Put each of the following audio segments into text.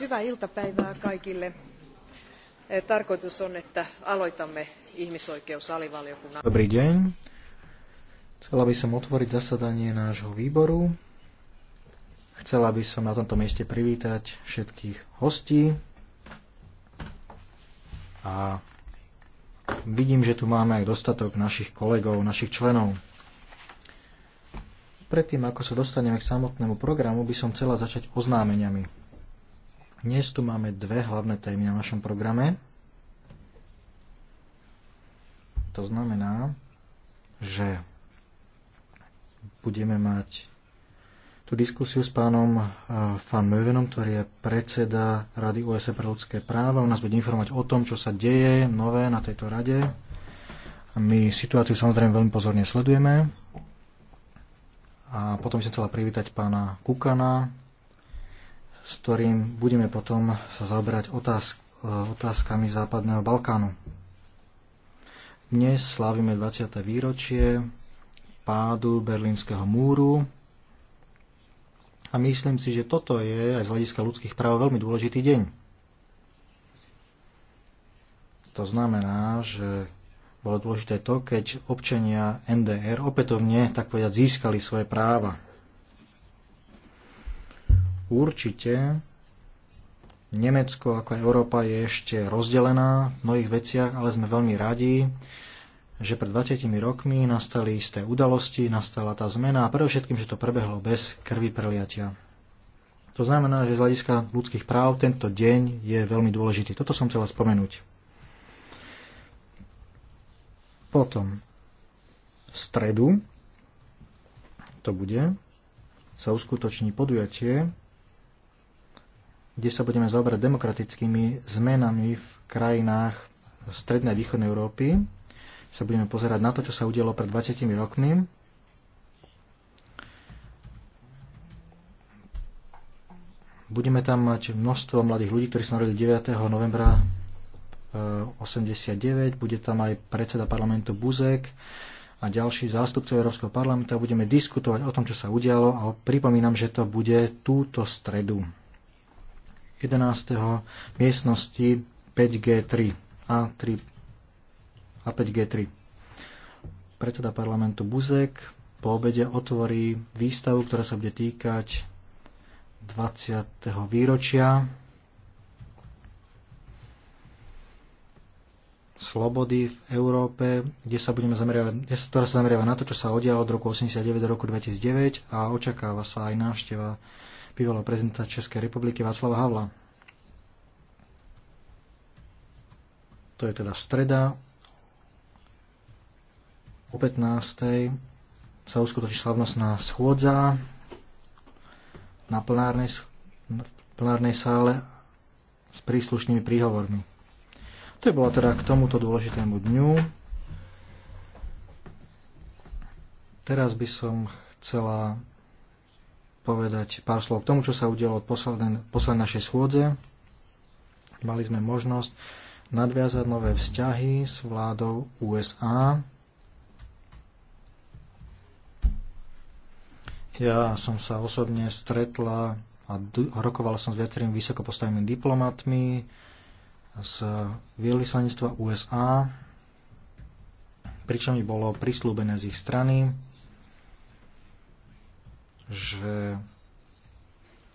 Hyvää iltapäivää kaikille. Eh, tarkoitus on, että aloitamme ihmisoikeusalivaliokunnan. Dobrý deň. Chcela by som otvoriť zasadanie nášho výboru. Chcela by som na tomto mieste privítať všetkých hostí. A vidím, že tu máme aj dostatok našich kolegov, našich členov. Predtým, ako sa dostaneme k samotnému programu, by som chcela začať oznámeniami. Dnes tu máme dve hlavné témy na našom programe. To znamená, že budeme mať tú diskusiu s pánom eh, Van Mövenom, ktorý je predseda Rady USA e pre ľudské práva. On nás bude informovať o tom, čo sa deje nové na tejto rade. My situáciu samozrejme veľmi pozorne sledujeme. A potom by som chcela privítať pána Kukana, s ktorým budeme potom sa zaoberať otázk, e, otázkami Západného Balkánu. Dnes slávime 20. výročie pádu Berlínskeho múru a myslím si, že toto je aj z hľadiska ľudských práv veľmi dôležitý deň. To znamená, že bolo dôležité to, keď občania NDR opätovne, tak povedať, získali svoje práva. Určite Nemecko ako aj Európa je ešte rozdelená v mnohých veciach, ale sme veľmi radi, že pred 20 rokmi nastali isté udalosti, nastala tá zmena a predovšetkým, že to prebehlo bez krvi preliatia. To znamená, že z hľadiska ľudských práv tento deň je veľmi dôležitý. Toto som chcela spomenúť. Potom v stredu to bude, sa uskutoční podujatie, kde sa budeme zaoberať demokratickými zmenami v krajinách strednej a východnej Európy. Sa budeme pozerať na to, čo sa udialo pred 20 rokmi. Budeme tam mať množstvo mladých ľudí, ktorí sa narodili 9. novembra 89, eh, bude tam aj predseda parlamentu Buzek a ďalší zástupcov Európskeho parlamentu a budeme diskutovať o tom, čo sa udialo a pripomínam, že to bude túto stredu 11. miestnosti 5G3 A3 a 5G3. Predseda parlamentu Buzek po obede otvorí výstavu, ktorá sa bude týkať 20. výročia slobody v Európe, kde sa budeme zameriavať, ktorá sa zameriava na to, čo sa odialo od roku 89 do roku 2009 a očakáva sa aj návšteva bývalého prezidenta Českej republiky Václava Havla. To je teda streda. O 15. sa uskutoční slavnostná schôdza na plenárnej, plenárnej sále s príslušnými príhovormi. To bolo teda k tomuto dôležitému dňu. Teraz by som chcela povedať pár slov k tomu, čo sa udialo od poslednej, poslednej našej schôdze. Mali sme možnosť nadviazať nové vzťahy s vládou USA. Ja som sa osobne stretla a rokovala som s viacerými vysokopostavenými diplomatmi, z veľvyslanectva USA, pričom mi bolo prislúbené z ich strany, že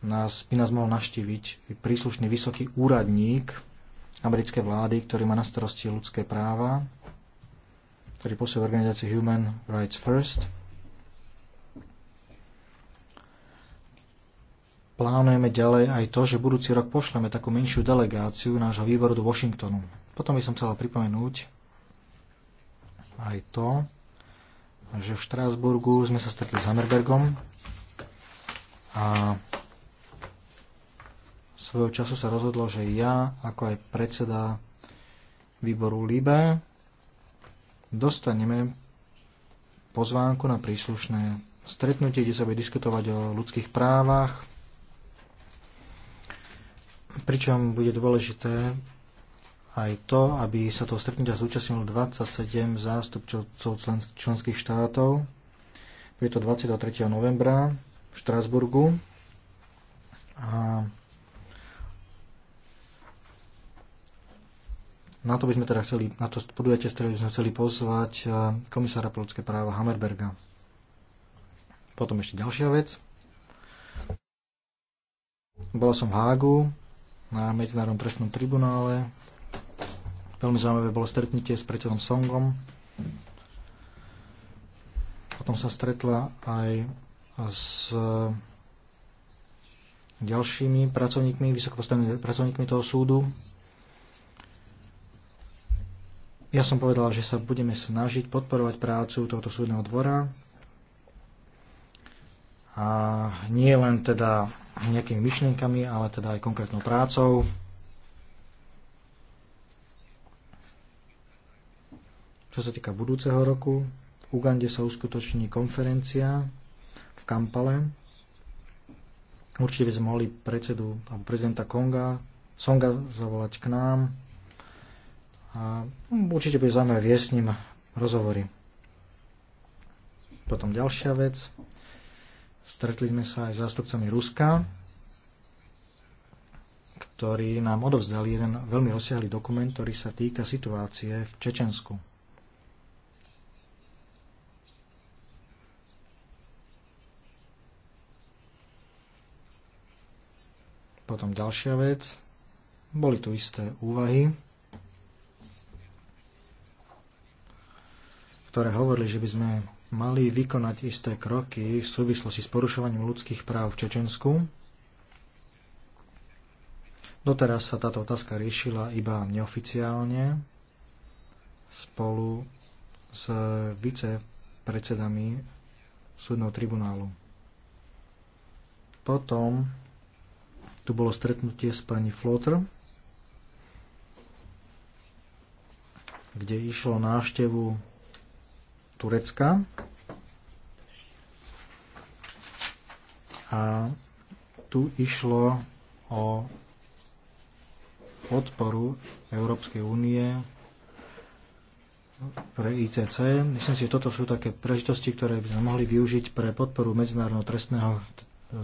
nás, by nás mohol naštíviť príslušný vysoký úradník americkej vlády, ktorý má na starosti ľudské práva, ktorý posúva organizácii Human Rights First – plánujeme ďalej aj to, že budúci rok pošleme takú menšiu delegáciu nášho výboru do Washingtonu. Potom by som chcela pripomenúť aj to, že v Štrásburgu sme sa stretli s Hammerbergom a svojho času sa rozhodlo, že ja, ako aj predseda výboru LIBE, dostaneme pozvánku na príslušné stretnutie, kde sa bude diskutovať o ľudských právach, Pričom bude dôležité aj to, aby sa toho stretnutia zúčastnilo 27 zástupcov členských štátov. Bude to 23. novembra v Štrasburgu. A na to by sme teda chceli, na to podujete, z by sme chceli pozvať e, komisára pre ľudské práva Hammerberga. Potom ešte ďalšia vec. Bola som v Hágu na Medzinárodnom trestnom tribunále. Veľmi zaujímavé bolo stretnutie s predsedom Songom. Potom sa stretla aj s ďalšími pracovníkmi, vysokopostavenými pracovníkmi toho súdu. Ja som povedal, že sa budeme snažiť podporovať prácu tohoto súdneho dvora a nie len teda nejakými myšlienkami, ale teda aj konkrétnou prácou. Čo sa týka budúceho roku, v Ugande sa uskutoční konferencia v Kampale. Určite by sme mohli predsedu alebo prezidenta Konga, Songa zavolať k nám. A určite bude zaujímavé viesť s ním rozhovory. Potom ďalšia vec. Stretli sme sa aj s zástupcami Ruska, ktorí nám odovzdali jeden veľmi rozsiahly dokument, ktorý sa týka situácie v Čečensku. Potom ďalšia vec. Boli tu isté úvahy, ktoré hovorili, že by sme mali vykonať isté kroky v súvislosti s porušovaním ľudských práv v Čečensku. Doteraz sa táto otázka riešila iba neoficiálne spolu s vicepredsedami súdneho tribunálu. Potom tu bolo stretnutie s pani Flotr, kde išlo návštevu Turecka. A tu išlo o podporu Európskej únie pre ICC. Myslím si, že toto sú také prežitosti, ktoré by sme mohli využiť pre podporu Medzinárodného trestného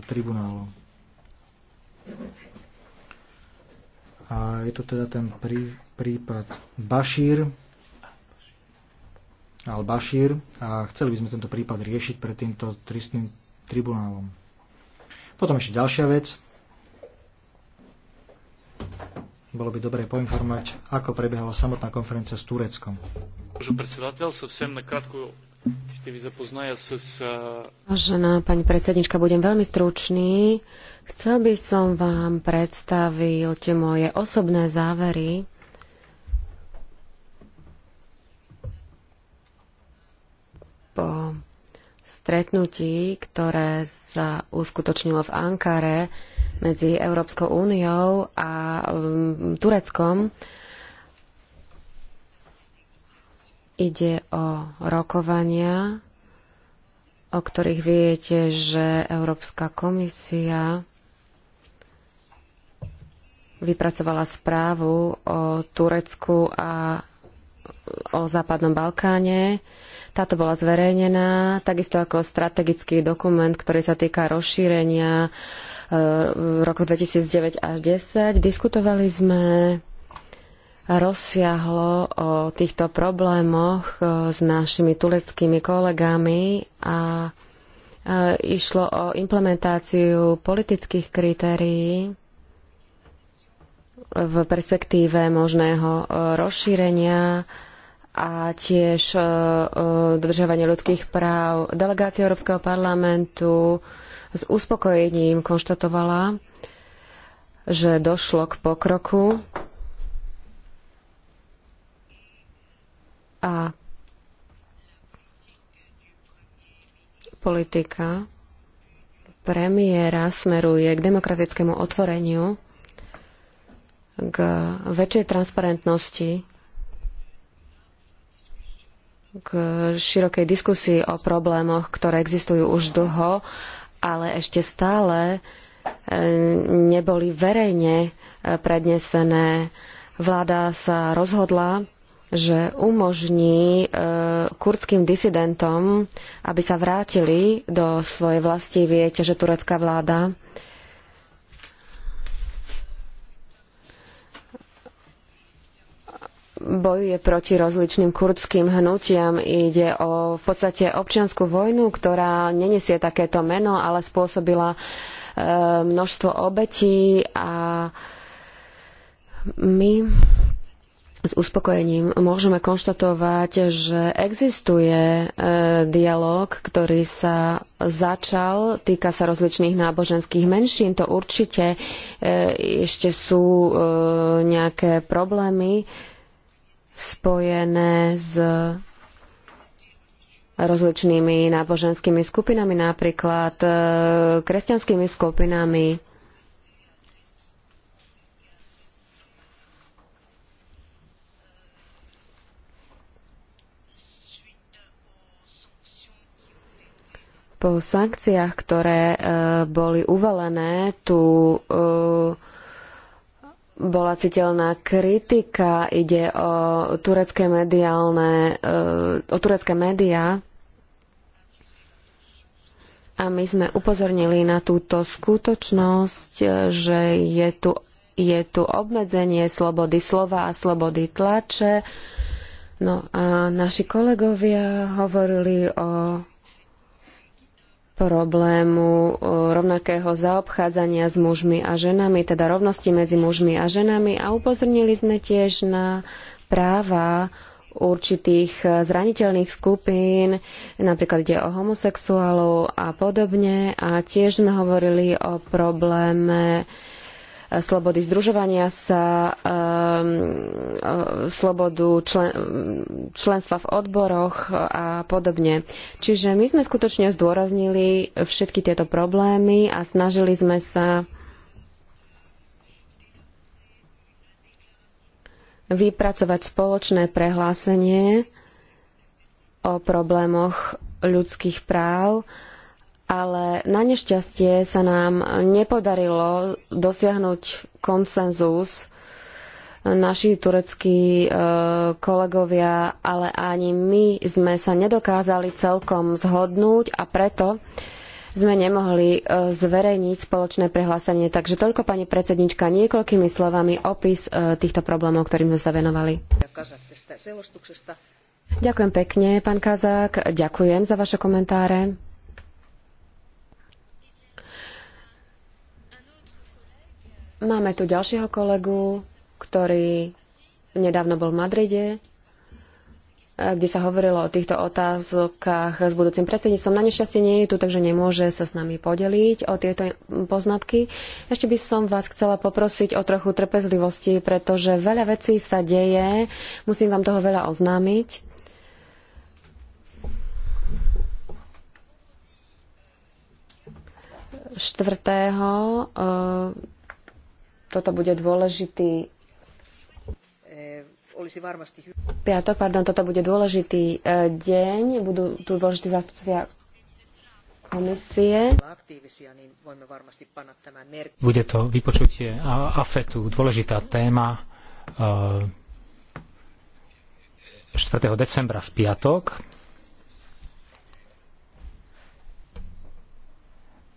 tribunálu. A je to teda ten prí, prípad Bašír, al-Bashir a chceli by sme tento prípad riešiť pred týmto tristným tribunálom. Potom ešte ďalšia vec. Bolo by dobré poinformovať, ako prebiehala samotná konferencia s Tureckom. E, Vážená pani predsednička, budem veľmi stručný. Chcel by som vám predstaviť moje osobné závery po stretnutí, ktoré sa uskutočnilo v Ankare medzi Európskou úniou a mm, Tureckom. Ide o rokovania, o ktorých viete, že Európska komisia vypracovala správu o Turecku a o Západnom Balkáne. Táto bola zverejnená, takisto ako strategický dokument, ktorý sa týka rozšírenia v eh, roku 2009 až 2010. Diskutovali sme rozsiahlo o týchto problémoch eh, s našimi tureckými kolegami a eh, išlo o implementáciu politických kritérií v perspektíve možného rozšírenia a tiež e, e, dodržiavanie ľudských práv. Delegácia Európskeho parlamentu s uspokojením konštatovala, že došlo k pokroku a politika premiéra smeruje k demokratickému otvoreniu, k väčšej transparentnosti k širokej diskusii o problémoch, ktoré existujú už dlho, ale ešte stále e, neboli verejne e, prednesené. Vláda sa rozhodla, že umožní e, kurdským disidentom, aby sa vrátili do svojej vlasti. Viete, že turecká vláda bojuje proti rozličným kurdským hnutiam. Ide o v podstate občiansku vojnu, ktorá nenesie takéto meno, ale spôsobila e, množstvo obetí a my s uspokojením môžeme konštatovať, že existuje e, dialog, ktorý sa začal, týka sa rozličných náboženských menšín. To určite e, ešte sú e, nejaké problémy. E, spojené s rozličnými náboženskými skupinami, napríklad e, kresťanskými skupinami. Po sankciách, ktoré e, boli uvalené, tu e, bola citeľná kritika, ide o turecké mediálne, e, o turecké médiá. A my sme upozornili na túto skutočnosť, e, že je tu, je tu obmedzenie slobody slova a slobody tlače. No a naši kolegovia hovorili o problému rovnakého zaobchádzania s mužmi a ženami, teda rovnosti medzi mužmi a ženami a upozornili sme tiež na práva určitých e, zraniteľných skupín, napríklad ide o homosexuálov a podobne. A tiež sme hovorili o probléme E, slobody združovania sa, e, e, slobodu člen, členstva v odboroch a podobne. Čiže my sme skutočne zdôraznili všetky tieto problémy a snažili sme sa vypracovať spoločné prehlásenie o problémoch ľudských práv ale na nešťastie sa nám nepodarilo dosiahnuť konsenzus. Naši tureckí e, kolegovia, ale ani my sme sa nedokázali celkom zhodnúť a preto sme nemohli e, zverejniť spoločné prehlásenie. Takže toľko, pani predsednička, niekoľkými slovami opis e, týchto problémov, ktorým sme sa venovali. Ďakujem pekne, pán Kazák. Ďakujem za vaše komentáre. Máme tu ďalšieho kolegu, ktorý nedávno bol v Madride, eh, kde sa hovorilo o týchto otázkach s budúcim predsedníctvom. Na nešťastie nie je tu, takže nemôže sa s nami podeliť o tieto poznatky. Ešte by som vás chcela poprosiť o trochu trpezlivosti, pretože veľa vecí sa deje. Musím vám toho veľa oznámiť. Štvrtého eh, toto bude dôležitý piatok, pardon, toto bude dôležitý e, deň, budú tu dôležití zástupcia komisie. Bude to vypočutie AFETu, dôležitá téma 4. E, decembra v piatok.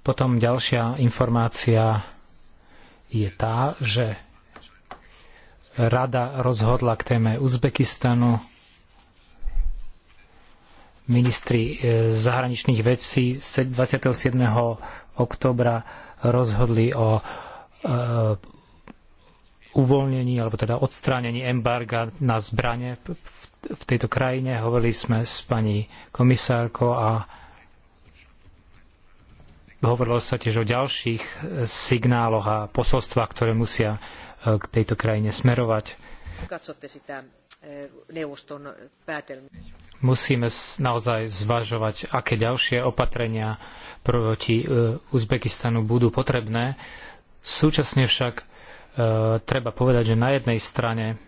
Potom ďalšia informácia je tá, že rada rozhodla k téme Uzbekistanu. Ministri e, zahraničných vecí 27. oktobra rozhodli o e, uvoľnení alebo teda odstránení embarga na zbranie v tejto krajine. Hovorili sme s pani komisárkou a Hovorilo sa tiež o ďalších e, signáloch a posolstvách, ktoré musia e, k tejto krajine smerovať. E, Musíme naozaj zvažovať, aké ďalšie opatrenia proti Uzbekistanu budú potrebné. Súčasne však treba povedať, že na jednej strane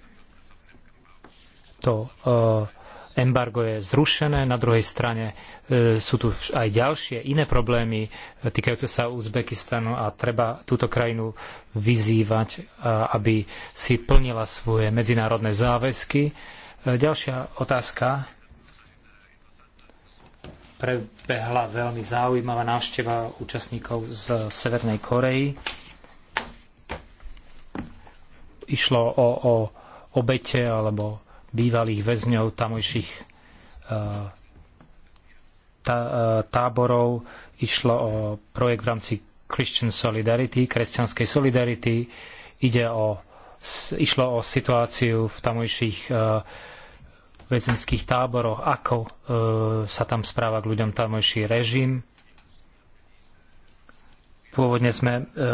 to uh, embargo je zrušené, na druhej strane e, sú tu aj ďalšie iné problémy e, týkajúce sa Uzbekistanu a treba túto krajinu vyzývať, a, e, aby si plnila svoje medzinárodné záväzky. E, ďalšia otázka prebehla veľmi zaujímavá návšteva účastníkov z Severnej Korei. Išlo o, o obete alebo bývalých väzňov tamojších eh, eh, táborov. Išlo o projekt v rámci Christian Solidarity, kresťanskej solidarity. Ide o, išlo o situáciu v tamojších eh, väzenských táboroch, ako sa tam správa k ľuďom tamojší režim Pôvodne sme e, e,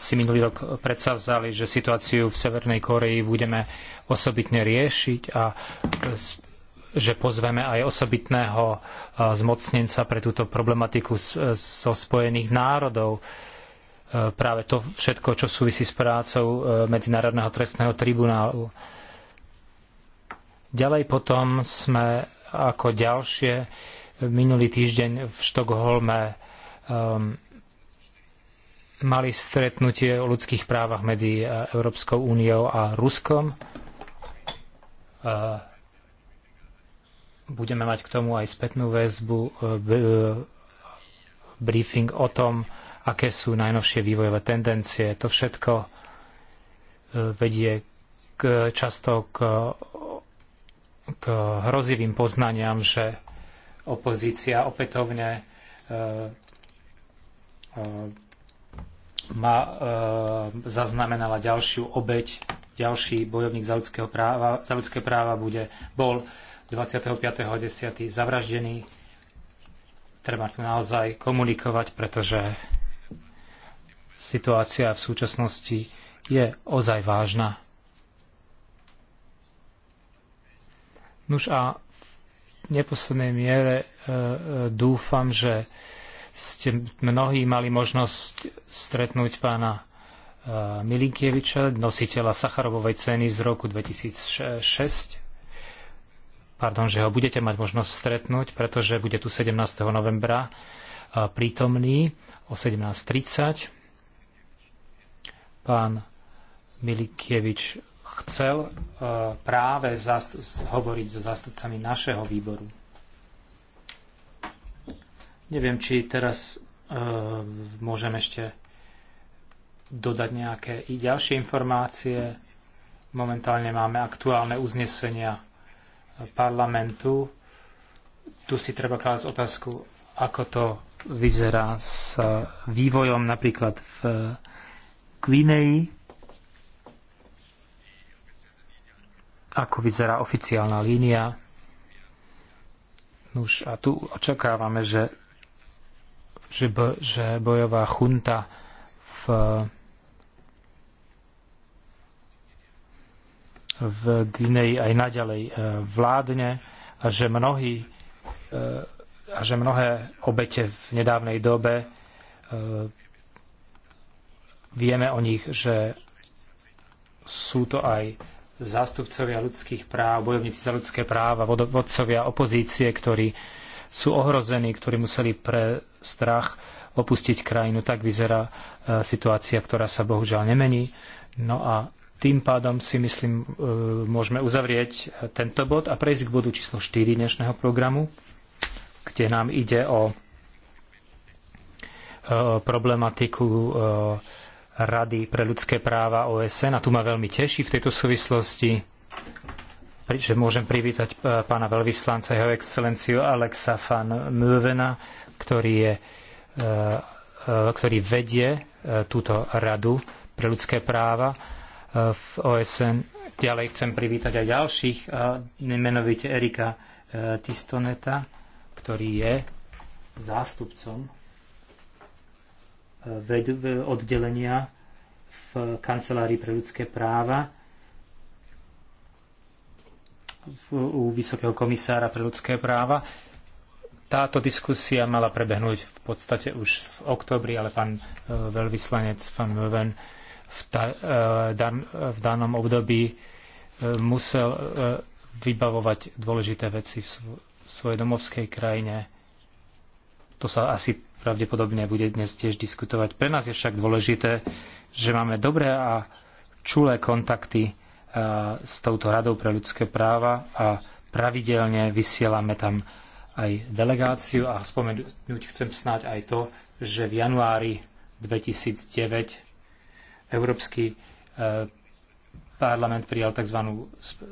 si minulý rok predsavzali, že situáciu v Severnej Koreji budeme osobitne riešiť a že pozveme aj osobitného e, zmocnenca pre túto problematiku zo Spojených národov. Práve to všetko, čo súvisí s prácou Medzinárodného trestného tribunálu. Ďalej potom sme ako ďalšie minulý týždeň v Štokholme um, mali stretnutie o ľudských právach medzi e, Európskou úniou a Ruskom. E, budeme mať k tomu aj spätnú väzbu, e, briefing o tom, aké sú najnovšie vývojové tendencie. To všetko vedie k, často k, k hrozivým poznaniam, že opozícia opätovne ma e, zaznamenala ďalšiu obeď, ďalší bojovník za, práva, za ľudské práva bude, bol 25.10. zavraždený. Treba tu naozaj komunikovať, pretože situácia v súčasnosti je ozaj vážna. Nuž a v neposlednej miere e, e, dúfam, že ste mnohí mali možnosť stretnúť pána e, Milinkieviča, nositeľa Sacharovovej ceny z roku 2006. Pardon, že ho budete mať možnosť stretnúť, pretože bude tu 17. novembra e, prítomný o 17.30. Pán Milikievič chcel e, práve hovoriť so zástupcami našeho výboru. Neviem, či teraz e, môžem ešte dodať nejaké i ďalšie informácie. Momentálne máme aktuálne uznesenia parlamentu. Tu si treba klásť otázku, ako to vyzerá s vývojom napríklad v Kvineji, ako vyzerá oficiálna línia. Už a tu očakávame, že že, bo, že bojová chunta v, v Gineji aj naďalej e, vládne a že mnohí e, a že mnohé obete v nedávnej dobe e, vieme o nich, že sú to aj zástupcovia ľudských práv, bojovníci za ľudské práva, vodcovia opozície, ktorí sú ohrození, ktorí museli pre strach opustiť krajinu. Tak vyzerá e, situácia, ktorá sa bohužiaľ nemení. No a tým pádom si myslím, e, môžeme uzavrieť tento bod a prejsť k bodu číslo 4 dnešného programu, kde nám ide o e, problematiku Rady pre ľudské práva OSN a tu ma veľmi teší v tejto súvislosti že môžem privítať e, pána veľvyslanca, jeho excelenciu Alexa van Mövena, ktorý, je, e, e, ktorý vedie túto radu pre ľudské práva v OSN. Ďalej chcem privítať aj ďalších, menovite Erika Tistoneta, ktorý je zástupcom oddelenia v kancelárii pre ľudské práva u Vysokého komisára pre ľudské práva. Táto diskusia mala prebehnúť v podstate už v oktobri, ale pán e, veľvyslanec van Möven v, ta, e, dan, v danom období e, musel vybavovať dôležité veci v, svojej domovskej krajine. To sa asi pravdepodobne bude dnes tiež diskutovať. Pre nás je však dôležité, že máme dobré a čulé kontakty E, s touto radou pre ľudské práva a pravidelne vysielame tam aj delegáciu a spomenúť chcem snáď aj to, že v januári 2009 Európsky e, parlament prijal tzv.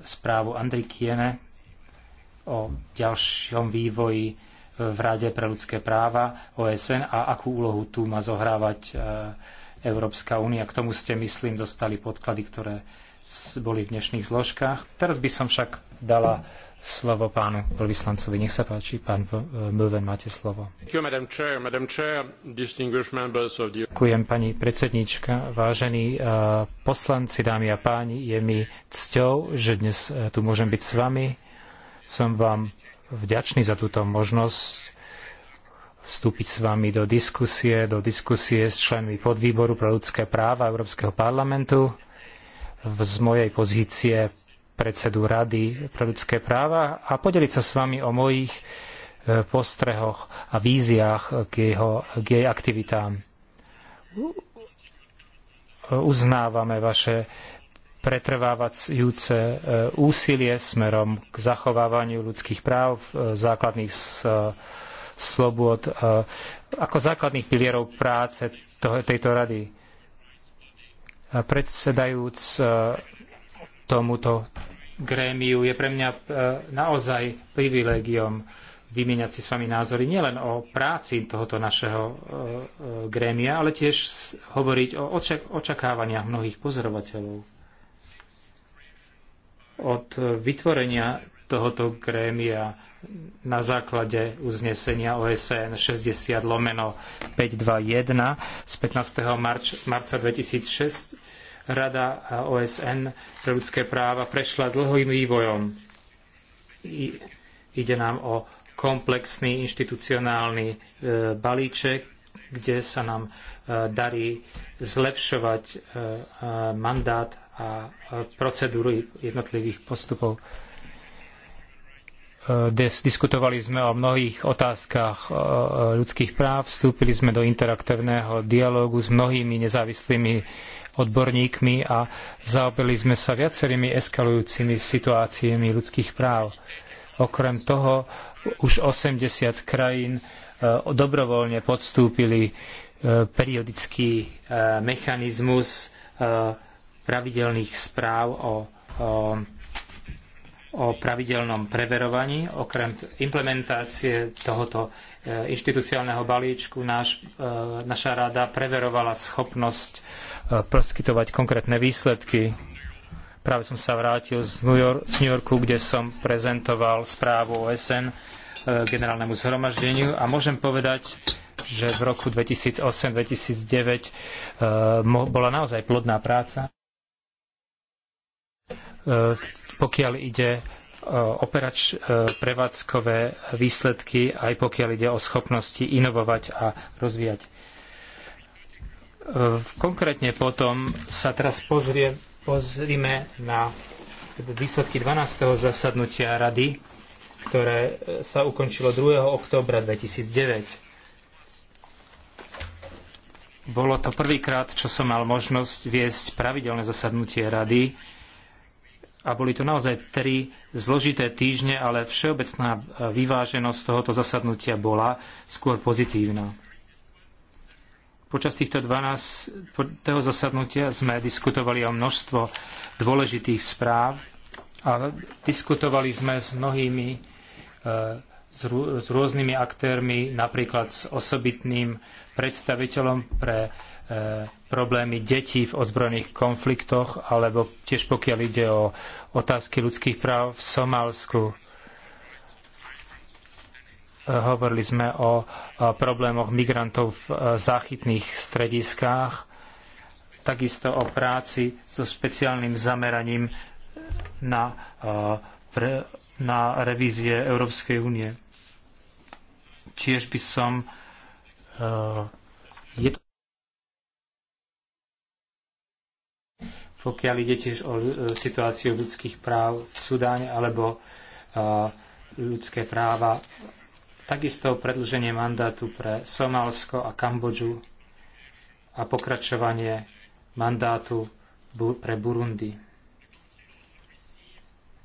správu Kiene o ďalšom vývoji v Rade pre ľudské práva OSN a akú úlohu tu má zohrávať e, Európska únia. K tomu ste, myslím, dostali podklady, ktoré boli v dnešných zložkách. Teraz by som však dala slovo pánu veľvyslancovi. Nech sa páči, pán eh, Möven, máte slovo. Ďakujem, pani predsednička, vážení eh, poslanci, dámy a páni, je mi cťou, že dnes eh, tu môžem byť s vami. Som vám vďačný za túto možnosť vstúpiť s vami do diskusie, do diskusie s členmi podvýboru pro ľudské práva Európskeho parlamentu v, z mojej pozície predsedu Rady pre ľudské práva a podeliť sa s vami o mojich e, postrehoch a víziách k, jeho, k jej aktivitám. Uznávame vaše pretrvávajúce e, úsilie smerom k zachovávaniu ľudských práv, e, základných slobôd ako základných pilierov práce tejto rady predsedajúc e, tomuto grémiu, je pre mňa e, naozaj privilégiom vymieňať si s vami názory nielen o práci tohoto našeho e, grémia, ale tiež hovoriť o očakávaniach mnohých pozorovateľov. Od vytvorenia tohoto grémia na základe uznesenia OSN 60 lomeno 521 z 15. Marč, marca 2006 Rada OSN pre ľudské práva prešla dlhým vývojom. I, ide nám o komplexný inštitucionálny e, balíček, kde sa nám e, darí zlepšovať e, e mandát a e, procedúry jednotlivých postupov Diskutovali sme o mnohých otázkach e, e, ľudských práv, vstúpili sme do interaktívneho dialógu s mnohými nezávislými odborníkmi a zaoberali sme sa viacerými eskalujúcimi situáciami ľudských práv. Okrem toho už 80 krajín e, dobrovoľne podstúpili periodický mechanizmus pravidelných správ o, o o pravidelnom preverovaní. Okrem implementácie tohoto e, inštitucionálneho balíčku náš, e, naša rada preverovala schopnosť e, poskytovať konkrétne výsledky. Práve som sa vrátil z New, York, z New Yorku, kde som prezentoval správu OSN generálnemu zhromaždeniu a môžem povedať, že v roku 2008-2009 bola naozaj plodná práca pokiaľ ide e, operač, e, prevádzkové výsledky, aj pokiaľ ide o schopnosti inovovať a rozvíjať. E, konkrétne potom sa teraz pozrie, pozrime na výsledky 12. zasadnutia rady, ktoré sa ukončilo 2. októbra 2009. Bolo to prvýkrát, čo som mal možnosť viesť pravidelné zasadnutie rady a boli to naozaj tri zložité týždne, ale všeobecná vyváženosť tohoto zasadnutia bola skôr pozitívna. Počas týchto 12. Toho zasadnutia sme diskutovali o množstvo dôležitých správ a diskutovali sme s mnohými, e, s rôznymi aktérmi, napríklad s osobitným predstaviteľom pre e, problémy detí v ozbrojených konfliktoch, alebo tiež pokiaľ ide o otázky ľudských práv v Somálsku. Hovorili sme o problémoch migrantov v e, záchytných strediskách, takisto o práci so špeciálnym zameraním na, e, na revízie Európskej únie. Tiež by som e, pokiaľ ide tiež o e, situáciu ľudských práv v Sudáne alebo e, ľudské práva. Takisto predlženie mandátu pre Somálsko a Kambodžu a pokračovanie mandátu pre Burundi.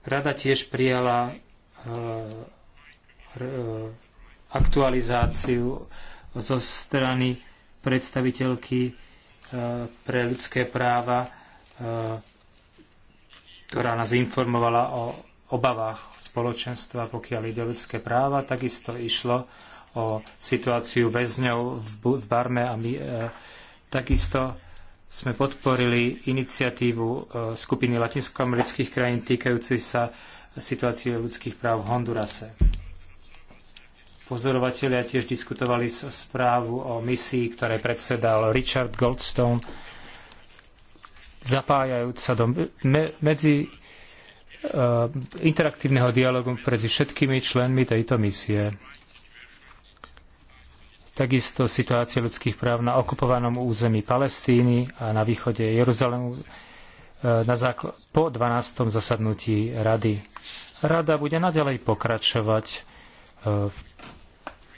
Rada tiež prijala e, aktualizáciu zo strany predstaviteľky pre ľudské práva E, ktorá nás informovala o obavách spoločenstva, pokiaľ ide o ľudské práva. Takisto išlo o situáciu väzňov v Barme a my e, takisto sme podporili iniciatívu e, skupiny latinskoamerických krajín týkajúci sa situácie ľudských práv v Hondurase. Pozorovatelia tiež diskutovali správu o misii, ktoré predsedal Richard Goldstone zapájajúc sa do me, medzi uh, interaktívneho dialogu medzi všetkými členmi tejto misie. Takisto situácia ľudských práv na okupovanom území Palestíny a na východe Jeruzalému eh, na základ, po 12. zasadnutí rady. Rada bude naďalej pokračovať eh, v,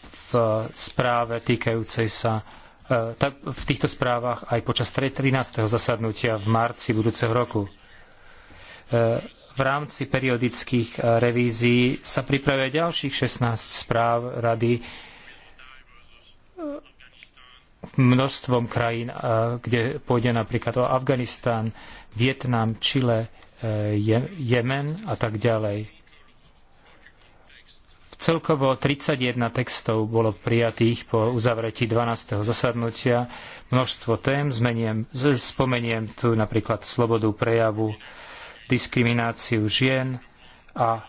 v správe týkajúcej sa E, v týchto správach aj počas 13. zasadnutia v marci budúceho roku. E, v rámci periodických e, revízií sa pripravuje ďalších 16 správ rady množstvom krajín, kde pôjde napríklad o Afganistán, Vietnam, Čile, Jemen a tak ďalej Celkovo 31 textov bolo prijatých po uzavretí 12. zasadnutia. Množstvo tém, zmeniem, spomeniem tu napríklad slobodu prejavu, diskrimináciu žien a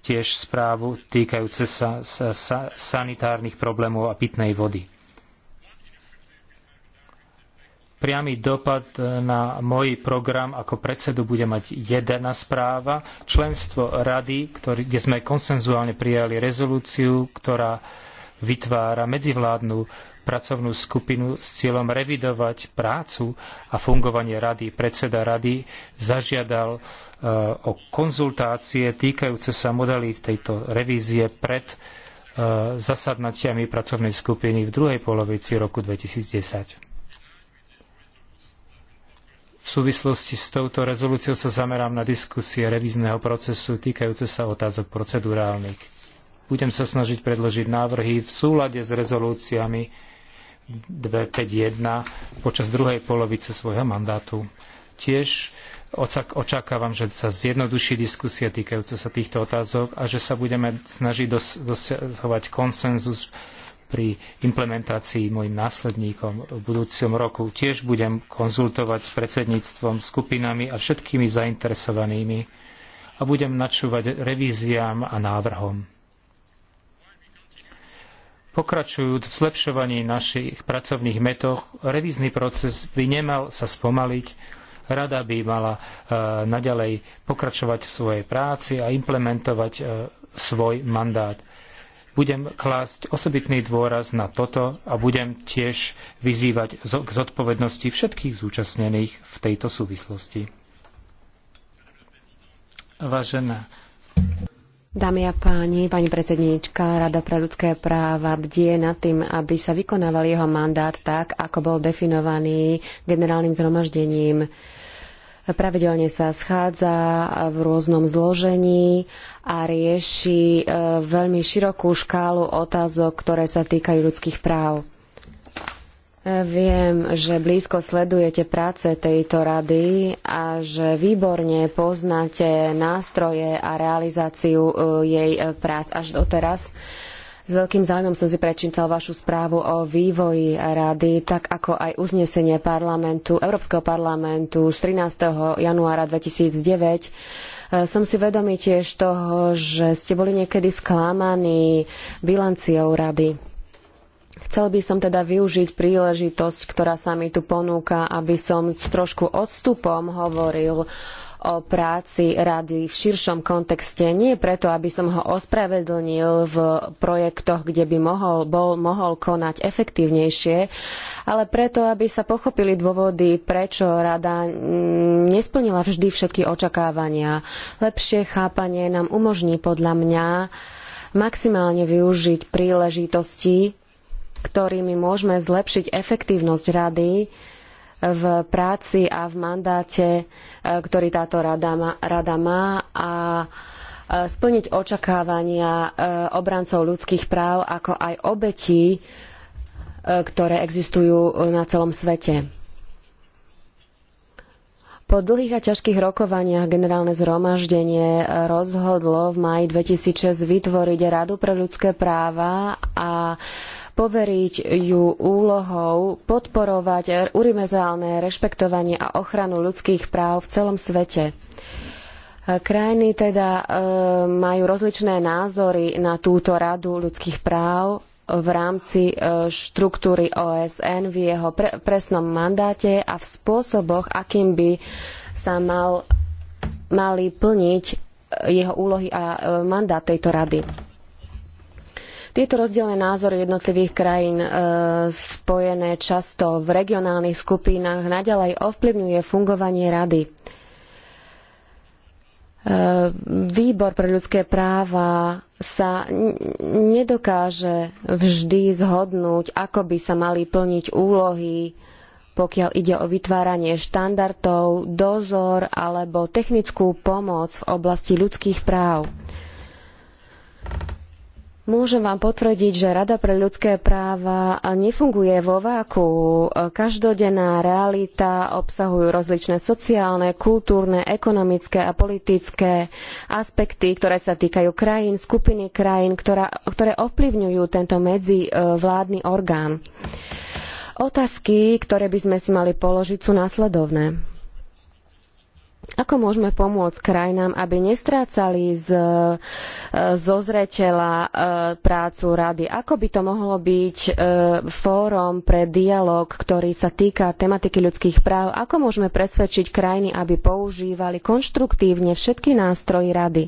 tiež správu týkajúce sa, sa, sa sanitárnych problémov a pitnej vody priamy dopad e, na môj program ako predsedu bude mať jedna správa. Členstvo rady, ktorý, kde sme konsenzuálne prijali rezolúciu, ktorá vytvára medzivládnu pracovnú skupinu s cieľom revidovať prácu a fungovanie rady. Predseda rady zažiadal e, o konzultácie týkajúce sa modalít tejto revízie pred e, zasadnatiami pracovnej skupiny v druhej polovici roku 2010. V súvislosti s touto rezolúciou sa zamerám na diskusie revízneho procesu týkajúce sa otázok procedurálnych. Budem sa snažiť predložiť návrhy v súlade s rezolúciami 251 počas druhej polovice svojho mandátu. Tiež očakávam, že sa zjednoduší diskusia týkajúca sa týchto otázok a že sa budeme snažiť dosahovať konsenzus pri implementácii mojim následníkom v budúcom roku. Tiež budem konzultovať s predsedníctvom, skupinami a všetkými zainteresovanými a budem načúvať revíziám a návrhom. Pokračujúc v zlepšovaní našich pracovných metód, revízny proces by nemal sa spomaliť, rada by mala e, naďalej pokračovať v svojej práci a implementovať e, svoj mandát budem klásť osobitný dôraz na toto a budem tiež vyzývať k zodpovednosti všetkých zúčastnených v tejto súvislosti. Vážená Dámy a páni, pani predsedníčka, Rada pre ľudské práva bdie nad tým, aby sa vykonával jeho mandát tak, ako bol definovaný generálnym zhromaždením pravidelne sa schádza v rôznom zložení a rieši e, veľmi širokú škálu otázok, ktoré sa týkajú ľudských práv. E, viem, že blízko sledujete práce tejto rady a že výborne poznáte nástroje a realizáciu e, jej prác až doteraz. teraz s veľkým záujmom som si prečítal vašu správu o vývoji rady, tak ako aj uznesenie parlamentu, Európskeho parlamentu z 13. januára 2009. E, som si vedomý tiež toho, že ste boli niekedy sklamaní bilanciou rady. Chcel by som teda využiť príležitosť, ktorá sa mi tu ponúka, aby som s trošku odstupom hovoril o práci rady v širšom kontexte. Nie preto, aby som ho ospravedlnil v projektoch, kde by mohol, bol, mohol konať efektívnejšie, ale preto, aby sa pochopili dôvody, prečo rada nesplnila vždy všetky očakávania. Lepšie chápanie nám umožní podľa mňa maximálne využiť príležitosti, ktorými môžeme zlepšiť efektívnosť rady, v práci a v mandáte, e, ktorý táto rada má, rada má a e, splniť očakávania e, obrancov ľudských práv, ako aj obetí, ktoré existujú na celom svete. Po dlhých a ťažkých rokovaniach generálne zhromaždenie rozhodlo v maji 2006 vytvoriť Radu pre ľudské práva a poveriť ju úlohou podporovať urimezálne rešpektovanie a ochranu ľudských práv v celom svete. Krajiny teda e, majú rozličné názory na túto radu ľudských práv v rámci e, štruktúry OSN v jeho pre presnom mandáte a v spôsoboch, akým by sa mal, mali plniť e, jeho úlohy a mandát tejto rady. Tieto rozdielne názory jednotlivých krajín e, spojené často v regionálnych skupinách naďalej ovplyvňuje fungovanie rady. E, výbor pre ľudské práva sa nedokáže vždy zhodnúť, ako by sa mali plniť úlohy pokiaľ ide o vytváranie štandardov, dozor alebo technickú pomoc v oblasti ľudských práv. Môžem vám potvrdiť, že Rada pre ľudské práva nefunguje vo váku. Každodenná realita obsahujú rozličné sociálne, kultúrne, ekonomické a politické aspekty, ktoré sa týkajú krajín, skupiny krajín, ktorá, ktoré ovplyvňujú tento medzivládny orgán. Otázky, ktoré by sme si mali položiť, sú následovné ako môžeme pomôcť krajinám, aby nestrácali z, e, zo zreteľa e, prácu rady? Ako by to mohlo byť e, fórum pre dialog, ktorý sa týka tematiky ľudských práv? Ako môžeme presvedčiť krajiny, aby používali konštruktívne všetky nástroje rady?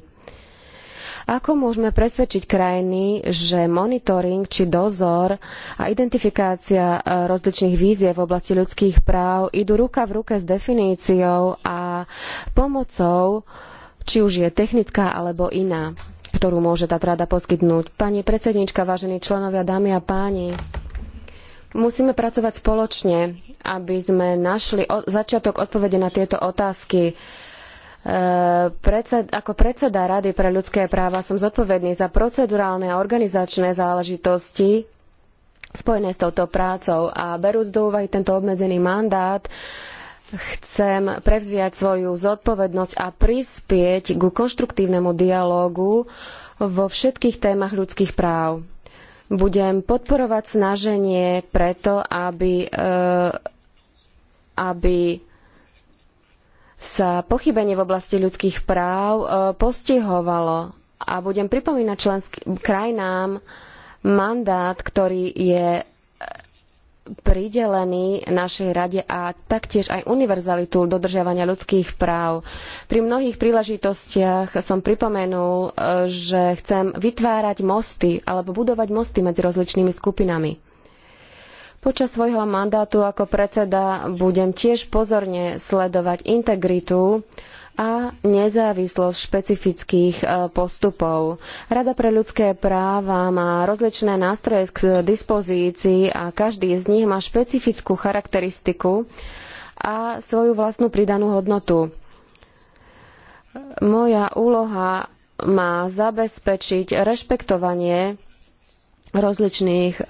Ako môžeme presvedčiť krajiny, že monitoring či dozor a identifikácia e, rozličných vízie v oblasti ľudských práv idú ruka v ruke s definíciou a pomocou, či už je technická alebo iná, ktorú môže táto rada poskytnúť. Pani predsedníčka, vážení členovia, dámy a páni, musíme pracovať spoločne, aby sme našli začiatok odpovede na tieto otázky. E, predsed, ako predseda Rady pre ľudské práva som zodpovedný za procedurálne a organizačné záležitosti spojené s touto prácou a berúc do úvahy tento obmedzený mandát, chcem prevziať svoju zodpovednosť a prispieť ku konštruktívnemu dialógu vo všetkých témach ľudských práv. Budem podporovať snaženie preto, aby, e, aby sa pochybenie v oblasti ľudských práv e, postihovalo. A budem pripomínať členským krajinám mandát, ktorý je e, pridelený našej rade a taktiež aj univerzalitu dodržiavania ľudských práv. Pri mnohých príležitostiach som pripomenul, e, že chcem vytvárať mosty alebo budovať mosty medzi rozličnými skupinami. Počas svojho mandátu ako predseda budem tiež pozorne sledovať integritu a nezávislosť špecifických e, postupov. Rada pre ľudské práva má rozličné nástroje k dispozícii a každý z nich má špecifickú charakteristiku a svoju vlastnú pridanú hodnotu. Moja úloha má zabezpečiť rešpektovanie rozličných, e, e,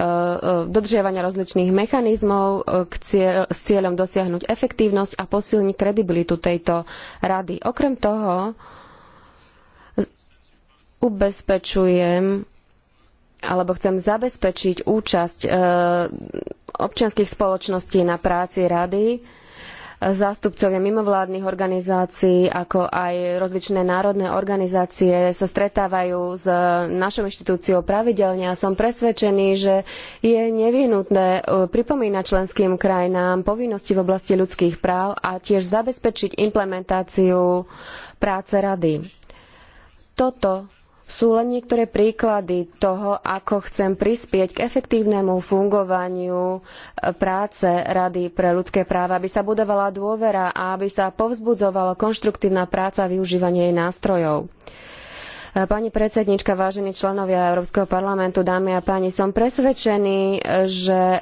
dodržiavania rozličných mechanizmov e, cieľ, s cieľom dosiahnuť efektívnosť a posilniť kredibilitu tejto rady. Okrem toho ubezpečujem alebo chcem zabezpečiť účasť občianskych spoločností na práci rady zástupcovia mimovládnych organizácií, ako aj rozličné národné organizácie sa stretávajú s e, našou inštitúciou pravidelne a som presvedčený, že je nevyhnutné e, pripomínať členským krajinám povinnosti v oblasti ľudských práv a tiež zabezpečiť implementáciu práce rady. Toto sú len niektoré príklady toho, ako chcem prispieť k efektívnemu fungovaniu e, práce Rady pre ľudské práva, aby sa budovala dôvera a aby sa povzbudzovala konštruktívna práca a využívanie jej nástrojov. E, pani predsednička, vážení členovia Európskeho parlamentu, dámy a páni, som presvedčený, že e,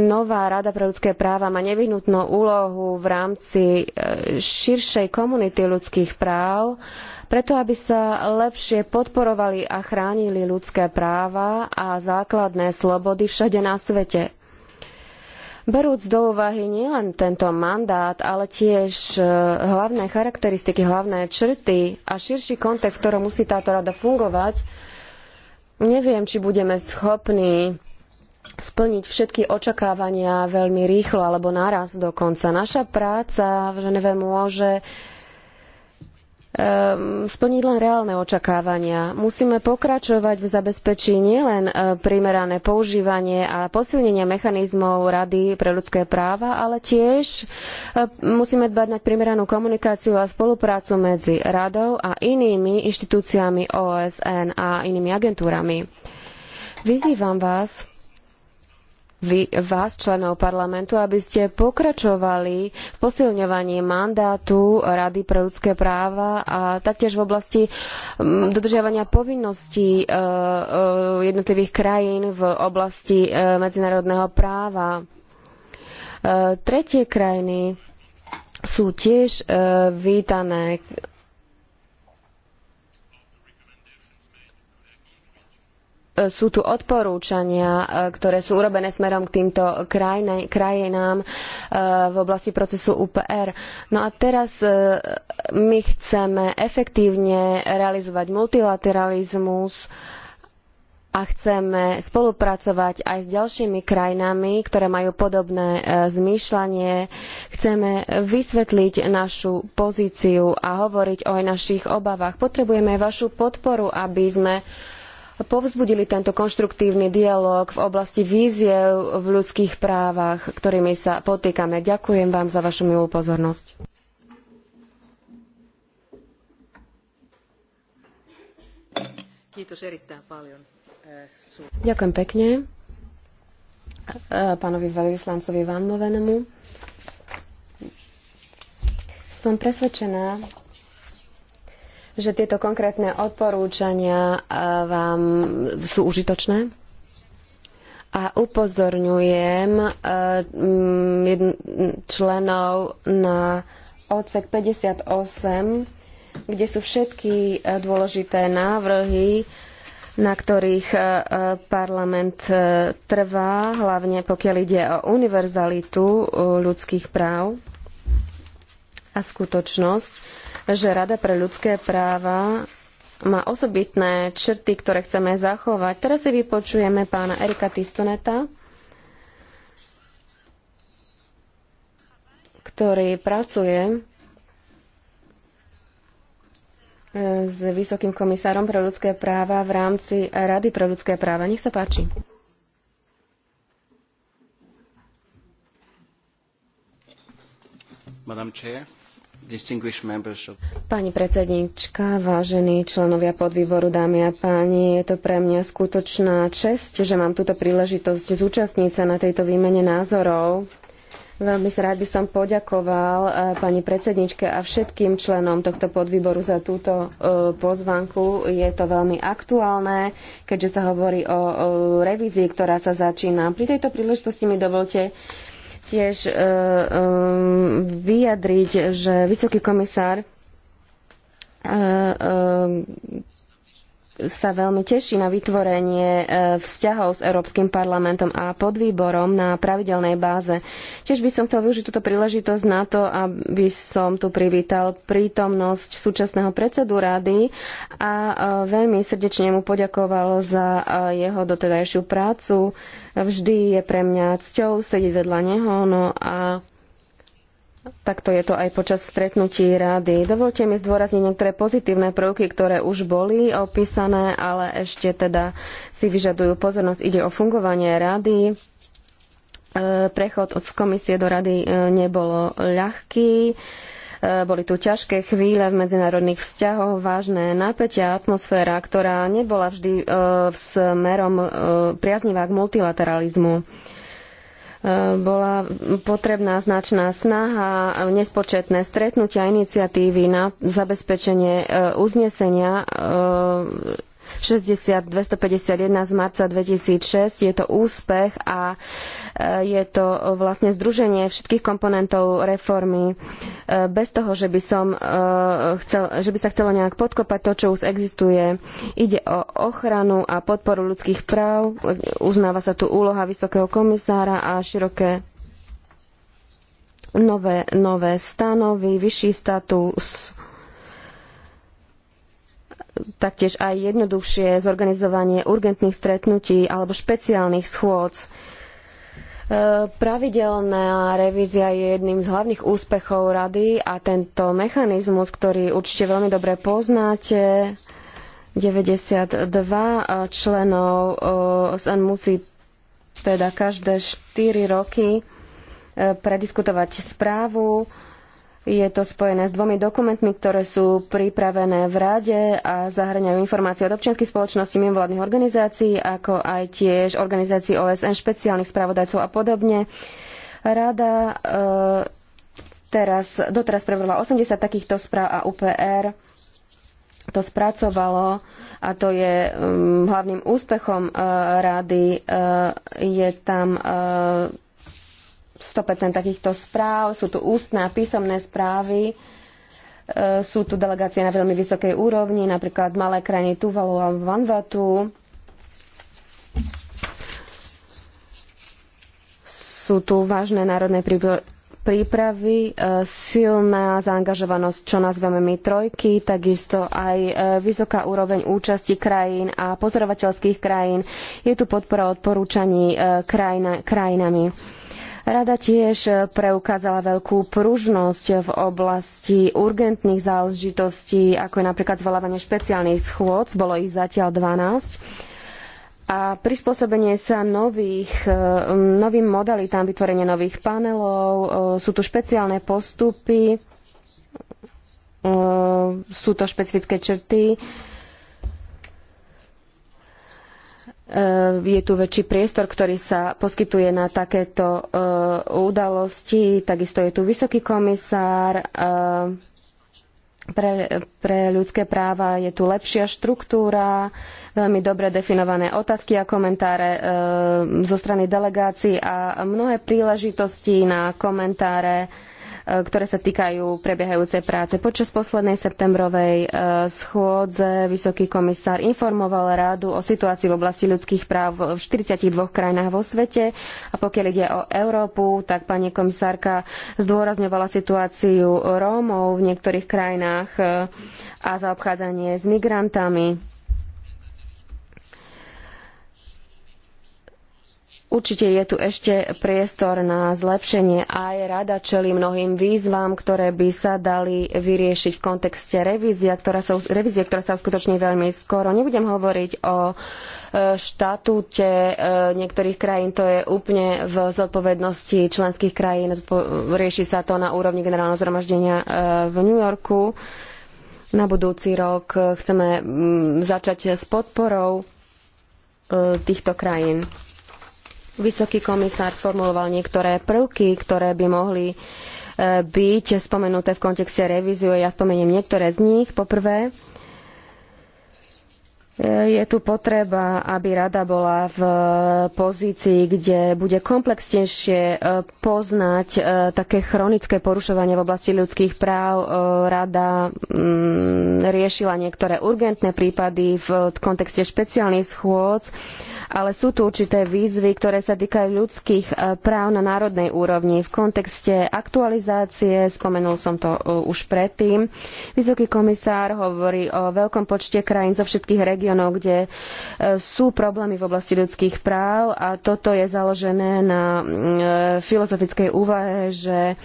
nová Rada pre ľudské práva má nevyhnutnú úlohu v rámci širšej komunity ľudských práv preto, aby sa lepšie podporovali a chránili ľudské práva a základné slobody všade na svete. Berúc do úvahy nielen tento mandát, ale tiež e, hlavné charakteristiky, hlavné črty a širší kontext, v ktorom musí táto rada fungovať, neviem, či budeme schopní splniť všetky očakávania veľmi rýchlo alebo naraz dokonca. Naša práca v Ženeve môže Ehm, splniť len reálne očakávania. Musíme pokračovať v zabezpečí nielen e, primerané používanie a posilnenie mechanizmov Rady pre ľudské práva, ale tiež e, musíme dbať na primeranú komunikáciu a spoluprácu medzi Radou a inými inštitúciami OSN a inými agentúrami. Vyzývam vás, vy, vás, členov parlamentu, aby ste pokračovali v posilňovaní mandátu Rady pre ľudské práva a taktiež v oblasti mm, dodržiavania povinností e, e, jednotlivých krajín v oblasti e, medzinárodného práva. Tretie krajiny sú tiež vítané E, sú tu odporúčania, e, ktoré sú urobené smerom k týmto krajinám e, v oblasti procesu UPR. No a teraz my chceme efektívne realizovať multilateralizmus a chceme spolupracovať aj s ďalšími krajinami, ktoré majú podobné zmýšľanie. Chceme vysvetliť našu pozíciu a hovoriť o našich obavách. Potrebujeme vašu podporu, aby sme povzbudili tento konštruktívny dialog v oblasti víziev v ľudských právach, ktorými sa potýkame. Ďakujem vám za vašu milú pozornosť. Eh, Ďakujem pekne eh, pánovi veľvyslancovi Van Novenemu. Som presvedčená, že tieto konkrétne odporúčania e, vám sú užitočné? A upozorňujem e, členov na odsek 58, kde sú všetky e, dôležité návrhy, na ktorých parlament trvá, hlavne pokiaľ ide o univerzalitu ľudských práv a skutočnosť, že Rada pre ľudské práva má osobitné črty, ktoré chceme zachovať. Teraz si vypočujeme pána Erika Tistoneta, ktorý pracuje e, s Vysokým komisárom pre ľudské práva v rámci Rady pre ľudské práva. Nech sa páči. Madame Chair. Pani predsednička, vážení členovia podvýboru, dámy a páni, je to pre mňa skutočná česť, že mám túto príležitosť zúčastniť sa na tejto výmene názorov. Veľmi rád by som poďakoval eh, pani predsedničke a všetkým členom tohto podvýboru za túto eh, pozvanku. Je to veľmi aktuálne, keďže sa hovorí o revízii, ktorá sa začína. Pri tejto príležitosti mi dovolte tiež e, e, vyjadriť, že vysoký komisár e, sa veľmi teší na vytvorenie e, vzťahov s Európskym parlamentom a podvýborom na pravidelnej báze. Tiež by som chcel využiť túto príležitosť na to, aby som tu privítal prítomnosť súčasného predsedu rady a e, veľmi srdečne mu poďakoval za e, jeho doterajšiu prácu. Vždy je pre mňa cťou sedieť vedľa neho, no a Takto je to aj počas stretnutí rady. Dovolte mi zdôrazniť niektoré pozitívne prvky, ktoré už boli opísané, ale ešte teda si vyžadujú pozornosť. Ide o fungovanie rady. E, prechod od komisie do rady e, nebolo ľahký. E, boli tu ťažké chvíle v medzinárodných vzťahoch, vážne napätia, atmosféra, ktorá nebola vždy smerom priaznivá k multilateralizmu bola potrebná značná snaha, nespočetné stretnutia, iniciatívy na zabezpečenie e, uznesenia e, 60 251 z marca 2006. Je to úspech a e, je to vlastne združenie všetkých komponentov reformy e, bez toho, že by, som e, chcel, že by sa chcelo nejak podkopať to, čo už existuje. Ide o ochranu a podporu ľudských práv. Uznáva sa tu úloha vysokého komisára a široké nové, nové stanovy, vyšší status taktiež aj jednoduchšie zorganizovanie urgentných stretnutí alebo špeciálnych schôdz. E, pravidelná revízia je jedným z hlavných úspechov rady a tento mechanizmus, ktorý určite veľmi dobre poznáte, 92 e, členov OSN e, musí teda každé 4 roky prediskutovať správu je to spojené s dvomi dokumentmi, ktoré sú pripravené v Rade a zahrňajú informácie od občianskej spoločností, mimovládnych organizácií, ako aj tiež organizácií OSN, špeciálnych spravodajcov a podobne. Rada e, teraz, doteraz prebrala 80 takýchto správ a UPR to spracovalo a to je um, hlavným úspechom uh, rady. Uh, je tam uh, 100% takýchto správ, sú tu ústne a písomné správy, e, sú tu delegácie na veľmi vysokej úrovni, napríklad malé krajiny Tuvalu a Vanvatu. Sú tu vážne národné prípravy, e, silná zaangažovanosť, čo nazveme my trojky, takisto aj e, vysoká úroveň účasti krajín a pozorovateľských krajín. Je tu podpora odporúčaní krajina, krajinami Rada tiež preukázala veľkú pružnosť v oblasti urgentných záležitostí, ako je napríklad zvolávanie špeciálnych schôdz, bolo ich zatiaľ 12 a prispôsobenie sa nových, e, novým modalitám, vytvorenie nových panelov, e, sú tu špeciálne postupy, e, sú to špecifické črty, Eh, je tu väčší priestor, ktorý sa poskytuje na takéto eh, udalosti. Takisto je tu vysoký komisár eh, pre, pre ľudské práva, je tu lepšia štruktúra, veľmi dobre definované otázky a komentáre zo strany delegácií a mnohé príležitosti na komentáre E, ktoré sa týkajú prebiehajúcej práce. Počas poslednej septembrovej e, schôdze vysoký komisár informoval rádu o situácii v oblasti ľudských práv v 42 krajinách vo svete a pokiaľ ide o Európu, tak pani komisárka zdôrazňovala situáciu Rómov v niektorých krajinách e, a zaobchádzanie s migrantami Určite je tu ešte priestor na zlepšenie a aj rada čeli mnohým výzvam, ktoré by sa dali vyriešiť v kontekste revízie, ktorá sa uskutoční veľmi skoro. Nebudem hovoriť o e, štatúte e, niektorých krajín, to je úplne v zodpovednosti členských krajín. Rieši sa to na úrovni generálneho zhromaždenia e, v New Yorku. Na budúci rok chceme začať s podporou týchto krajín. Vysoký komisár sformuloval niektoré prvky, ktoré by mohli e, byť spomenuté v kontexte revíziu. Ja spomeniem niektoré z nich. Poprvé, e, je tu potreba, aby rada bola v e, pozícii, kde bude komplexnejšie poznať také chronické porušovanie v oblasti ľudských práv. Rada mm, riešila niektoré urgentné prípady v kontexte špeciálnych schôdz ale sú tu určité výzvy, ktoré sa týkajú ľudských e, práv na národnej úrovni. V kontexte aktualizácie, spomenul som to e, už predtým, vysoký komisár hovorí o veľkom počte krajín zo všetkých regiónov, kde e, sú problémy v oblasti ľudských práv a toto je založené na mm, filozofickej úvahe, že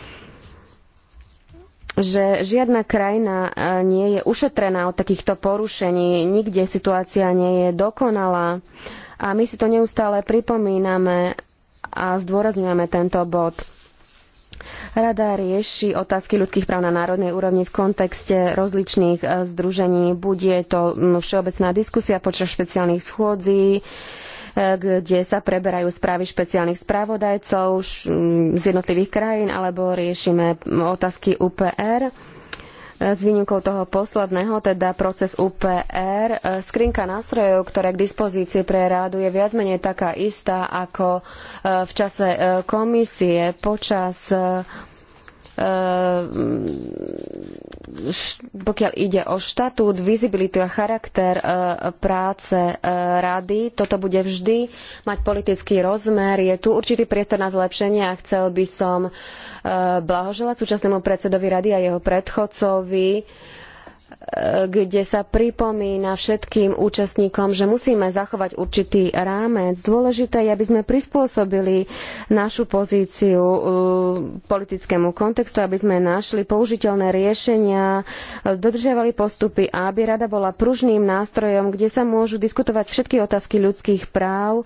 že žiadna krajina nie je ušetrená od takýchto porušení, nikde situácia nie je dokonalá. Uh, a my si to neustále pripomíname a zdôrazňujeme tento bod. Rada rieši otázky ľudských práv na národnej úrovni v kontexte rozličných e, združení. Buď je to všeobecná diskusia počas špeciálnych schôdzí, e, kde sa preberajú správy špeciálnych spravodajcov z jednotlivých krajín, alebo riešime otázky UPR s výnimkou toho posledného, teda proces UPR. E, skrinka nástrojov, ktoré k dispozícii pre rádu je viac menej taká istá ako e, v čase e, komisie počas Ehm, pokiaľ ide o štatút, vizibilitu a charakter e, práce e, rady, toto bude vždy mať politický rozmer. Je tu určitý priestor na zlepšenie a chcel by som e, blahoželať súčasnému predsedovi rady a jeho predchodcovi kde sa pripomína všetkým účastníkom, že musíme zachovať určitý rámec. Dôležité je, aby sme prispôsobili našu pozíciu uh, politickému kontextu, aby sme našli použiteľné riešenia, dodržiavali postupy a aby rada bola pružným nástrojom, kde sa môžu diskutovať všetky otázky ľudských práv uh,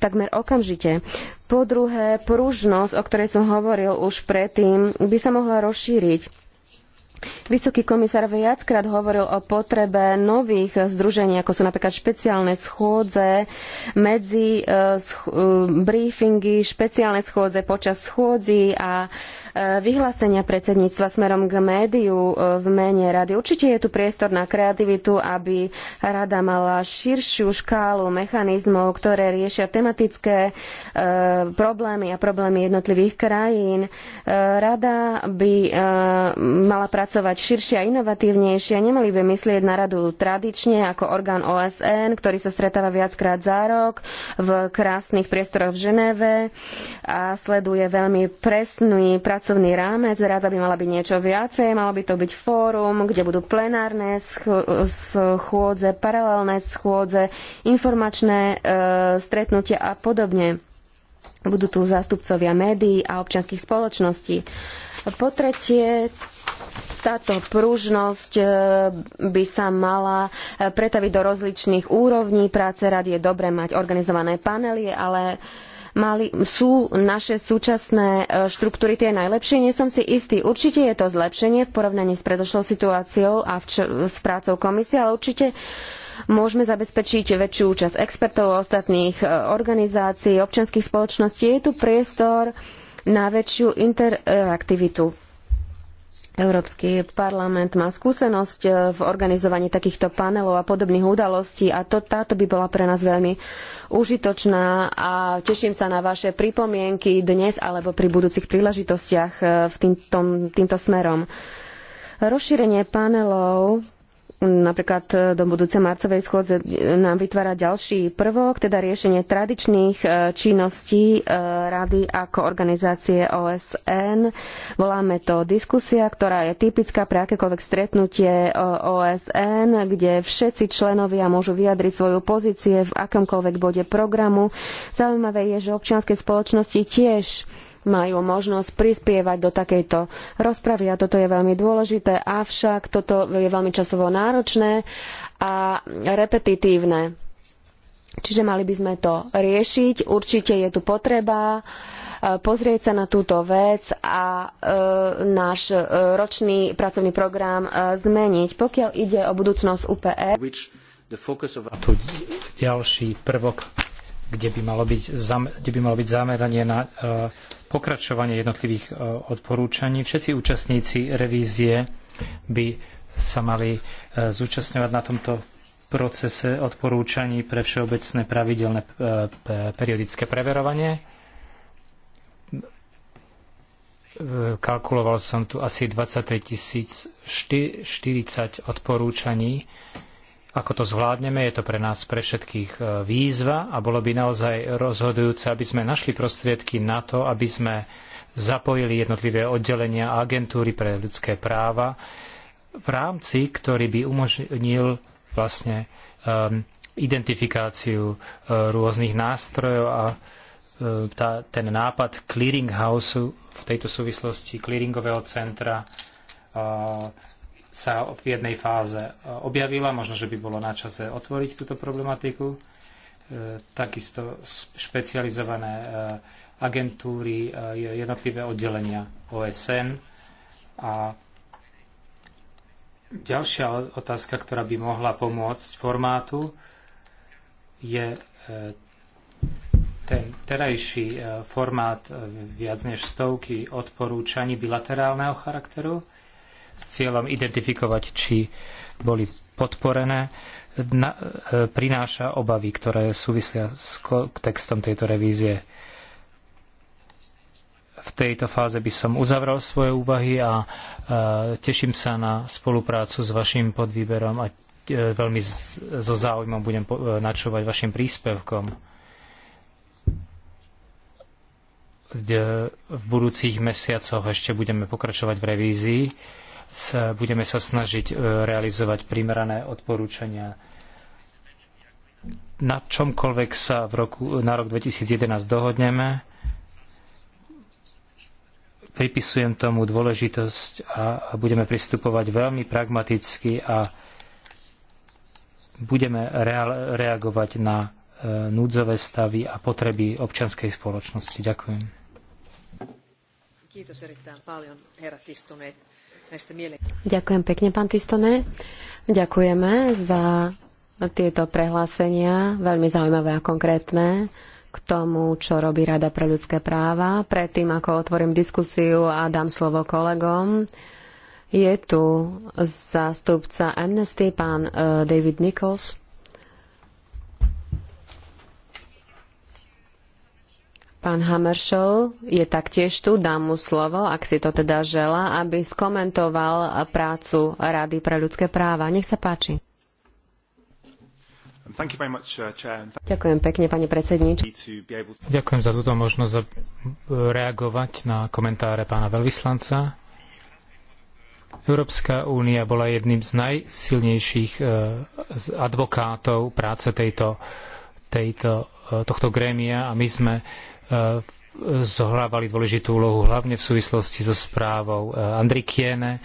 takmer okamžite. Po druhé, pružnosť, o ktorej som hovoril už predtým, by sa mohla rozšíriť Vysoký komisár viackrát hovoril o potrebe nových združení, ako sú napríklad špeciálne schôdze, medzi uh, eh, sch- uh, eh, briefingy, špeciálne schôdze počas schôdzi a uh, vyhlásenia predsedníctva smerom k médiu e, v mene rady. Určite je tu priestor na kreativitu, aby rada mala širšiu škálu mechanizmov, ktoré riešia tematické e, problémy a problémy jednotlivých krajín. E, rada by mala pracovať širšie a inovatívnejšie. Nemali by myslieť na radu tradične ako orgán OSN, ktorý sa stretáva viackrát za rok v krásnych priestoroch v Ženeve a sleduje veľmi presný pracovný pracovný rámec, rada by mala byť niečo viacej, malo by to byť fórum, kde budú plenárne schôdze, paralelné schôdze, informačné e, stretnutia a podobne. Budú tu zástupcovia médií a občianských spoločností. Po tretie, táto pružnosť e, by sa mala e, pretaviť do rozličných úrovní práce rad. Je dobré mať organizované panely, ale mali, sú naše súčasné e, štruktúry tie najlepšie? Nie som si istý. Určite je to zlepšenie v porovnaní s predošlou situáciou a s prácou komisie, ale určite môžeme zabezpečiť väčšiu účasť expertov, ostatných e, organizácií, občianskych spoločností. Je tu priestor na väčšiu interaktivitu Európsky parlament má skúsenosť eh, v organizovaní takýchto panelov a podobných udalostí a to, táto by bola pre nás veľmi užitočná a teším sa na vaše pripomienky dnes alebo pri budúcich príležitostiach eh, v tým, tom, týmto smerom. Rozšírenie panelov napríklad e, do budúcej marcovej schôdze e, nám vytvára ďalší prvok, teda riešenie tradičných e, činností rady ako organizácie OSN. Voláme to diskusia, ktorá je typická pre akékoľvek stretnutie OSN, kde všetci členovia môžu vyjadriť svoju pozície v akomkoľvek bode programu. Zaujímavé je, že občianske spoločnosti tiež majú možnosť prispievať do takejto rozpravy a toto je veľmi dôležité, avšak toto je veľmi časovo náročné a repetitívne. Čiže mali by sme to riešiť. Určite je tu potreba e, pozrieť sa na túto vec a e, náš e, ročný pracovný program e, zmeniť. Pokiaľ ide o budúcnosť UPE, a tu ďalší prvok, kde by malo byť, kde by malo byť zameranie na e, pokračovanie jednotlivých e, odporúčaní. Všetci účastníci revízie by sa mali e, zúčastňovať na tomto procese odporúčaní pre všeobecné pravidelné e, periodické preverovanie. Kalkuloval som tu asi 23 040 odporúčaní ako to zvládneme. Je to pre nás pre všetkých e, výzva a bolo by naozaj rozhodujúce, aby sme našli prostriedky na to, aby sme zapojili jednotlivé oddelenia a agentúry pre ľudské práva v rámci, ktorý by umožnil vlastne um, identifikáciu uh, rôznych nástrojov a uh, tá, ten nápad clearinghouse v tejto súvislosti, clearingového centra, uh, sa v jednej fáze e, objavila. Možno, že by bolo na čase otvoriť túto problematiku. E, takisto špecializované e, agentúry, jednotlivé oddelenia OSN. A ďalšia otázka, ktorá by mohla pomôcť formátu, je ten terajší formát viac než stovky odporúčaní bilaterálneho charakteru s cieľom identifikovať, či boli podporené, na, e, prináša obavy, ktoré súvisia s textom tejto revízie. V tejto fáze by som uzavral svoje úvahy a e, teším sa na spoluprácu s vašim podvýberom a e, veľmi so záujmom budem e, načúvať vašim príspevkom. E, v budúcich mesiacoch ešte budeme pokračovať v revízii sa, budeme sa snažiť e, realizovať primerané odporúčania. Na čomkoľvek sa v roku, na rok 2011 dohodneme, pripisujem tomu dôležitosť a budeme pristupovať veľmi pragmaticky a budeme reagovať na e, núdzové stavy a potreby občianskej spoločnosti. Ďakujem. Kiitos erittäin paljon, herrat istuneet. Ďakujem pekne, pán Tistone. Ďakujeme za tieto prehlásenia, veľmi zaujímavé a konkrétne k tomu, čo robí Rada pre ľudské práva. Predtým, ako otvorím diskusiu a dám slovo kolegom, je tu zástupca Amnesty, pán eh, David Nichols. Pán Hammershall je taktiež tu, dám mu slovo, ak si to teda žela, aby skomentoval prácu Rady pre ľudské práva. Nech sa páči. Uh, Ďakujem pekne, pani predsedníčka. Ďakujem za túto možnosť reagovať na komentáre pána veľvyslanca. Európska únia bola jedným z najsilnejších e, advokátov práce tejto, tejto, e, tohto grémia a my sme Eh, zohrávali dôležitú úlohu hlavne v súvislosti so správou eh, Andrikiene,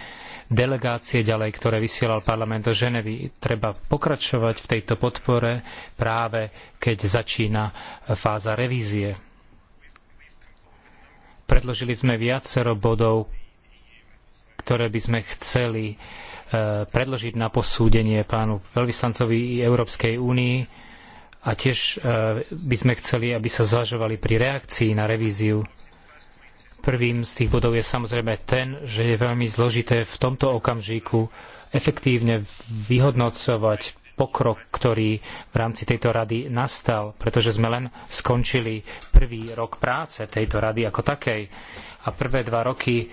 delegácie ďalej, ktoré vysielal parlament do Ženevy. Treba pokračovať v tejto podpore práve keď začína eh, fáza revízie. Predložili sme viacero bodov, ktoré by sme chceli predložiť na posúdenie pánu veľvyslancovi Európskej únii a tiež e, by sme chceli, aby sa zvažovali pri reakcii na revíziu. Prvým z tých bodov je samozrejme ten, že je veľmi zložité v tomto okamžiku efektívne vyhodnocovať pokrok, ktorý v rámci tejto rady nastal, pretože sme len skončili prvý rok práce tejto rady ako takej a prvé dva roky e, e,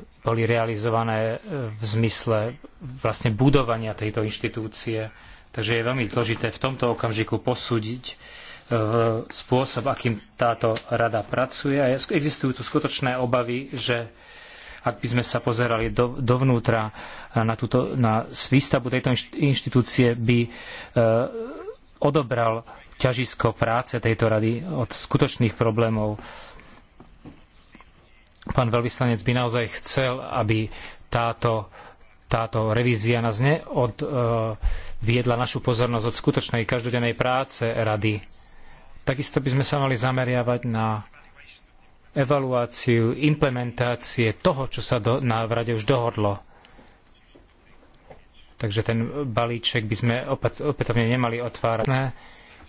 boli realizované v zmysle vlastne budovania tejto inštitúcie Takže je veľmi dôležité v tomto okamžiku posúdiť e, spôsob, akým táto rada pracuje. A existujú tu skutočné obavy, že ak by sme sa pozerali do, dovnútra na, túto, na výstavbu tejto inštitúcie, by e, odobral ťažisko práce tejto rady od skutočných problémov. Pán veľvyslanec by naozaj chcel, aby táto táto revízia nás neodviedla e, našu pozornosť od skutočnej každodennej práce rady. Takisto by sme sa mali zameriavať na evaluáciu implementácie toho, čo sa do, na rade už dohodlo. Takže ten balíček by sme opäť, opätovne nemali otvárať.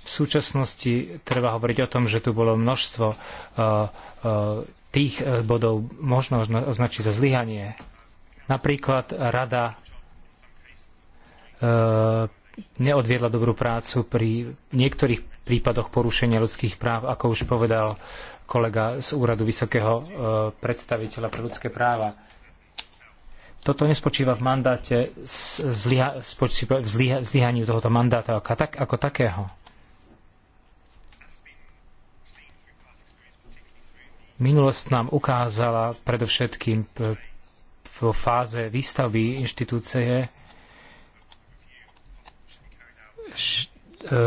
V súčasnosti treba hovoriť o tom, že tu bolo množstvo uh, uh, tých bodov možno označiť za zlyhanie Napríklad rada e, neodviedla dobrú prácu pri niektorých prípadoch porušenia ľudských práv, ako už povedal kolega z úradu vysokého e, predstaviteľa pre ľudské práva. Toto nespočíva v mandáte, zlyha, spočíva v zlyhaní tohoto mandáta ako, tak, ako takého. Minulosť nám ukázala predovšetkým vo fáze výstavby inštitúcie e,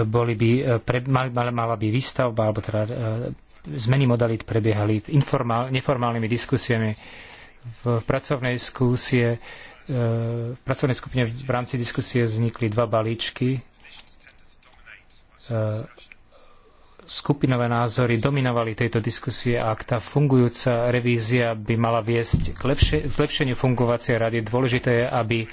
boli by, e, pre, mal, mala by výstavba, alebo teda e, zmeny modalít prebiehali v informál, neformálnymi diskusiami v pracovnej skúsie v pracovnej skupine v rámci diskusie vznikli dva balíčky skupinové názory dominovali tejto diskusie a ak tá fungujúca revízia by mala viesť k lepšie, zlepšeniu fungovacej rady, dôležité je, aby e,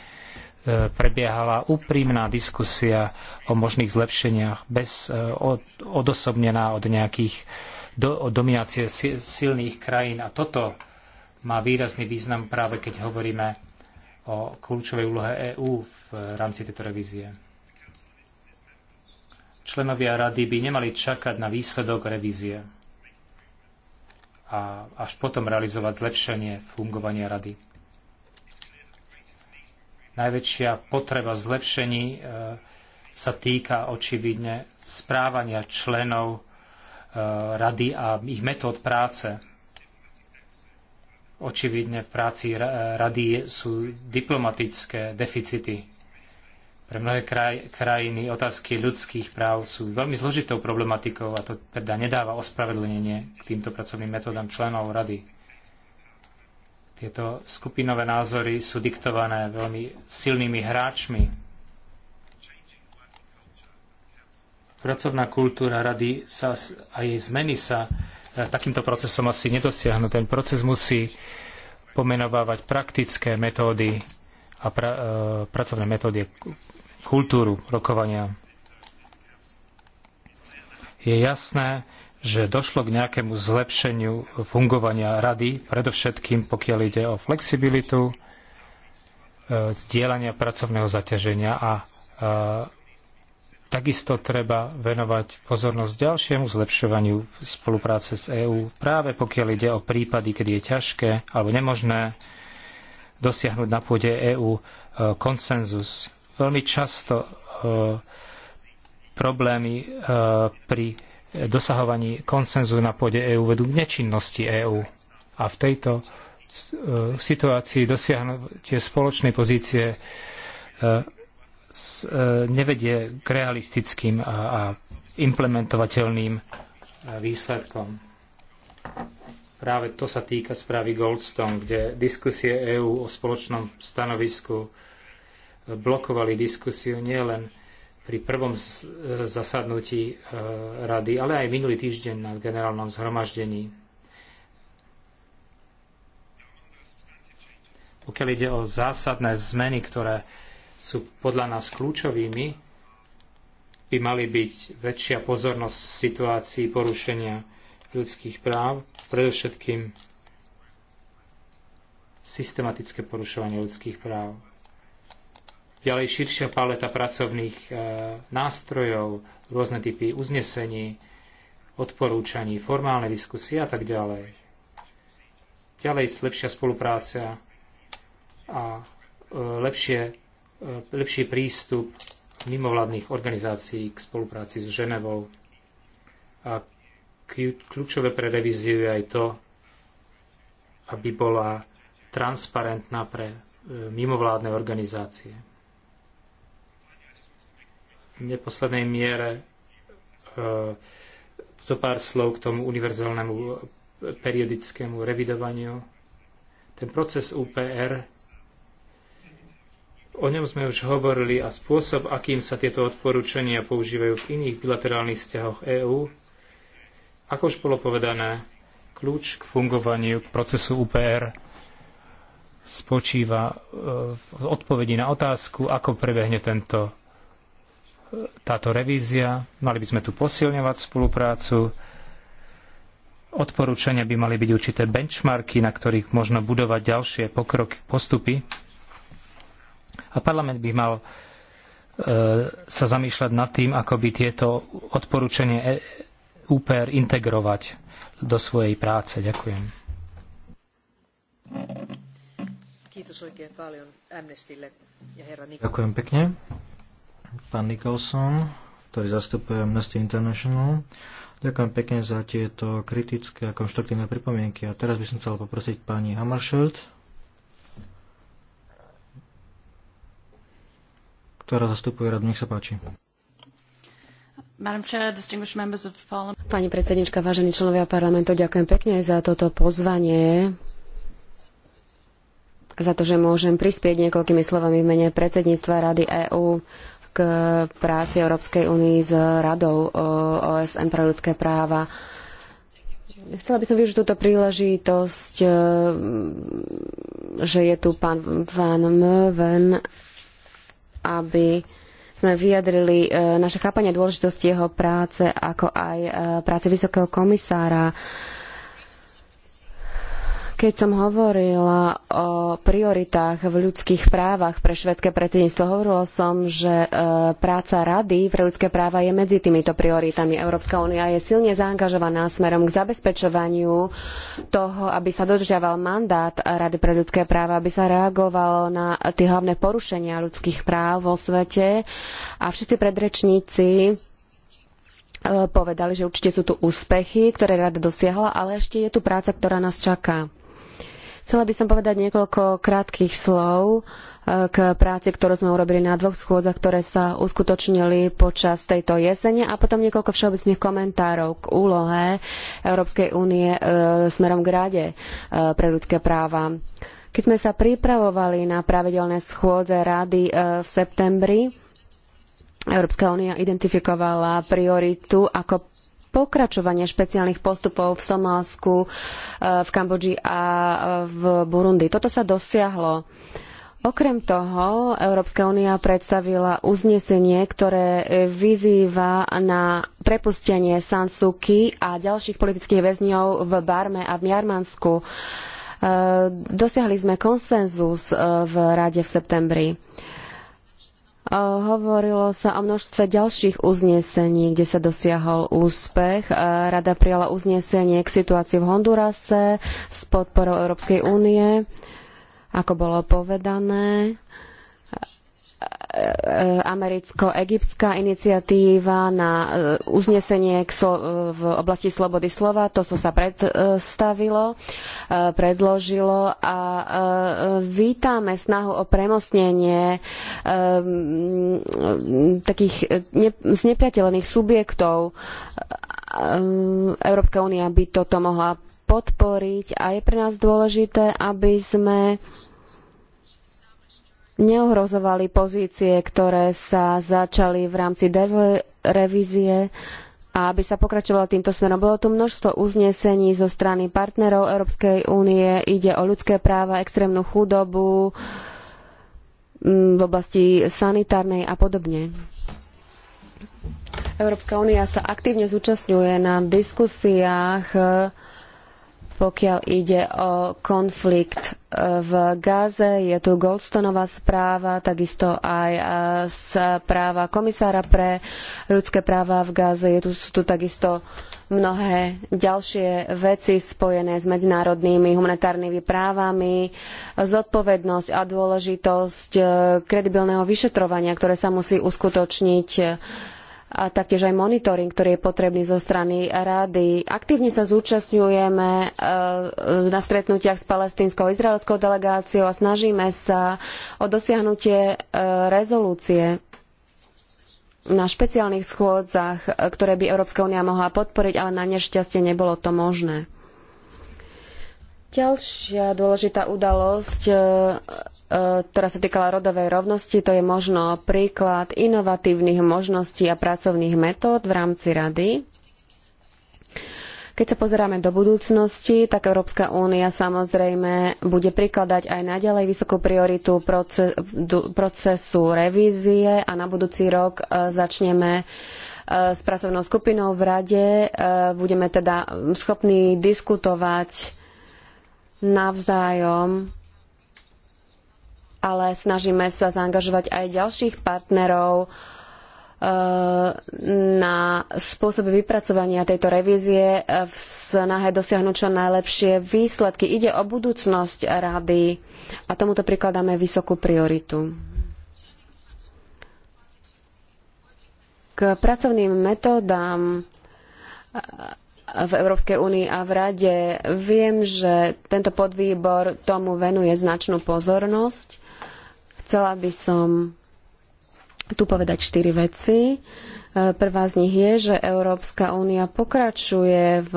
prebiehala úprimná diskusia o možných zlepšeniach bez e, od, odosobnená od nejakých do, od dominácie silných krajín. A toto má výrazný význam práve keď hovoríme o kľúčovej úlohe EÚ v e, rámci tejto revízie. Členovia rady by nemali čakať na výsledok revízie a až potom realizovať zlepšenie fungovania rady. Najväčšia potreba zlepšení e, sa týka očividne správania členov e, rady a ich metód práce. Očividne v práci rady sú diplomatické deficity. Pre mnohé kraj, krajiny otázky ľudských práv sú veľmi zložitou problematikou a to teda nedáva ospravedlnenie k týmto pracovným metodám členov rady. Tieto skupinové názory sú diktované veľmi silnými hráčmi. Pracovná kultúra rady sa, a jej zmeny sa e, takýmto procesom asi nedosiahnu. Ten proces musí pomenovávať praktické metódy a pra, e, pracovné metódy, kultúru rokovania. Je jasné, že došlo k nejakému zlepšeniu fungovania rady, predovšetkým pokiaľ ide o flexibilitu, e, zdieľania pracovného zaťaženia a e, Takisto treba venovať pozornosť ďalšiemu zlepšovaniu spolupráce s EÚ, práve pokiaľ ide o prípady, kedy je ťažké alebo nemožné dosiahnuť na pôde EÚ e, konsenzus. Veľmi často e, problémy e, pri dosahovaní konsenzu na pôde EÚ vedú k nečinnosti EÚ. A v tejto situácii dosiahnutie spoločnej pozície nevedie k realistickým a implementovateľným výsledkom. Práve to sa týka správy Goldstone, kde diskusie EÚ o spoločnom stanovisku blokovali diskusiu nielen pri prvom zasadnutí e, rady, ale aj minulý týždeň na generálnom zhromaždení. Pokiaľ ide o zásadné zmeny, ktoré sú podľa nás kľúčovými, by mali byť väčšia pozornosť situácii porušenia ľudských práv, predovšetkým systematické porušovanie ľudských práv. Ďalej širšia paleta pracovných e, nástrojov, rôzne typy uznesení, odporúčaní, formálne diskusie a tak ďalej. Ďalej lepšia spolupráca a e, lepšie, e, lepší prístup mimovládnych organizácií k spolupráci s Ženevou a Kľúčové pre revíziu je aj to, aby bola transparentná pre e, mimovládne organizácie. V neposlednej miere e, zo pár slov k tomu univerzálnemu e, periodickému revidovaniu. Ten proces UPR, o ňom sme už hovorili a spôsob, akým sa tieto odporúčania používajú v iných bilaterálnych vzťahoch EÚ, ako už bolo povedané, kľúč k fungovaniu k procesu UPR spočíva e, v odpovedi na otázku, ako prebehne tento, e, táto revízia. Mali by sme tu posilňovať spoluprácu. Odporúčania by mali byť určité benchmarky, na ktorých možno budovať ďalšie pokroky, postupy. A parlament by mal e, sa zamýšľať nad tým, ako by tieto odporúčania Uber integrovať do svojej práce. Ďakujem. Ďakujem pekne. Pán Nicholson, ktorý zastupuje Amnesty International. Ďakujem pekne za tieto kritické a konštruktívne pripomienky. A teraz by som chcel poprosiť pani Hammarskjöld, ktorá zastupuje radu. Nech sa páči. Pani predsednička, vážení členovia parlamentu, ďakujem pekne za toto pozvanie, za to, že môžem prispieť niekoľkými slovami v mene predsedníctva Rady EÚ k práci Európskej únii s Radou OSN pre ľudské práva. Chcela by som využiť túto príležitosť, e, že je tu pán Van Möven, aby sme vyjadrili e, naše chápanie dôležitosti jeho práce, ako aj e, práce vysokého komisára keď som hovorila o prioritách v ľudských právach pre švedské predsedníctvo, hovorila som, že e, práca Rady pre ľudské práva je medzi týmito prioritami. Európska únia je silne zaangažovaná smerom k zabezpečovaniu toho, aby sa dodržiaval mandát Rady pre ľudské práva, aby sa reagovalo na tie hlavné porušenia ľudských práv vo svete. A všetci predrečníci e, povedali, že určite sú tu úspechy, ktoré rada dosiahla, ale ešte je tu práca, ktorá nás čaká. Chcela by som povedať niekoľko krátkých slov e, k práci, ktorú sme urobili na dvoch schôdzach, ktoré sa uskutočnili počas tejto jesene a potom niekoľko všeobecných komentárov k úlohe Európskej únie e, smerom k Rade e, pre ľudské práva. Keď sme sa pripravovali na pravidelné schôdze rady v septembri, Európska únia identifikovala prioritu ako pokračovanie špeciálnych postupov v Somálsku, e, v Kambodži a e, v Burundi. Toto sa dosiahlo. Okrem toho, Európska únia predstavila uznesenie, ktoré e, vyzýva na prepustenie Sansuky a ďalších politických väzňov v Barme a v Miarmansku. Dosiahli sme konsenzus v rade v septembri. Hovorilo sa o množstve ďalších uznesení, kde sa dosiahol úspech. Rada prijala uznesenie k situácii v Hondurase s podporou Európskej únie, ako bolo povedané americko-egyptská iniciatíva na e, uznesenie e, v oblasti slobody slova. To sa predstavilo, e, predložilo a vítame snahu o premostnenie takých znepriateľených subjektov. Európska únia by toto mohla podporiť a je pre nás dôležité, aby sme neohrozovali pozície, ktoré sa začali v rámci revízie a aby sa pokračovalo týmto smerom. Bolo tu množstvo uznesení zo strany partnerov Európskej únie. Ide o ľudské práva, extrémnu chudobu mm, v oblasti sanitárnej a podobne. Európska únia sa aktívne zúčastňuje na diskusiách pokiaľ ide o konflikt e, v Gáze, je tu Goldstonová správa, takisto aj e, správa komisára pre ľudské práva v Gáze. Je tu, sú tu takisto mnohé ďalšie veci spojené s medzinárodnými humanitárnymi právami, zodpovednosť a dôležitosť e, kredibilného vyšetrovania, ktoré sa musí uskutočniť a taktiež aj monitoring, ktorý je potrebný zo strany rády. Aktívne sa zúčastňujeme e, na stretnutiach s palestínskou izraelskou delegáciou a snažíme sa o dosiahnutie e, rezolúcie na špeciálnych schôdzach, e, ktoré by Európska únia mohla podporiť, ale na nešťastie nebolo to možné. Ďalšia dôležitá udalosť E, ktorá sa týkala rodovej rovnosti. To je možno príklad inovatívnych možností a pracovných metód v rámci rady. Keď sa pozeráme do budúcnosti, tak Európska únia samozrejme bude prikladať aj naďalej vysokú prioritu procesu revízie a na budúci rok e, začneme e, s pracovnou skupinou v rade. Budeme teda schopní diskutovať navzájom ale snažíme sa zaangažovať aj ďalších partnerov e, na spôsoby vypracovania tejto revízie e, v snahe dosiahnuť čo najlepšie výsledky. Ide o budúcnosť rady a tomuto prikladáme vysokú prioritu. K pracovným metódám e, v Európskej únii a v Rade. Viem, že tento podvýbor tomu venuje značnú pozornosť Chcela by som tu povedať štyri veci. E, prvá z nich je, že Európska únia pokračuje v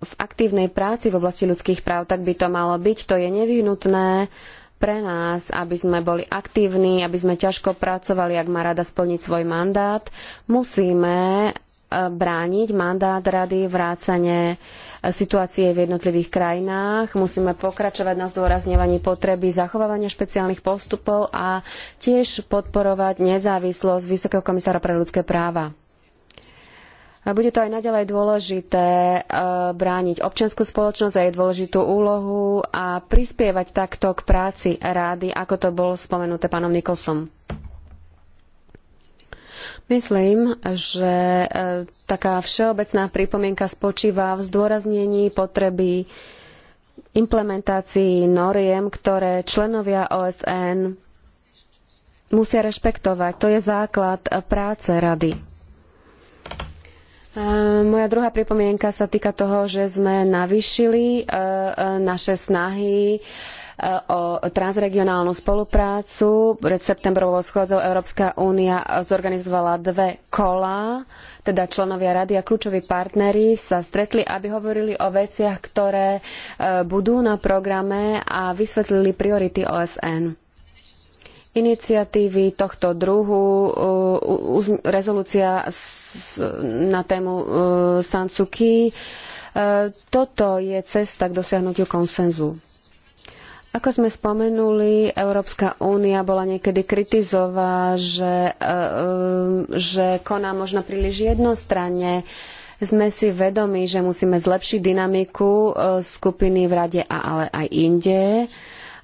v aktívnej práci v oblasti ľudských práv, tak by to malo byť. To je nevyhnutné pre nás, aby sme boli aktívni, aby sme ťažko pracovali, ak má rada splniť svoj mandát. Musíme e, brániť mandát rady, vrácanie situácie v jednotlivých krajinách. Musíme pokračovať na zdôrazňovaní potreby zachovávania špeciálnych postupov a tiež podporovať nezávislosť Vysokého komisára pre ľudské práva. A bude to aj naďalej dôležité e, brániť občiansku spoločnosť a jej dôležitú úlohu a prispievať takto k práci rády, ako to bolo spomenuté pánom Nikolsom. Myslím, že e, taká všeobecná pripomienka spočíva v zdôraznení potreby implementácii noriem, ktoré členovia OSN musia rešpektovať. To je základ práce rady. E, moja druhá pripomienka sa týka toho, že sme navýšili e, naše snahy o transregionálnu spoluprácu. Pred septembrovou schôdzou Európska únia zorganizovala dve kolá, teda členovia rady a kľúčoví partneri sa stretli, aby hovorili o veciach, ktoré e, budú na programe a vysvetlili priority OSN iniciatívy tohto druhu, e, rezolúcia na tému e, Kyi, Toto je cesta k dosiahnutiu konsenzu. Ako sme spomenuli, Európska únia bola niekedy kritizová, že, e, e, že koná možno príliš jednostranne. Sme si vedomi, že musíme zlepšiť dynamiku e, skupiny v Rade a ale aj inde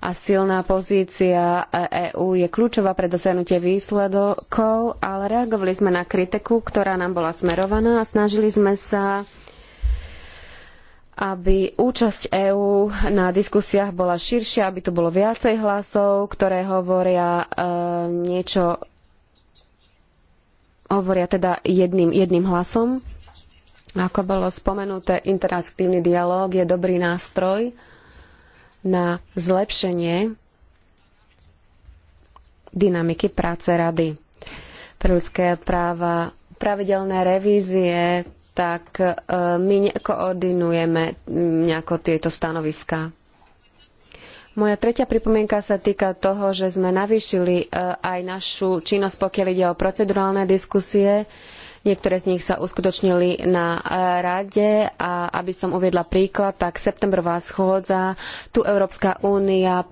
a silná pozícia EÚ je kľúčová pre dosiahnutie výsledkov, ale reagovali sme na kritiku, ktorá nám bola smerovaná a snažili sme sa aby účasť EÚ na diskusiách bola širšia, aby tu bolo viacej hlasov, ktoré hovoria e, niečo hovoria teda jedným, jedným hlasom. Ako bolo spomenuté, interaktívny dialóg je dobrý nástroj na zlepšenie dynamiky práce rady pre ľudské práva. Pravidelné revízie tak e, my nekoordinujeme nejako tieto stanoviská. Moja tretia pripomienka sa týka toho, že sme navýšili e, aj našu činnosť, pokiaľ ide o procedurálne diskusie. Niektoré z nich sa uskutočnili na e, rade a aby som uviedla príklad, tak septembrová schôdza, tu Európska únia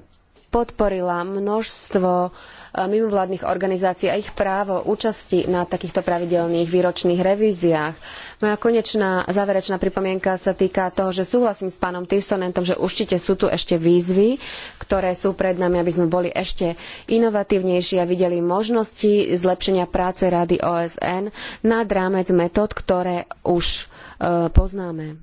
podporila množstvo Eh, mimovládnych organizácií a ich právo účasti na takýchto pravidelných výročných revíziách. Moja konečná záverečná pripomienka sa týka toho, že súhlasím s pánom Tisonentom, že určite sú tu ešte výzvy, ktoré sú pred nami, aby sme boli ešte inovatívnejší a videli možnosti zlepšenia práce Rady OSN nad rámec metód, ktoré už eh, poznáme.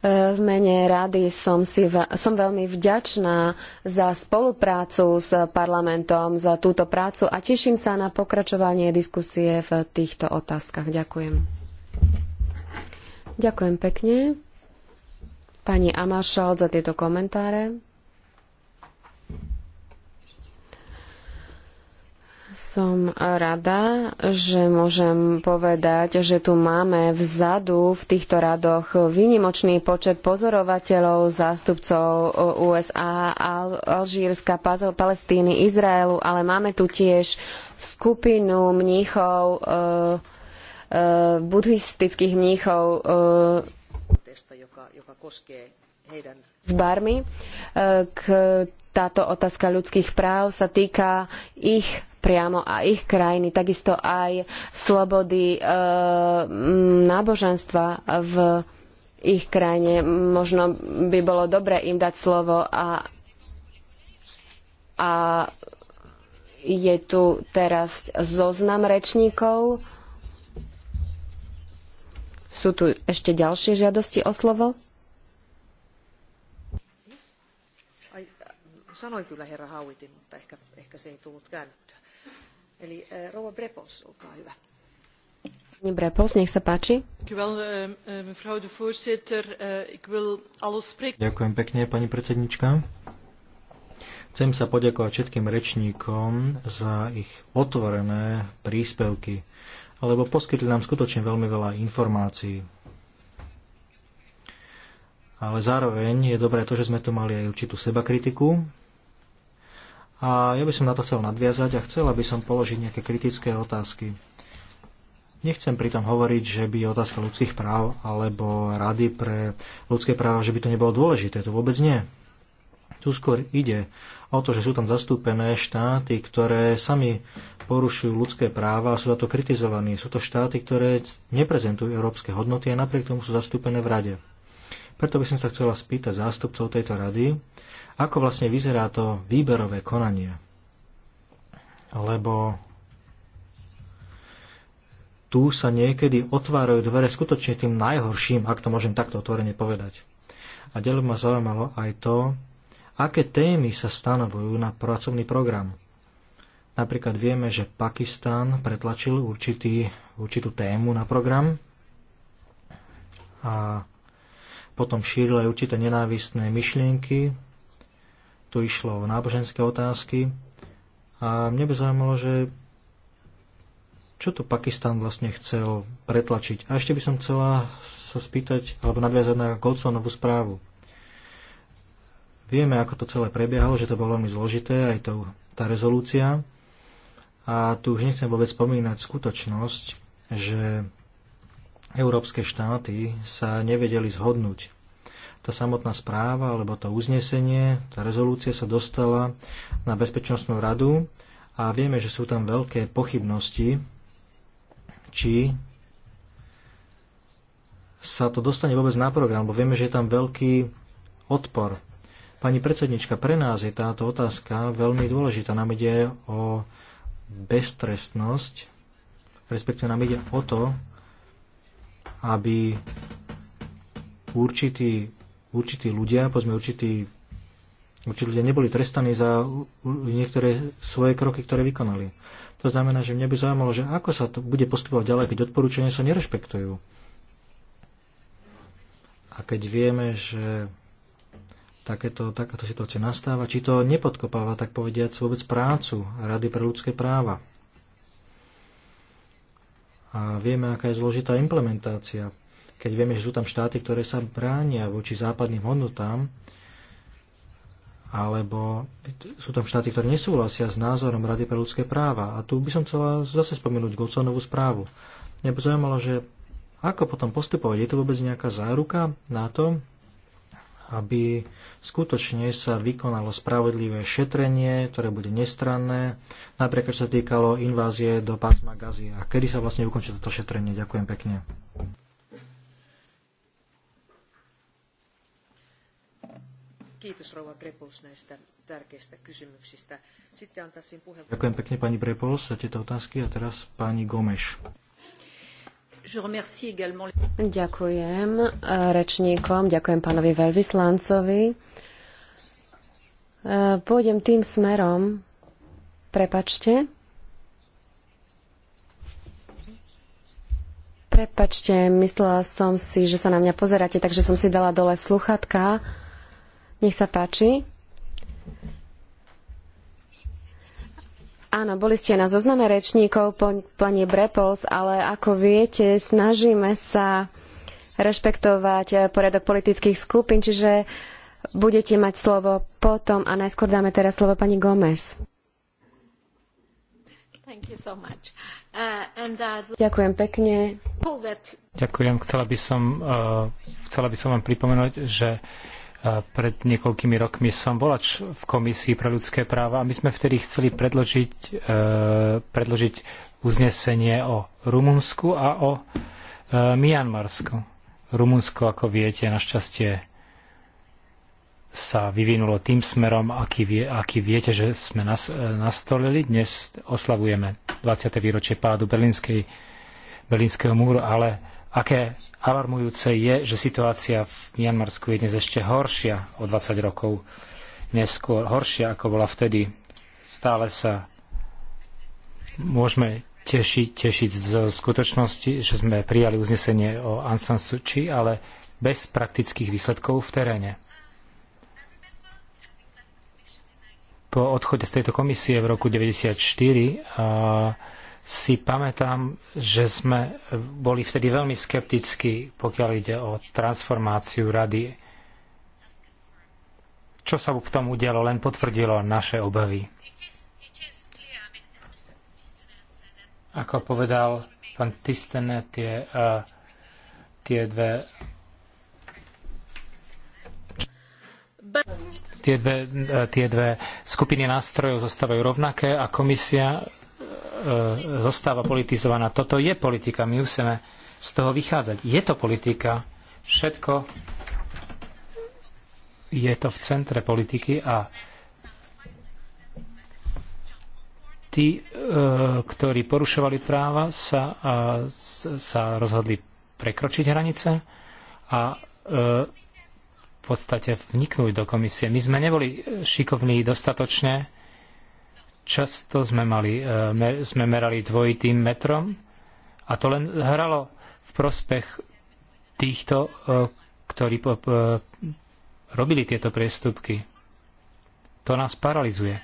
V mene rady som, si, som veľmi vďačná za spoluprácu s parlamentom, za túto prácu a teším sa na pokračovanie diskusie v týchto otázkach. Ďakujem. Ďakujem pekne pani Amašal za tieto komentáre. Som rada, že môžem povedať, že tu máme vzadu v týchto radoch výnimočný počet pozorovateľov, zástupcov USA, Alžírska, Palestíny, Izraelu, ale máme tu tiež skupinu mníchov, e, e, buddhistických mníchov e, z Barmy. K, táto otázka ľudských práv sa týka ich priamo a ich krajiny, takisto aj slobody e, náboženstva v ich krajine. Možno by bolo dobre im dať slovo a, a je tu teraz zoznam rečníkov. Sú tu ešte ďalšie žiadosti o slovo? Sanoin kyllä herra Hauitin, mutta ehkä, ehkä se ei tullut käännetty. Eli e, Brepos, olkaa hyvä. Brepos, nech sa páči. E, e, Ďakujem pekne, pani predsednička. Chcem sa poďakovať všetkým rečníkom za ich otvorené príspevky, lebo poskytli nám skutočne veľmi veľa informácií. Ale zároveň je dobré to, že sme tu mali aj určitú sebakritiku, a ja by som na to chcel nadviazať a chcel, aby som položiť nejaké kritické otázky. Nechcem pritom hovoriť, že by otázka ľudských práv alebo rady pre ľudské práva, že by to nebolo dôležité. To vôbec nie. Tu skôr ide o to, že sú tam zastúpené štáty, ktoré sami porušujú ľudské práva a sú za to kritizovaní. Sú to štáty, ktoré neprezentujú európske hodnoty a napriek tomu sú zastúpené v rade. Preto by som sa chcela spýtať zástupcov tejto rady, ako vlastne vyzerá to výberové konanie? Lebo tu sa niekedy otvárajú dvere skutočne tým najhorším, ak to môžem takto otvorene povedať. A ďalej ma zaujímalo aj to, aké témy sa stanovujú na pracovný program. Napríklad vieme, že Pakistán pretlačil určitý, určitú tému na program a potom šíril aj určité nenávistné myšlienky, tu išlo o náboženské otázky a mne by zaujímalo, že čo tu Pakistan vlastne chcel pretlačiť. A ešte by som chcela sa spýtať, alebo nadviazať na Goldsonovú správu. Vieme, ako to celé prebiehalo, že to bolo veľmi zložité, aj to, tá rezolúcia. A tu už nechcem vôbec spomínať skutočnosť, že európske štáty sa nevedeli zhodnúť tá samotná správa alebo to uznesenie, tá rezolúcia sa dostala na Bezpečnostnú radu a vieme, že sú tam veľké pochybnosti, či sa to dostane vôbec na program, lebo vieme, že je tam veľký odpor. Pani predsednička, pre nás je táto otázka veľmi dôležitá. Nám ide o beztrestnosť, respektíve nám ide o to, aby určití určití ľudia, povedzme určití, určití ľudia neboli trestaní za niektoré svoje kroky, ktoré vykonali. To znamená, že mňa by zaujímalo, že ako sa to bude postupovať ďalej, keď odporúčania sa nerešpektujú. A keď vieme, že takéto, takáto situácia nastáva, či to nepodkopáva, tak povediať, vôbec prácu Rady pre ľudské práva. A vieme, aká je zložitá implementácia keď vieme, že sú tam štáty, ktoré sa bránia voči západným hodnotám, alebo sú tam štáty, ktoré nesúhlasia s názorom Rady pre ľudské práva. A tu by som chcela zase spomenúť Gocónovú správu. Mňa by zaujímalo, že ako potom postupovať? Je to vôbec nejaká záruka na to, aby skutočne sa vykonalo spravodlivé šetrenie, ktoré bude nestranné, napríklad čo sa týkalo invázie do pásma Gazy. A kedy sa vlastne ukončí toto šetrenie? Ďakujem pekne. Kiitos rouva näistä tärkeistä kysymyksistä. Sitten antaisin puheenvuoron. Ďakujem pekne pani Grepuls za tieto otázky a teraz pani Gomeš. Ďakujem e, rečníkom, ďakujem pánovi veľvyslancovi. E, pôjdem tým smerom, prepačte, prepačte, myslela som si, že sa na mňa pozeráte, takže som si dala dole sluchatka. Uh, nech sa páči. Áno, boli ste na zozname rečníkov, pani Brepols, ale ako viete, snažíme sa rešpektovať eh, poriadok politických skupín, čiže budete mať slovo potom a najskôr dáme teraz slovo pani Gomez. So uh, uh Ďakujem pekne. Ďakujem. Chcela by som, uh, chcela by som vám pripomenúť, že pred niekoľkými rokmi som bola v Komisii pre ľudské práva a my sme vtedy chceli predložiť, e, predložiť uznesenie o Rumunsku a o e, Mianmarsku. Rumunsko, ako viete, našťastie sa vyvinulo tým smerom, aký, vie, aký viete, že sme nas, e, nastolili. Dnes oslavujeme 20. výročie pádu Berlínskeho múru, ale aké alarmujúce je, že situácia v Mianmarsku je dnes ešte horšia o 20 rokov neskôr, horšia ako bola vtedy. Stále sa môžeme tešiť, tešiť z skutočnosti, že sme prijali uznesenie o Ansan Suči, ale bez praktických výsledkov v teréne. Po odchode z tejto komisie v roku 1994 si pamätám, že sme boli vtedy veľmi skeptickí, pokiaľ ide o transformáciu rady. Čo sa v tom udialo, len potvrdilo naše obavy. Ako povedal pán Tistene, tie, uh, tie dve tie dve, tie dve skupiny nástrojov zostávajú rovnaké a komisia E, zostáva politizovaná. Toto je politika, my musíme z toho vychádzať. Je to politika, všetko je to v centre politiky a tí, e, ktorí porušovali práva, sa, sa rozhodli prekročiť hranice a e, v podstate vniknúť do komisie. My sme neboli šikovní dostatočne, Často sme, mali, e, sme merali dvojitým metrom a to len hralo v prospech týchto, e, ktorí robili tieto priestupky. To nás paralizuje.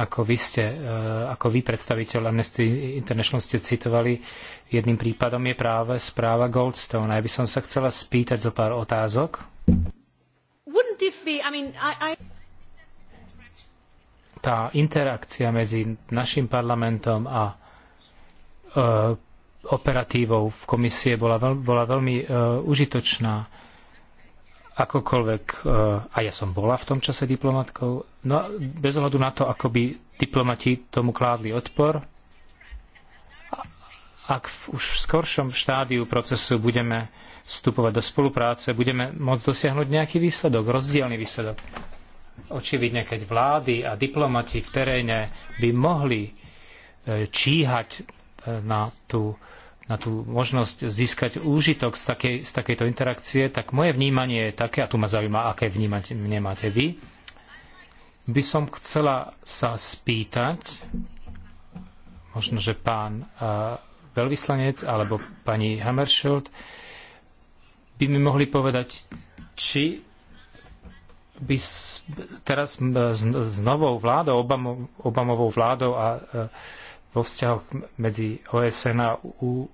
Ako vy, ste, e, ako vy predstaviteľ Amnesty International ste citovali, jedným prípadom je práve správa Goldstone. A ja by som sa chcela spýtať zo pár otázok. Tá interakcia medzi našim parlamentom a e, operatívou v komisie bola, veľ, bola veľmi e, užitočná. Akokoľvek, e, a ja som bola v tom čase diplomatkou, no bez ohľadu na to, ako by diplomati tomu kládli odpor, ak v už v skoršom štádiu procesu budeme vstupovať do spolupráce, budeme môcť dosiahnuť nejaký výsledok, rozdielny výsledok. Očividne, keď vlády a diplomati v teréne by mohli e, číhať e, na tú, na tú možnosť získať úžitok z, takej, z takejto interakcie, tak moje vnímanie je také, a tu ma zaujíma, aké vnímanie máte vy, by som chcela sa spýtať, možno, že pán e, veľvyslanec alebo pani Hammerschild, by mi mohli povedať, či by teraz s novou vládou, Obamo, Obamovou vládou a e, vo vzťahoch medzi OSN a, EU,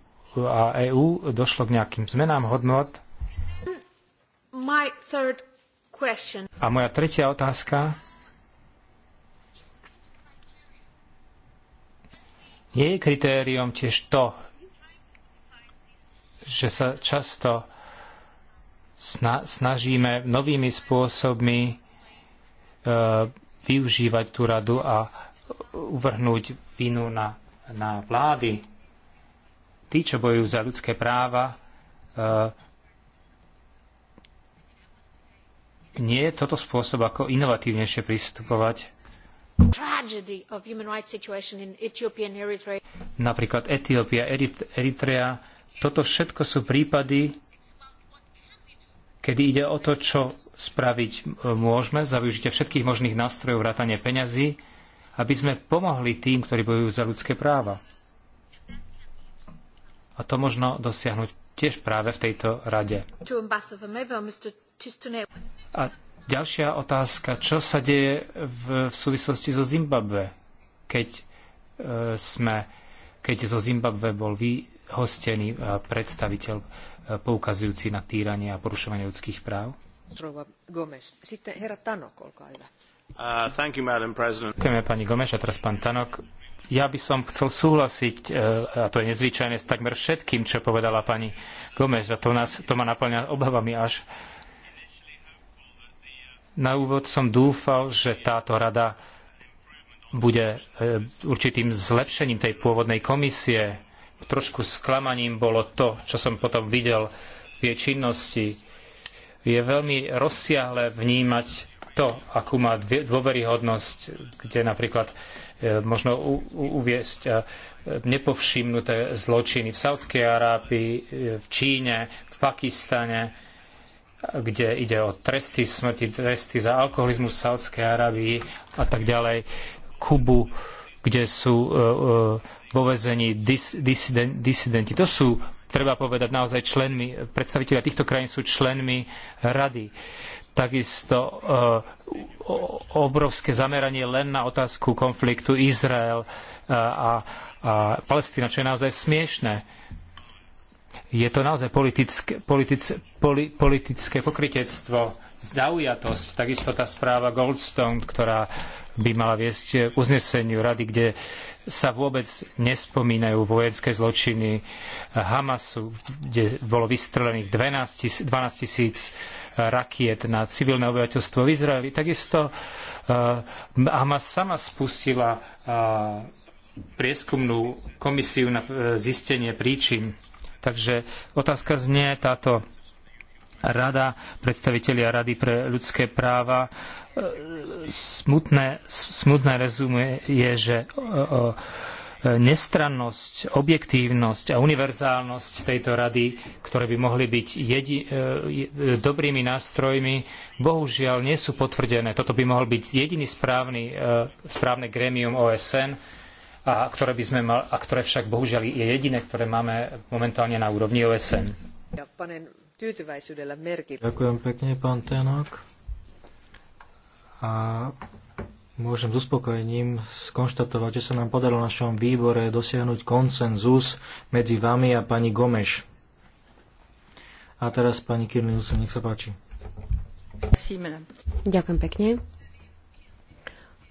a EU došlo k nejakým zmenám hodnot. A moja tretia otázka. je kritériom tiež to, že sa často snažíme novými spôsobmi e, využívať tú radu a uvrhnúť vinu na, na vlády. Tí, čo bojujú za ľudské práva, e, nie je toto spôsob, ako inovatívnejšie pristupovať. Napríklad Etiópia, Eritrea, toto všetko sú prípady, kedy ide o to, čo spraviť môžeme za využitie všetkých možných nástrojov vrátane peňazí, aby sme pomohli tým, ktorí bojujú za ľudské práva. A to možno dosiahnuť tiež práve v tejto rade. A ďalšia otázka, čo sa deje v, v súvislosti so Zimbabwe, keď e, sme, keď zo Zimbabwe bol vyhostený e, predstaviteľ poukazujúci na týranie a porušovanie ľudských práv? Uh, Ďakujeme pani Gomes a teraz pán Tanok. Ja by som chcel súhlasiť, eh, a to je nezvyčajné, s takmer všetkým, čo povedala pani Gomes, a to, nás, to ma naplňa obavami až. Na úvod som dúfal, že táto rada bude eh, určitým zlepšením tej pôvodnej komisie, trošku sklamaním bolo to, čo som potom videl v jej činnosti. Je veľmi rozsiahle vnímať to, akú má dôveryhodnosť, kde napríklad e, možno uviesť e, nepovšimnuté zločiny v Saudskej Arábii, e, v Číne, v Pakistane, kde ide o tresty smrti, tresty za alkoholizmus v Saudskej Arábii a tak ďalej, Kubu, kde sú e, e, vo vezení dis, disiden, disidenti. To sú, treba povedať, naozaj členmi, predstavitelia týchto krajín sú členmi rady. Takisto e, obrovské zameranie len na otázku konfliktu Izrael a, a Palestína, čo je naozaj smiešné je to naozaj politické, politické, poli, politické pokritectvo, zaujatosť, takisto tá správa Goldstone, ktorá by mala viesť k uzneseniu rady, kde sa vôbec nespomínajú vojenské zločiny Hamasu, kde bolo vystrelených 12 tisíc eh, rakiet na civilné obyvateľstvo v Izraeli. Takisto eh, Hamas sama spustila eh, prieskumnú komisiu na zistenie príčin. Takže otázka znie táto rada, predstavitelia Rady pre ľudské práva. E, smutné, smutné rezumie je, že e, e, nestrannosť, objektívnosť a univerzálnosť tejto rady, ktoré by mohli byť jedi, dobrými nástrojmi, bohužiaľ nie sú potvrdené. Toto by mohol byť jediný správny, správne grémium OSN, a ktoré, by sme mal, a ktoré však bohužiaľ je jediné, ktoré máme momentálne na úrovni OSN. Ja, tyytyväisyydellä merkille. Ďakujem pekne, pán Tenok. A môžem s uspokojením skonštatovať, že sa nám podarilo našom výbore dosiahnuť konsenzus medzi vami a pani Gomeš. A teraz pani Kirnilsen, nech sa páči. Ďakujem pekne.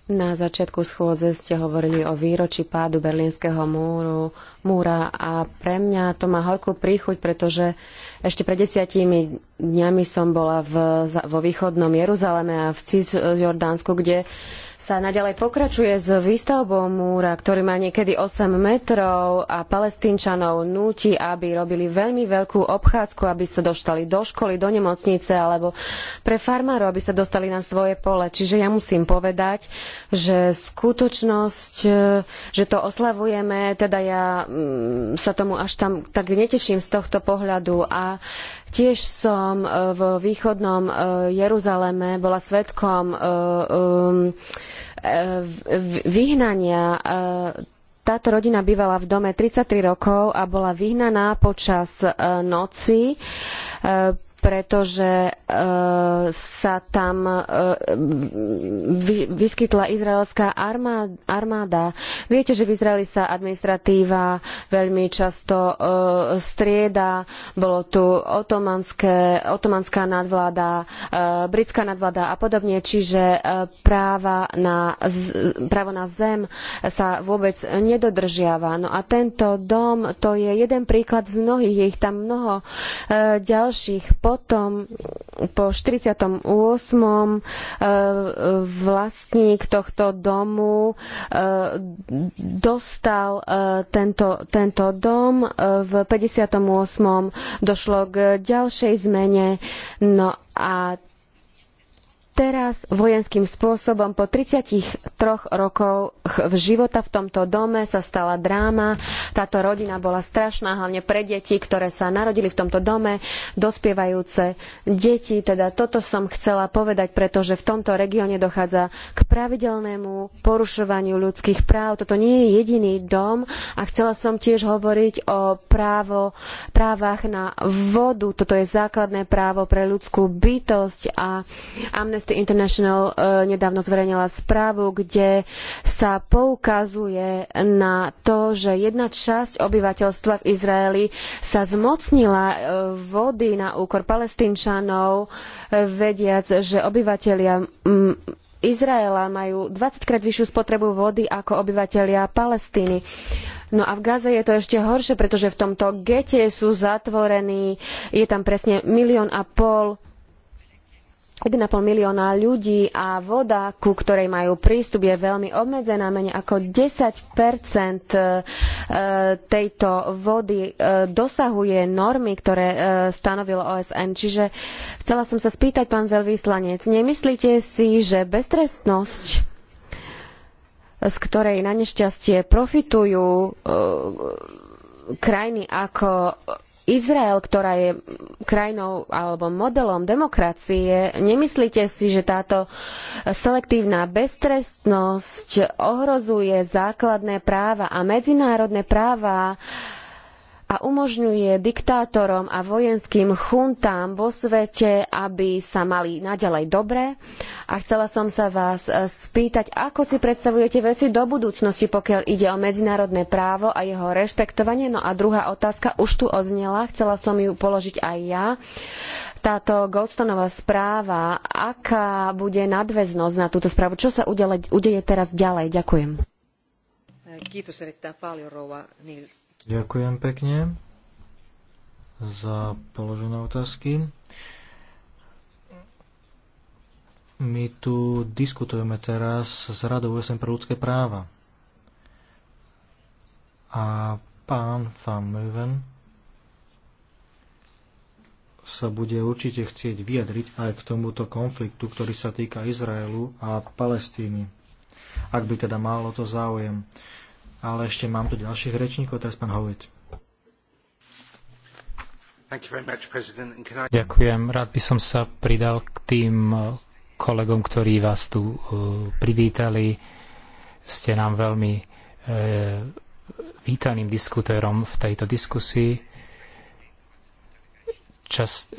Na začiatku schôdze ste hovorili o výročí pádu berlínskeho múru, múra a pre mňa to má horkú príchuť, pretože ešte pred desiatimi dňami som bola v, vo východnom Jeruzaleme a v Cisjordánsku, kde uh, sa naďalej pokračuje s výstavbou múra, ktorý má niekedy 8 metrov a palestínčanov núti, aby robili veľmi veľkú obchádzku, aby sa dostali do školy, do nemocnice alebo pre farmárov, aby sa dostali na svoje pole. Čiže ja musím povedať, že skutočnosť, e, že to oslavujeme, teda ja mm, sa tomu až tam tak neteším z tohto pohľadu a Tiež som e, v východnom e, Jeruzaleme bola svetkom vyhnania. E, táto rodina bývala v dome 33 rokov a bola vyhnaná počas e, noci Eh, pretože eh, sa tam eh, vyskytla izraelská armáda. Viete, že v Izraeli sa administratíva veľmi často strieda. Bolo tu otomanská nadvláda, britská nadvláda a podobne, čiže práva na, právo na zem sa vôbec nedodržiava. No a tento dom, to je jeden príklad z mnohých, je ich tam mnoho. Ďalších ďalších. Potom po 48. E, vlastník tohto domu e, dostal e, tento, tento dom. V 58. došlo k ďalšej zmene. No a teraz vojenským spôsobom po 33 rokoch života v tomto dome sa stala dráma. Táto rodina bola strašná, hlavne pre deti, ktoré sa narodili v tomto dome, dospievajúce deti. Teda toto som chcela povedať, pretože v tomto regióne dochádza k pravidelnému porušovaniu ľudských práv. Toto nie je jediný dom a chcela som tiež hovoriť o právo, právach na vodu. Toto je základné právo pre ľudskú bytosť a Amnesty Amnesty International e, nedávno zverejnila správu, kde sa poukazuje na to, že jedna časť obyvateľstva v Izraeli sa zmocnila e, vody na úkor palestínčanov, e, vediac, že obyvatelia Izraela majú 20 krát vyššiu spotrebu vody ako obyvatelia Palestíny. No a v Gaze je to ešte horšie, pretože v tomto gete sú zatvorení, je tam presne milión a pol 1,5 milióna ľudí a voda, ku ktorej majú prístup, je veľmi obmedzená. Menej ako 10 e, e, tejto vody e, dosahuje normy, ktoré stanovilo OSN. Čiže chcela som sa spýtať, pán veľvyslanec, nemyslíte si, že beztrestnosť z ktorej na nešťastie profitujú krajiny ako Izrael, ktorá je krajinou alebo modelom demokracie, nemyslíte si, že táto selektívna beztrestnosť ohrozuje základné práva a medzinárodné práva uh, a umožňuje diktátorom a vojenským chuntám vo svete, aby sa mali naďalej dobre. A chcela som sa vás e, spýtať, ako si predstavujete veci do budúcnosti, pokiaľ ide o medzinárodné právo a jeho rešpektovanie. No a druhá otázka už tu odznela, chcela som ju položiť aj ja. Táto goldstonová správa, aká bude nadväznosť na túto správu? Čo sa udeje teraz ďalej? Ďakujem. Kiitos erittäin paljon, rouva Ďakujem pekne za položené otázky. My tu diskutujeme teraz s Radou OSN pre ľudské práva. A pán Van Möven sa bude určite chcieť vyjadriť aj k tomuto konfliktu, ktorý sa týka Izraelu a Palestíny, ak by teda málo to záujem ale ešte mám tu ďalších rečníkov, teraz pán Howitt. Ďakujem. Rád by som sa pridal k tým eh, kolegom, ktorí vás tu eh, privítali. Ste nám veľmi eh, vítaným diskutérom v tejto diskusii. Čas,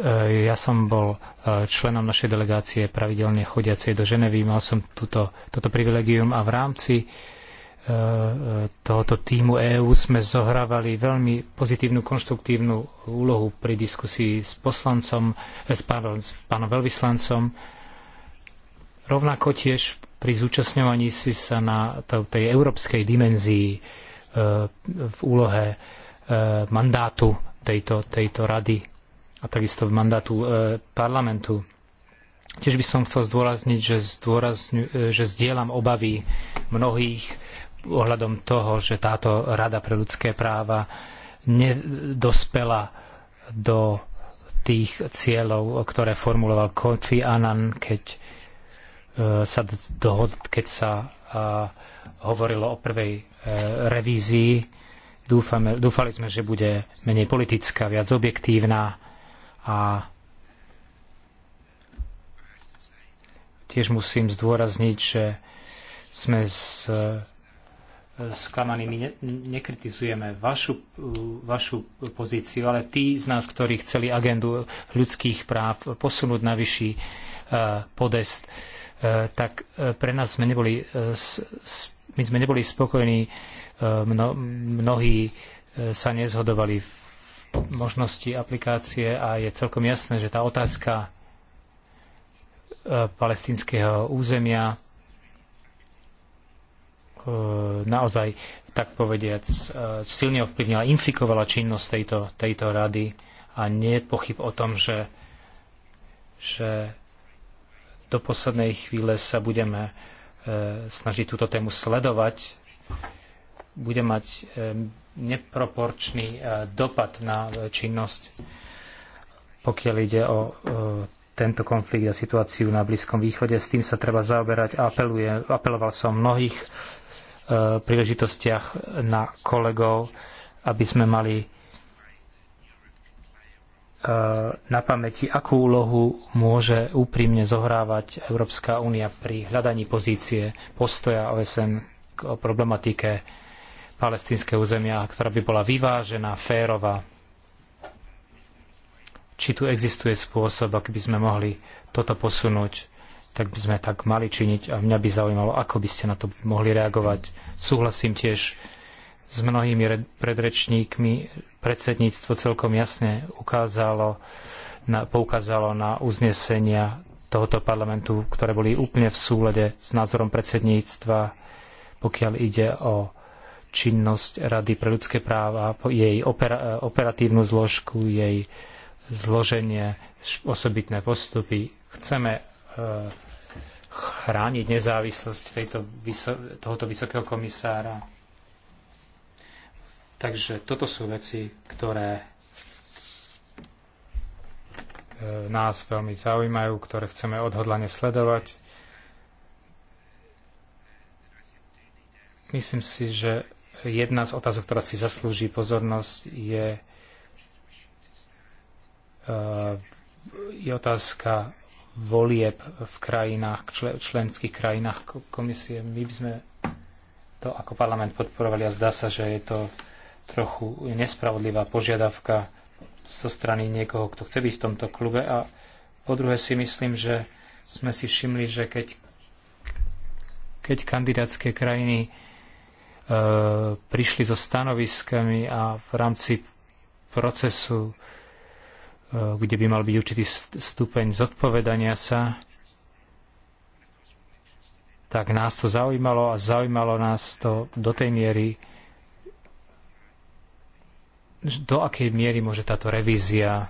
ja som bol členom našej delegácie pravidelne chodiacej do Ženevy. Mal som túto, toto privilegium a v rámci E, e, tohoto týmu EÚ sme zohrávali veľmi pozitívnu, konštruktívnu úlohu pri diskusii s poslancom, e, s, pánom, s pánom veľvyslancom. Rovnako tiež pri zúčastňovaní si sa na tej európskej dimenzii v úlohe mandátu tejto, tejto rady a takisto v mandátu parlamentu. Tiež by som chcel zdôrazniť, že, zdôrazňu, že zdieľam obavy mnohých ohľadom toho, že táto Rada pre ľudské práva nedospela do tých cieľov, ktoré formuloval Kofi Annan, keď e, sa, dohod, keď sa e, hovorilo o prvej e, revízii. Dúfame, dúfali sme, že bude menej politická, viac objektívna a tiež musím zdôrazniť, že sme z sklamaní. My ne, nekritizujeme vašu, vašu pozíciu, ale tí z nás, ktorí chceli agendu ľudských práv posunúť na vyšší e, podest, e, tak e, pre nás sme neboli, my sme neboli spokojní. Mno, mnohí sa nezhodovali v možnosti aplikácie a je celkom jasné, že tá otázka palestinského územia E, naozaj, tak povediac, e, silne ovplyvnila, infikovala činnosť tejto, tejto rady a nie je pochyb o tom, že, že do poslednej chvíle sa budeme e, snažiť túto tému sledovať. Bude mať neproporčný dopad na činnosť, pokiaľ ide o tento konflikt a situáciu na Blízkom východe. S tým sa treba zaoberať a apeluje, apeloval som mnohých Eh, príležitostiach na kolegov, aby sme mali eh, na pamäti, akú úlohu môže úprimne zohrávať Európska únia pri hľadaní pozície postoja OSN k problematike palestinského územia, ktorá by bola vyvážená, férová. Či tu existuje spôsob, ak by sme mohli toto posunúť tak by sme tak mali činiť a mňa by zaujímalo, ako by ste na to mohli reagovať. Súhlasím tiež s mnohými predrečníkmi. Predsedníctvo celkom jasne ukázalo, na, poukázalo na uznesenia tohoto parlamentu, ktoré boli úplne v súlede s názorom predsedníctva, pokiaľ ide o činnosť Rady pre ľudské práva, jej opera, operatívnu zložku, jej zloženie, osobitné postupy. Chceme chrániť nezávislosť tejto, tohoto vysokého komisára. Takže toto sú veci, ktoré e, nás veľmi zaujímajú, ktoré chceme odhodlane sledovať. Myslím si, že jedna z otázok, ktorá si zaslúži pozornosť, je, e, je otázka volieb v krajinách, členských krajinách komisie. My by sme to ako parlament podporovali a zdá sa, že je to trochu nespravodlivá požiadavka zo strany niekoho, kto chce byť v tomto klube. A po druhé si myslím, že sme si všimli, že keď, keď kandidátske krajiny e, prišli so stanoviskami a v rámci procesu kde by mal byť určitý stupeň zodpovedania sa, tak nás to zaujímalo a zaujímalo nás to do tej miery, do akej miery môže táto revízia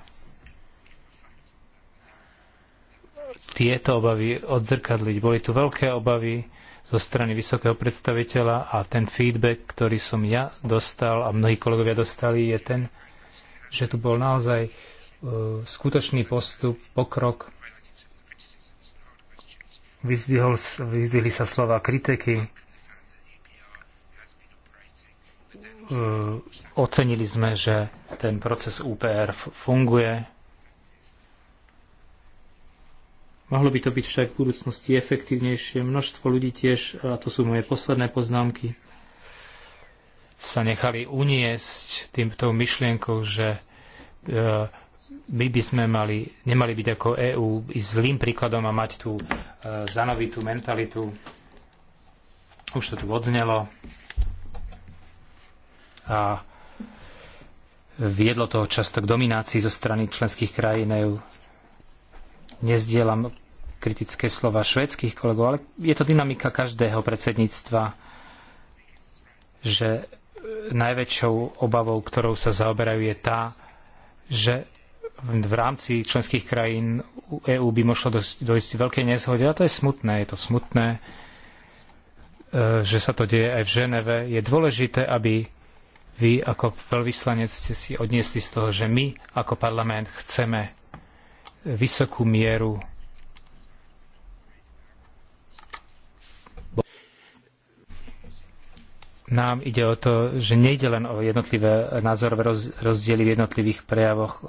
tieto obavy odzrkadliť. Boli tu veľké obavy zo strany vysokého predstaviteľa a ten feedback, ktorý som ja dostal a mnohí kolegovia dostali, je ten, že tu bol naozaj E, skutočný postup, pokrok. Vyzvihol, vyzvihli sa slova kritiky. E, ocenili sme, že ten proces UPR funguje. Mohlo by to byť však v budúcnosti efektívnejšie. Množstvo ľudí tiež, a to sú moje posledné poznámky, sa nechali uniesť týmto myšlienkou, že e, my by sme mali, nemali byť ako EÚ zlým príkladom a mať tú e, zanovitú mentalitu. Už to tu odznelo. A viedlo to často k dominácii zo strany členských krajín EÚ. Nezdielam kritické slova švédskych kolegov, ale je to dynamika každého predsedníctva, že najväčšou obavou, ktorou sa zaoberajú, je tá, že v rámci členských krajín EÚ by možno dojsť veľkej nezhode a to je smutné. Je to smutné, e, že sa to deje aj v Ženeve. Je dôležité, aby vy ako veľvyslanec ste si odniesli z toho, že my ako parlament chceme vysokú mieru nám ide o to, že nejde len o jednotlivé názorové rozdiely v jednotlivých prejavoch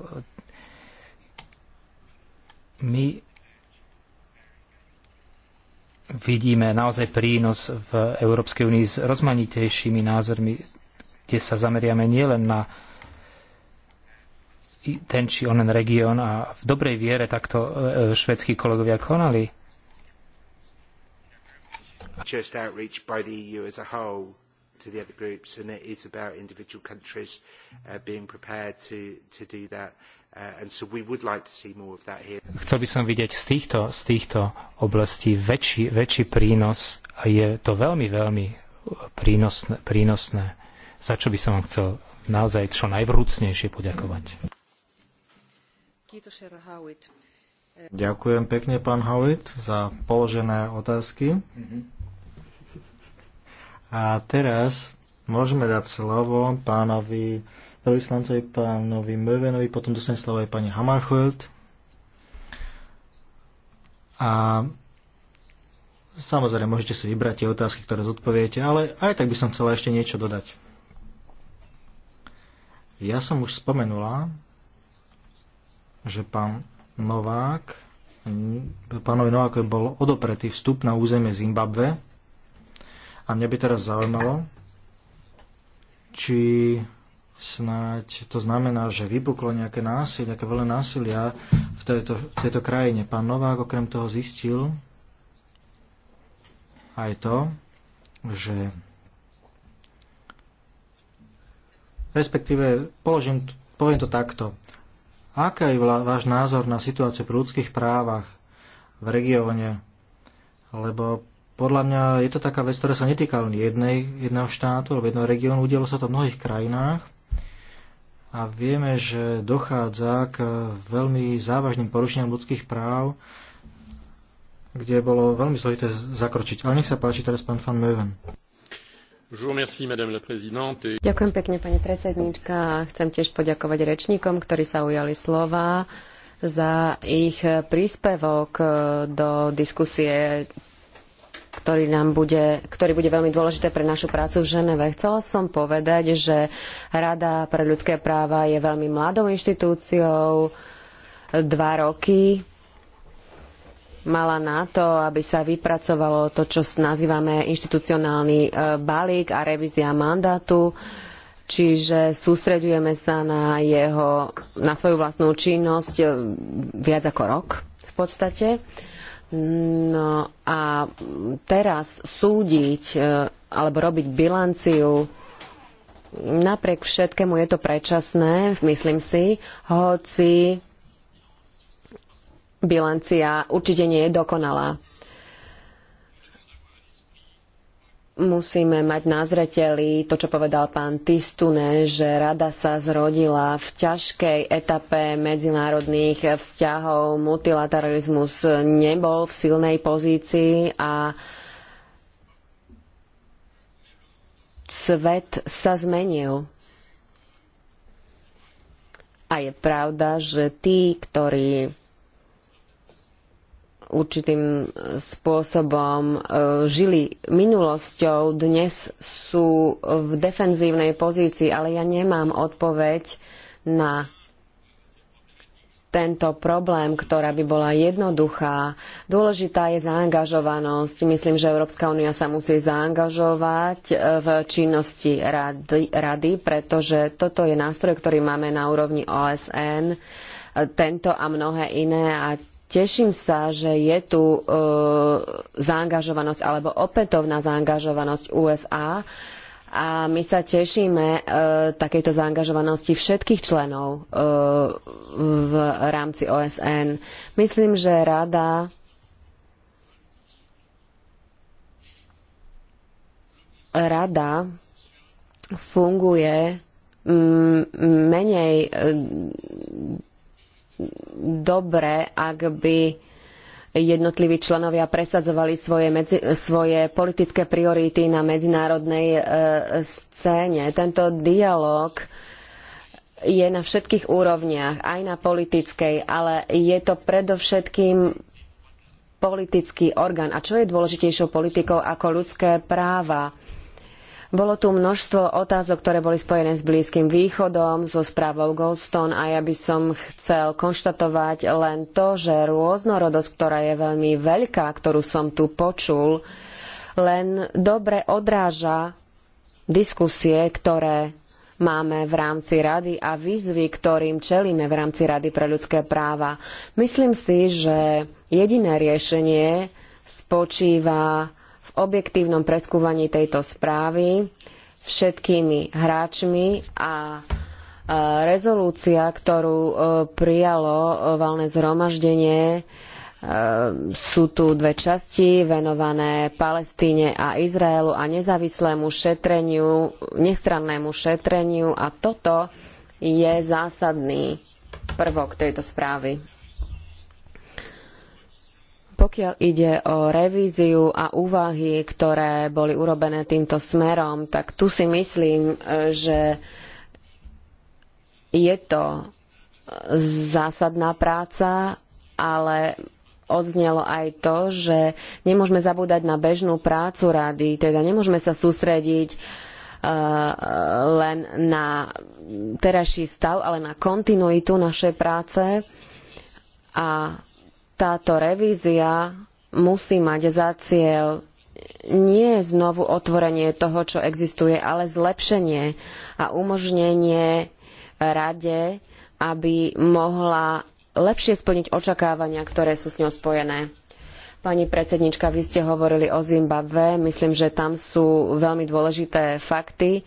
my vidíme naozaj prínos v Európskej únii s rozmanitejšími názormi, kde sa zameriame nielen na ten či onen región a v dobrej viere takto e, e, švedskí kolegovia konali. Just outreach by the EU as a whole to the other groups, and it is about individual countries uh, being prepared to, to do that Uh, chcel by som vidieť z týchto, z týchto oblastí väčší, väčší prínos a je to veľmi, veľmi prínosné, prínosné, za čo by som vám chcel naozaj čo najvrúcnejšie poďakovať. Ďakujem pekne, pán Howitt, za položené otázky. Mhm. A teraz môžeme dať slovo pánovi veľvyslancovi pánovi Mövenovi, potom dostane slovo aj pani Hammarskjöld. A samozrejme, môžete si vybrať tie otázky, ktoré zodpoviete, ale aj tak by som chcela ešte niečo dodať. Ja som už spomenula, že pán Novák, pánovi Novák bol odopretý vstup na územie Zimbabve, a mňa by teraz zaujímalo, či snáď to znamená, že vypuklo nejaké násilie, nejaké veľa násilia v tejto, v tejto krajine. Pán Novák okrem toho zistil aj to, že respektíve položím, poviem to takto. Aká je váš názor na situáciu pri ľudských právach v regióne? Lebo podľa mňa je to taká vec, ktorá sa netýka len jednej, jedného štátu alebo jedného regiónu, udialo sa to v mnohých krajinách a vieme, že dochádza k veľmi závažným porušeniam ľudských práv, kde bolo veľmi zložité zakročiť. Ale nech sa páči teraz pán Van Möven. Ďakujem pekne, pani predsedníčka. Chcem tiež poďakovať rečníkom, ktorí sa ujali slova za ich príspevok do diskusie ktorý, nám bude, ktorý bude veľmi dôležité pre našu prácu v Ženeve. Chcela som povedať, že Rada pre ľudské práva je veľmi mladou inštitúciou, dva roky mala na to, aby sa vypracovalo to, čo nazývame inštitucionálny e, balík a revízia mandátu. Čiže sústredujeme sa na, jeho, na svoju vlastnú činnosť e, viac ako rok v podstate. No a teraz súdiť e, alebo robiť bilanciu napriek všetkému je to predčasné, myslím si, hoci bilancia určite nie je dokonalá. musíme mať na zreteli to, čo povedal pán Tistune, že rada sa zrodila v ťažkej etape medzinárodných vzťahov. Multilateralizmus nebol v silnej pozícii a svet sa zmenil. A je pravda, že tí, ktorí určitým e, spôsobom e, žili minulosťou, dnes sú v defenzívnej pozícii, ale ja nemám odpoveď na tento problém, ktorá by bola jednoduchá. Dôležitá je zaangažovanosť. Myslím, že Európska únia sa musí zaangažovať e, v činnosti rady, rady, pretože toto je nástroj, ktorý máme na úrovni OSN, tento a mnohé iné a Teším sa, že je tu e, zaangažovanosť alebo opätovná zaangažovanosť USA a my sa tešíme e, takejto zaangažovanosti všetkých členov e, v rámci OSN. Myslím, že rada rada funguje menej e, dobré, ak by jednotliví členovia presadzovali svoje, medzi, svoje politické priority na medzinárodnej e, scéne. Tento dialog je na všetkých úrovniach, aj na politickej, ale je to predovšetkým politický orgán. A čo je dôležitejšou politikou ako ľudské práva? Bolo tu množstvo otázok, ktoré boli spojené s Blízkym východom, so správou Goldstone a ja by som chcel konštatovať len to, že rôznorodosť, ktorá je veľmi veľká, ktorú som tu počul, len dobre odráža diskusie, ktoré máme v rámci rady a výzvy, ktorým čelíme v rámci Rady pre ľudské práva. Myslím si, že jediné riešenie spočíva v objektívnom preskúvaní tejto správy všetkými hráčmi a rezolúcia, ktorú e, prijalo valné zhromaždenie, e, sú tu dve časti venované Palestíne a Izraelu a nezávislému šetreniu, nestrannému šetreniu a toto je zásadný prvok tejto správy. Pokiaľ ide o revíziu a úvahy, ktoré boli urobené týmto smerom, tak tu si myslím, e, že je to zásadná práca, ale odznelo aj to, že nemôžeme zabúdať na bežnú prácu rady, teda nemôžeme sa sústrediť e, len na terajší stav, ale na kontinuitu našej práce a táto revízia musí mať za cieľ nie znovu otvorenie toho, čo existuje, ale zlepšenie a umožnenie rade, aby mohla lepšie splniť očakávania, ktoré sú s ňou spojené. Pani predsednička, vy ste hovorili o Zimbabve. Myslím, že tam sú veľmi dôležité fakty.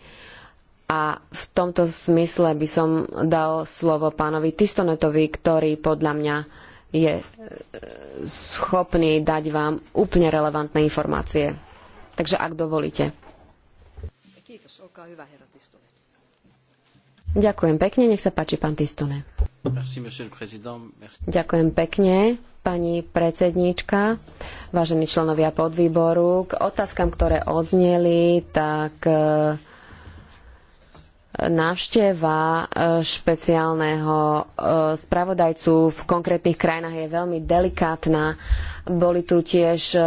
A v tomto smysle by som dal slovo pánovi Tistonetovi, ktorý podľa mňa je e, schopný dať vám úplne relevantné informácie. Takže ak dovolíte. Ďakujem pekne, nech sa páči pán Tistone. Ďakujem pekne, pani predsedníčka, vážení členovia podvýboru. K otázkam, ktoré odzneli, tak e, návšteva e, špeciálneho e, spravodajcu v konkrétnych krajinách je veľmi delikátna. Boli tu tiež e,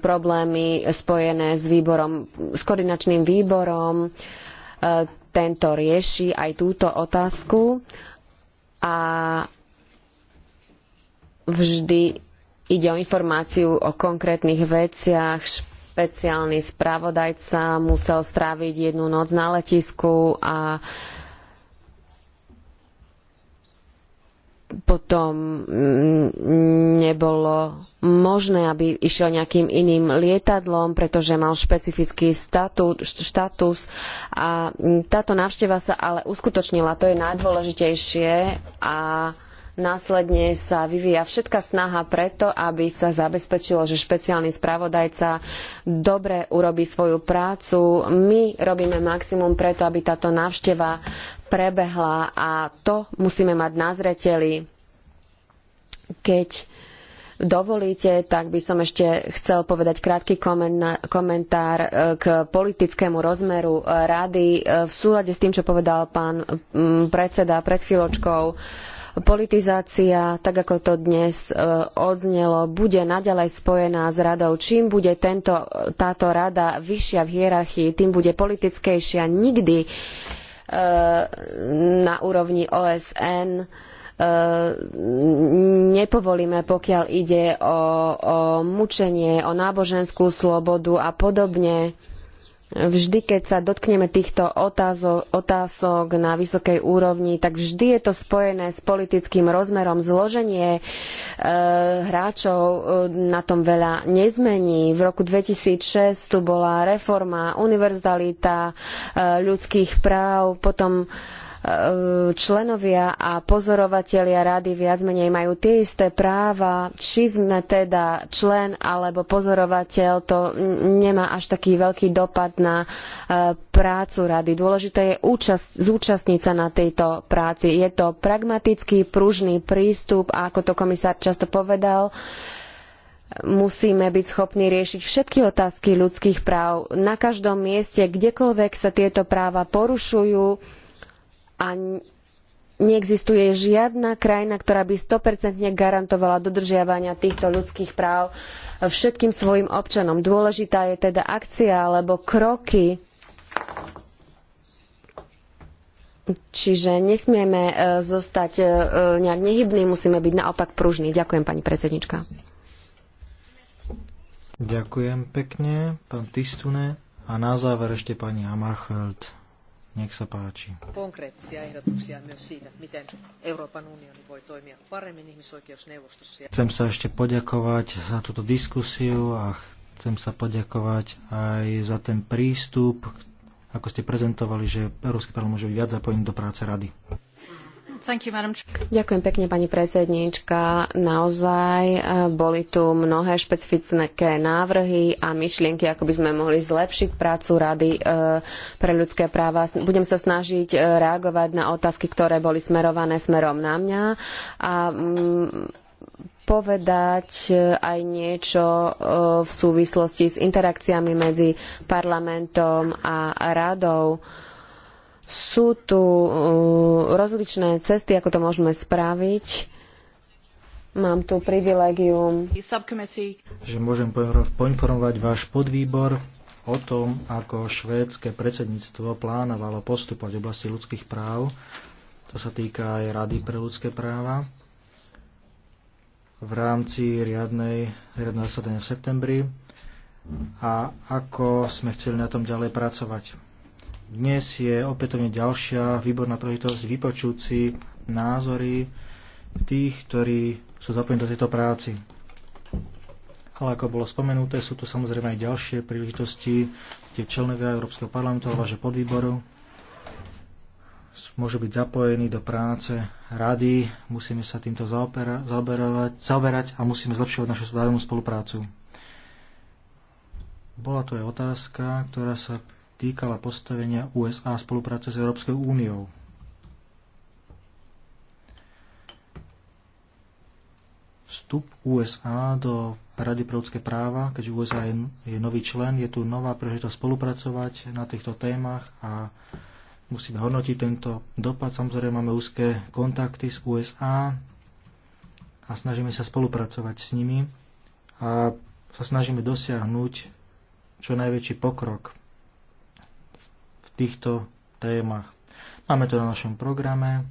problémy spojené s výborom, s koordinačným výborom. Tento rieši aj túto otázku a vždy ide o informáciu o konkrétnych veciach, špeciálny spravodajca musel stráviť jednu noc na letisku a potom mm, nebolo možné, aby išiel nejakým iným lietadlom, pretože mal špecifický štatus. A mm, táto návšteva sa ale uskutočnila, to je najdôležitejšie. A Následne sa vyvíja všetká snaha preto, aby sa zabezpečilo, že špeciálny spravodajca dobre urobí svoju prácu. My robíme maximum preto, aby táto návšteva prebehla a to musíme mať na zreteli, keď dovolíte, tak by som ešte chcel povedať krátky komentár e, k politickému rozmeru e, rady e, v súlade s tým, čo povedal pán predseda pred chvíľočkou. Politizácia, tak ako to dnes e, odznelo, bude naďalej spojená s radou. Čím bude tento, táto rada vyššia v hierarchii, tým bude politickejšia. Nikdy e, na úrovni OSN e, nepovolíme, pokiaľ ide o, o mučenie, o náboženskú slobodu a podobne vždy, keď sa dotkneme týchto otázok, otázok, na vysokej úrovni, tak vždy je to spojené s politickým rozmerom. Zloženie e, hráčov e, na tom veľa nezmení. V roku 2006 tu bola reforma, univerzalita e, ľudských práv, potom e, E, členovia a pozorovatelia rady viac menej majú tie isté práva, či sme teda člen alebo pozorovateľ, to nemá až taký veľký dopad na e, prácu rady. Dôležité je účast, zúčastniť sa na tejto práci. Je to pragmatický, pružný prístup a ako to komisár často povedal, musíme byť schopní riešiť všetky otázky ľudských práv na každom mieste, kdekoľvek sa tieto práva porušujú a neexistuje žiadna krajina, ktorá by 100% garantovala dodržiavania týchto ľudských práv všetkým svojim občanom. Dôležitá je teda akcia alebo kroky. Čiže nesmieme e, zostať e, nejak nehybní, musíme byť naopak pružní. Ďakujem, pani predsednička. Ďakujem pekne, pán Tistune. A na záver ešte pani Hamarchelt. Nech sa páči. Chcem sa ešte poďakovať za túto diskusiu a chcem sa poďakovať aj za ten prístup, ako ste prezentovali, že Európsky parlament môže byť viac zapojený do práce rady. Ďakujem pekne, pani predsedníčka. Naozaj e, boli tu mnohé špecifické návrhy a myšlienky, ako by sme mohli zlepšiť prácu Rady e, pre ľudské práva. Budem sa snažiť e, reagovať na otázky, ktoré boli smerované smerom na mňa a mm, povedať aj niečo v súvislosti s interakciami medzi parlamentom a radou. Sú tu uh, rozličné cesty, ako to môžeme spraviť. Mám tu privilegium, že môžem poinformovať váš podvýbor o tom, ako švédske predsedníctvo plánovalo postupovať v oblasti ľudských práv. To sa týka aj Rady pre ľudské práva. V rámci riadnej, riadneho zasadania v septembri a ako sme chceli na tom ďalej pracovať. Dnes je opätovne ďalšia výborná príležitosť vypočuť si názory tých, ktorí sú zapojení do tejto práci. Ale ako bolo spomenuté, sú tu samozrejme aj ďalšie príležitosti, kde členovia Európskeho parlamentu alebo podvýboru môžu byť zapojení do práce rady, musíme sa týmto zaopera, zaoberovať, zaoberať a musíme zlepšovať našu vzájomnú spoluprácu. Bola tu aj otázka, ktorá sa týkala postavenia USA a spolupráce s Európskou úniou. Vstup USA do Rady pre ľudské práva, keďže USA je, je nový člen, je tu nová príležitosť spolupracovať na týchto témach a musíme hodnotiť tento dopad. Samozrejme máme úzke kontakty s USA a snažíme sa spolupracovať s nimi a sa snažíme dosiahnuť čo najväčší pokrok týchto témach. Máme to na našom programe.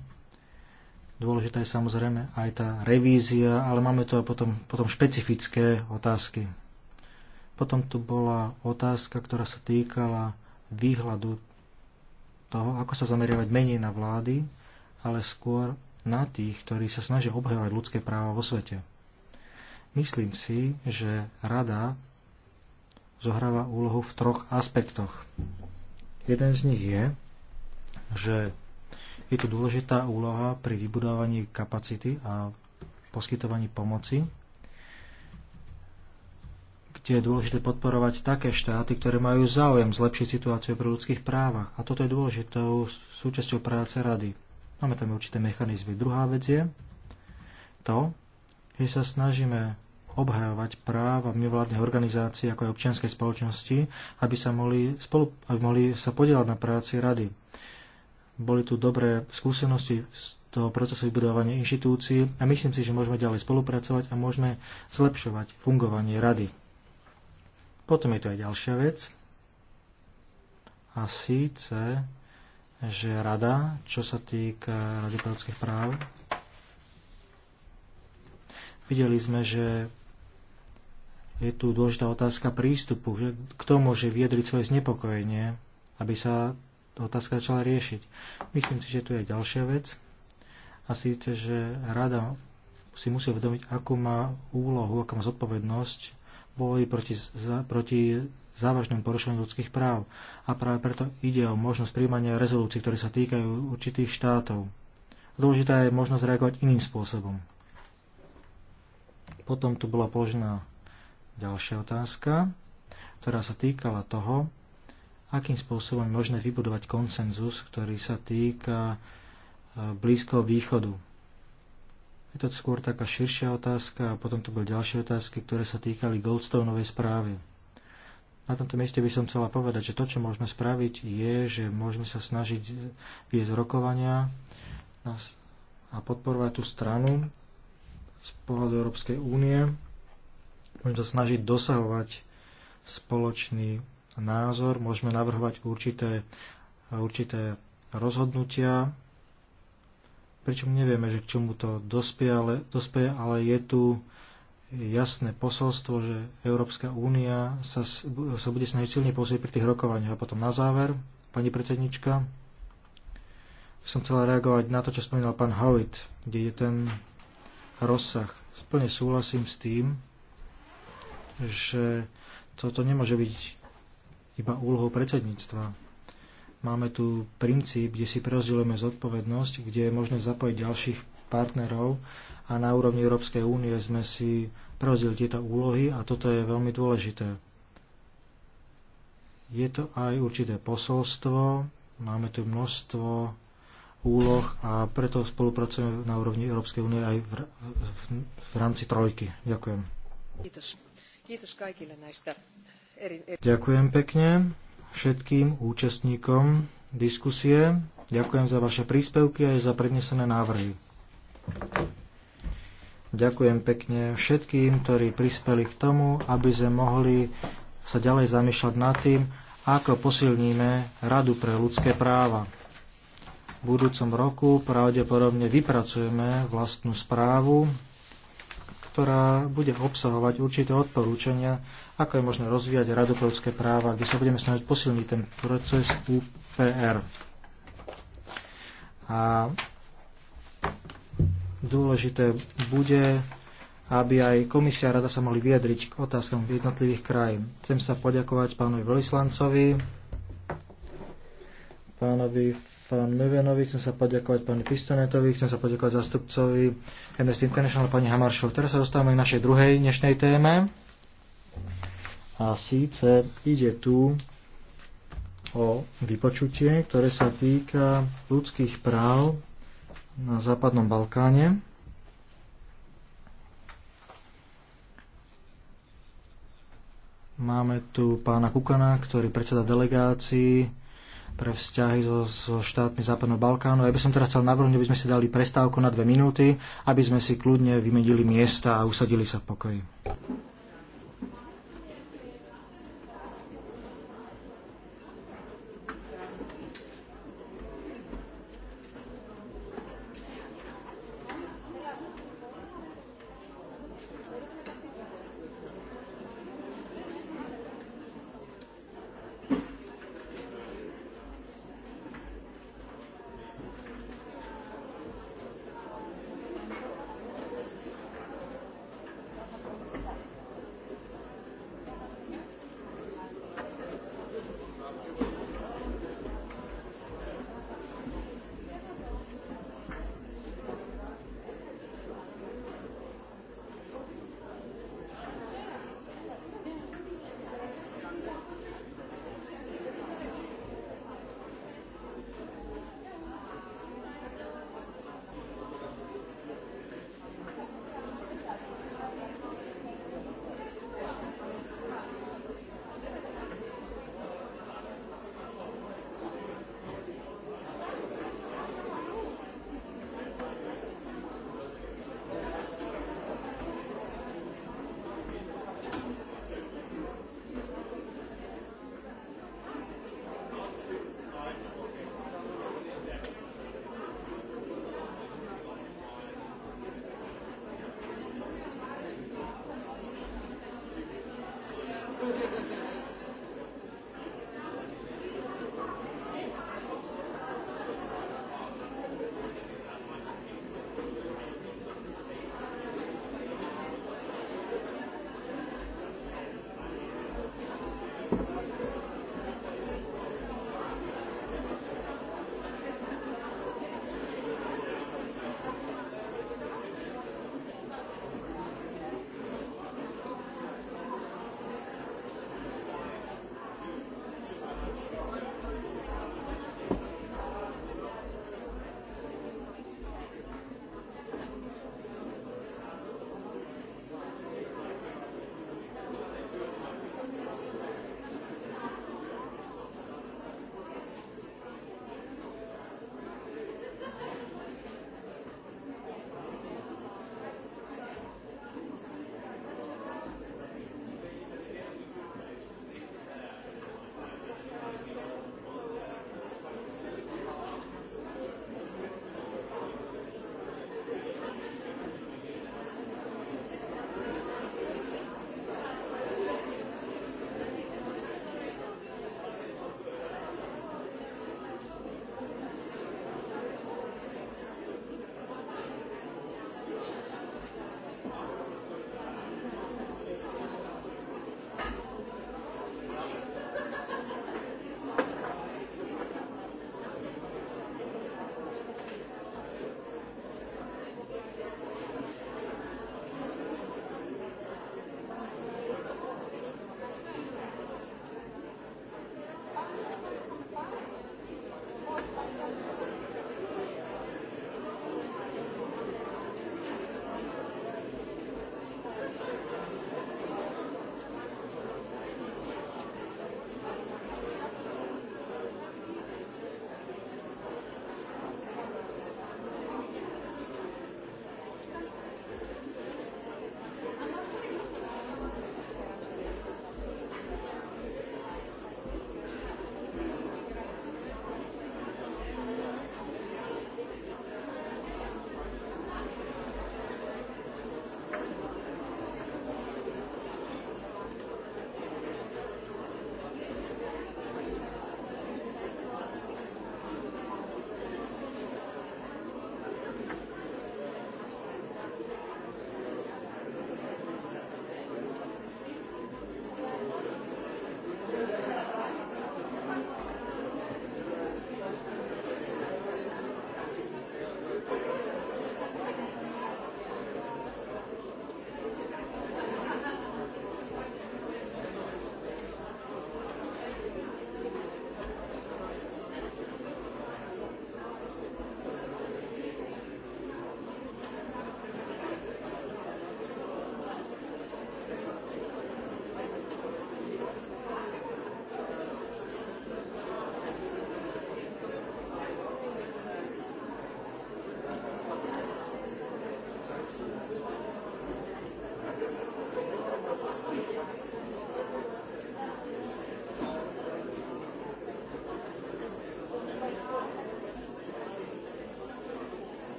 Dôležitá je samozrejme aj tá revízia, ale máme tu aj potom, potom špecifické otázky. Potom tu bola otázka, ktorá sa týkala výhľadu toho, ako sa zameriavať menej na vlády, ale skôr na tých, ktorí sa snažia obhajovať ľudské práva vo svete. Myslím si, že rada zohráva úlohu v troch aspektoch. Jeden z nich je, že je tu dôležitá úloha pri vybudovaní kapacity a poskytovaní pomoci, kde je dôležité podporovať také štáty, ktoré majú záujem zlepšiť situáciu pri ľudských právach. A toto je dôležitou súčasťou práce rady. Máme tam určité mechanizmy. Druhá vec je to, že sa snažíme obhajovať práva mimovládnych organizácií ako aj občianskej spoločnosti, aby sa mohli, spolu, aby mohli sa podielať na práci rady. Boli tu dobré skúsenosti z toho procesu vybudovania inštitúcií a myslím si, že môžeme ďalej spolupracovať a môžeme zlepšovať fungovanie rady. Potom je tu aj ďalšia vec. A síce, že rada, čo sa týka rady práv, Videli sme, že je tu dôležitá otázka prístupu, že kto môže vyjadriť svoje znepokojenie, aby sa otázka začala riešiť. Myslím si, že tu je ďalšia vec a síce, že rada si musí uvedomiť, akú má úlohu, akú má zodpovednosť boli boji proti, za, proti závažnému porušeniu ľudských práv. A práve preto ide o možnosť príjmania rezolúcií, ktoré sa týkajú určitých štátov. Dôležitá je možnosť reagovať iným spôsobom. Potom tu bola položená Ďalšia otázka, ktorá sa týkala toho, akým spôsobom je možné vybudovať konsenzus, ktorý sa týka e, Blízkoho východu. Je to skôr taká širšia otázka a potom tu boli ďalšie otázky, ktoré sa týkali Goldstoneovej správy. Na tomto mieste by som chcela povedať, že to, čo môžeme spraviť, je, že môžeme sa snažiť viesť rokovania a podporovať tú stranu z pohľadu Európskej únie, Môžeme sa snažiť dosahovať spoločný názor, môžeme navrhovať určité, určité rozhodnutia, pričom nevieme, že k čomu to dospie, ale, dospie, ale je tu jasné posolstvo, že Európska únia sa, sa bude snažiť silne posúdiť pri tých rokovaniach. A potom na záver, pani predsednička, som chcela reagovať na to, čo spomínal pán Howitt, kde je ten rozsah. splne súhlasím s tým, že toto nemôže byť iba úlohou predsedníctva. Máme tu princíp, kde si prerozdielujeme zodpovednosť, kde je možné zapojiť ďalších partnerov a na úrovni Európskej únie sme si prerozdielili tieto úlohy a toto je veľmi dôležité. Je to aj určité posolstvo, máme tu množstvo úloh a preto spolupracujeme na úrovni Európskej únie aj v, v, v rámci trojky. Ďakujem. Ďakujem pekne všetkým účastníkom diskusie. Ďakujem za vaše príspevky a aj za prednesené návrhy. Ďakujem pekne všetkým, ktorí prispeli k tomu, aby sme mohli sa ďalej zamýšľať nad tým, ako posilníme Radu pre ľudské práva. V budúcom roku pravdepodobne vypracujeme vlastnú správu ktorá bude obsahovať určité odporúčania, ako je možné rozvíjať radoprovské práva, kde sa budeme snažiť posilniť ten proces UPR. A dôležité bude, aby aj komisia rada sa mohli vyjadriť k otázkam jednotlivých krajín. Chcem sa poďakovať pánovi Velislancovi, pánovi Pán Mevenovi, chcem sa poďakovať pani Pistonetovi, chcem sa poďakovať zastupcovi MS International, pani Hamaršov. Teraz sa dostávame k našej druhej dnešnej téme. A síce ide tu o vypočutie, ktoré sa týka ľudských práv na Západnom Balkáne. Máme tu pána Kukana, ktorý predseda delegácii pre vzťahy so, so štátmi Západného Balkánu. Ja by som teraz chcel navrhnúť, aby sme si dali prestávku na dve minúty, aby sme si kľudne vymenili miesta a usadili sa v pokoji.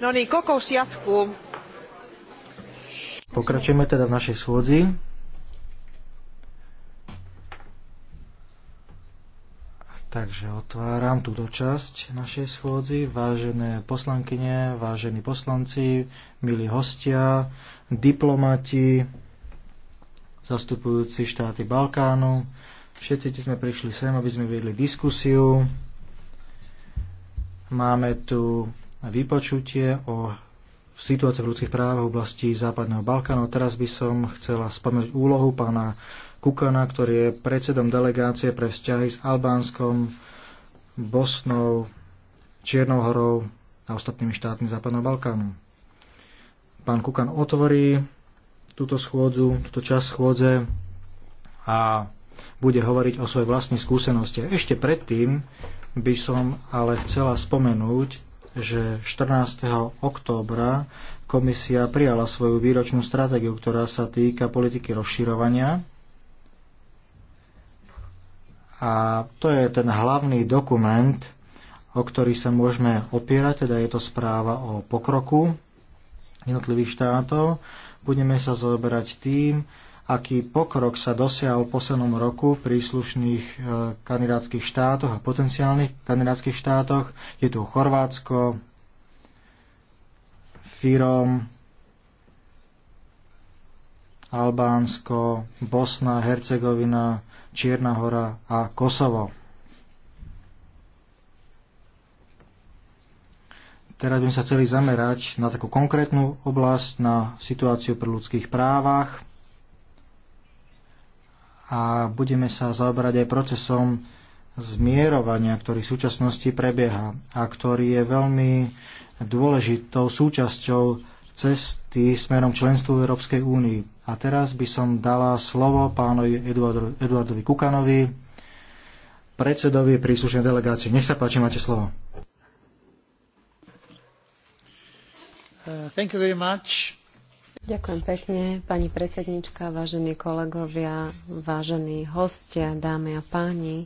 No niin, kokous jatkuu. Pokračujeme teda v našej schôdzi. Takže otváram túto časť našej schôdzi. Vážené poslankyne, vážení poslanci, milí hostia, diplomati, zastupujúci štáty Balkánu. Všetci sme prišli sem, aby sme viedli diskusiu. Máme tu vypočutie o situácii v ľudských práv v oblasti Západného Balkánu. Teraz by som chcela spomenúť úlohu pána Kukana, ktorý je predsedom delegácie pre vzťahy s Albánskom, Bosnou, Čiernou horou a ostatnými štátmi Západného Balkánu. Pán Kukan otvorí túto schôdzu, túto časť schôdze a bude hovoriť o svojej vlastnej skúsenosti. Ešte predtým by som ale chcela spomenúť že 14. októbra komisia prijala svoju výročnú stratégiu, ktorá sa týka politiky rozširovania. A to je ten hlavný dokument, o ktorý sa môžeme opierať, teda je to správa o pokroku jednotlivých štátov. Budeme sa zaoberať tým, aký pokrok sa dosiahol v poslednom roku v príslušných e, kandidátskych štátoch a potenciálnych kandidátskych štátoch. Je tu Chorvátsko, Firom, Albánsko, Bosna, Hercegovina, Čierna hora a Kosovo. Teraz by sme sa chceli zamerať na takú konkrétnu oblasť, na situáciu pri ľudských právach a budeme sa zaoberať aj procesom zmierovania, ktorý v súčasnosti prebieha a ktorý je veľmi dôležitou súčasťou cesty smerom členstvu v Európskej únii. A teraz by som dala slovo pánovi Eduardo, Eduardovi Kukanovi, predsedovi príslušnej delegácie. Nech sa páči, máte slovo. Uh, thank you very much. Ďakujem pekne, pani predsednička, vážení kolegovia, vážení hostia, dámy a páni.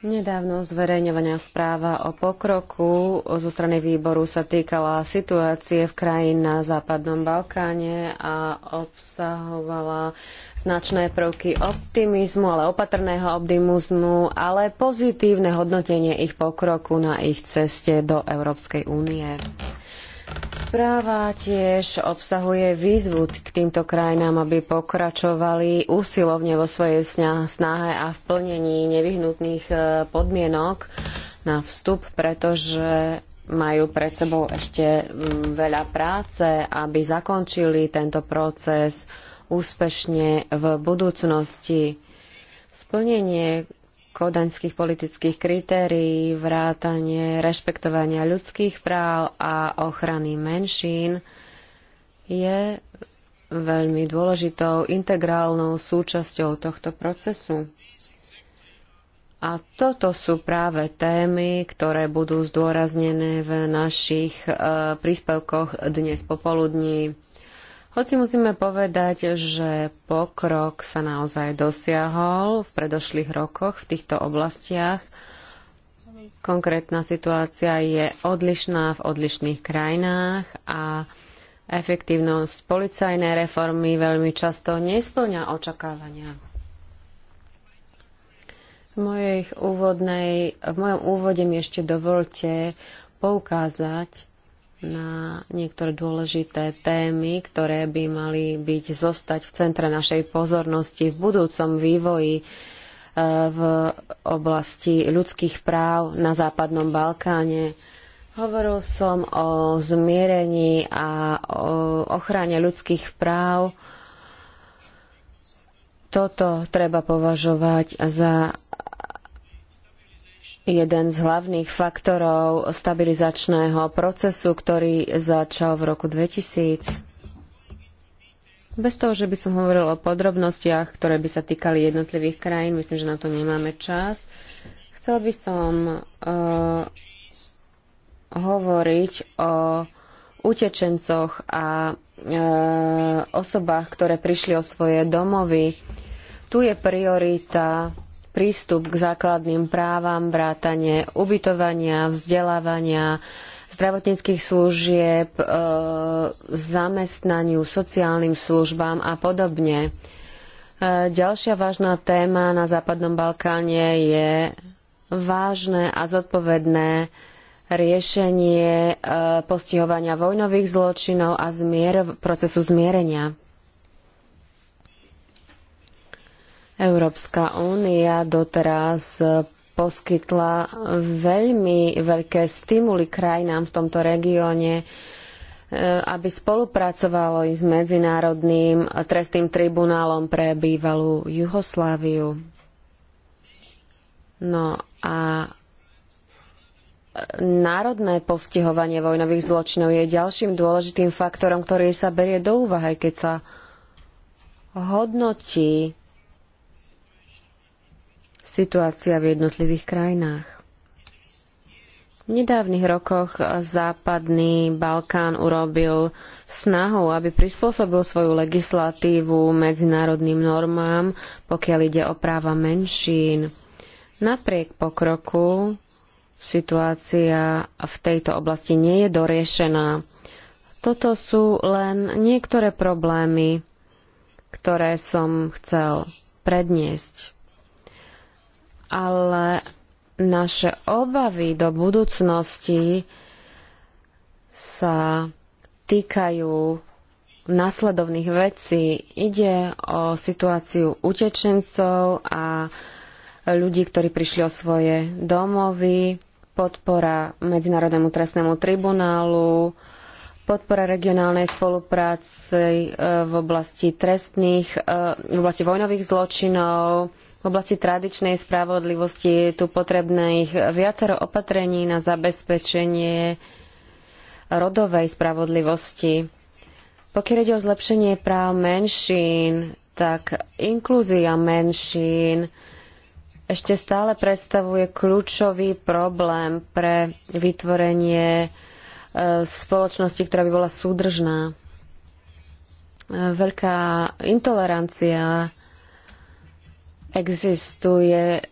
Nedávno zverejňovaná správa o pokroku zo strany výboru sa týkala situácie v krajín na Západnom Balkáne a obsahovala značné prvky optimizmu, ale opatrného optimizmu, ale pozitívne hodnotenie ich pokroku na ich ceste do Európskej únie. Správa tiež obsahuje výzvu k týmto krajinám, aby pokračovali úsilovne vo svojej snahe a v plnení nevyhnutných e, podmienok na vstup, pretože majú pred sebou ešte veľa práce, aby zakončili tento proces úspešne v budúcnosti. Splnenie kodaňských politických kritérií, vrátanie rešpektovania ľudských práv a ochrany menšín je veľmi dôležitou integrálnou súčasťou tohto procesu. A toto sú práve témy, ktoré budú zdôraznené v našich e, príspevkoch dnes popoludní. Hoci musíme povedať, že pokrok sa naozaj dosiahol v predošlých rokoch v týchto oblastiach, konkrétna situácia je odlišná v odlišných krajinách a efektívnosť policajnej reformy veľmi často nesplňa očakávania. V, úvodnej, v mojom úvode mi ešte dovolte poukázať na niektoré dôležité témy, ktoré by mali byť zostať v centre našej pozornosti v budúcom vývoji e, v oblasti ľudských práv na Západnom Balkáne. Hovoril som o zmierení a o ochrane ľudských práv. Toto treba považovať za jeden z hlavných faktorov stabilizačného procesu, ktorý začal v roku 2000. Bez toho, že by som hovoril o podrobnostiach, ktoré by sa týkali jednotlivých krajín, myslím, že na to nemáme čas. Chcel by som uh, hovoriť o utečencoch a e, osobách, ktoré prišli o svoje domovy. Tu je priorita prístup k základným právam, vrátanie ubytovania, vzdelávania, zdravotníckých služieb, e, zamestnaniu, sociálnym službám a podobne. E, ďalšia vážna téma na Západnom Balkáne je vážne a zodpovedné riešenie e, postihovania vojnových zločinov a zmier, procesu zmierenia. Európska únia doteraz poskytla veľmi veľké stimuly krajinám v tomto regióne, e, aby spolupracovalo i s Medzinárodným trestným tribunálom pre bývalú Juhosláviu. No a národné postihovanie vojnových zločinov je ďalším dôležitým faktorom, ktorý sa berie do úvahy, keď sa hodnotí situácia v jednotlivých krajinách. V nedávnych rokoch západný Balkán urobil snahu, aby prispôsobil svoju legislatívu medzinárodným normám, pokiaľ ide o práva menšín. Napriek pokroku situácia v tejto oblasti nie je doriešená. Toto sú len niektoré problémy, ktoré som chcel predniesť ale naše obavy do budúcnosti sa týkajú nasledovných vecí. Ide o situáciu utečencov a ľudí, ktorí prišli o svoje domovy, podpora Medzinárodnému trestnému tribunálu, podpora regionálnej spolupráce eh, v oblasti trestných, eh, v oblasti vojnových zločinov, v oblasti tradičnej spravodlivosti je tu potrebných viacero opatrení na zabezpečenie rodovej spravodlivosti. Pokiaľ ide o zlepšenie práv menšín, tak inklúzia menšín ešte stále predstavuje kľúčový problém pre vytvorenie e, spoločnosti, ktorá by bola súdržná. E, veľká intolerancia existuje e,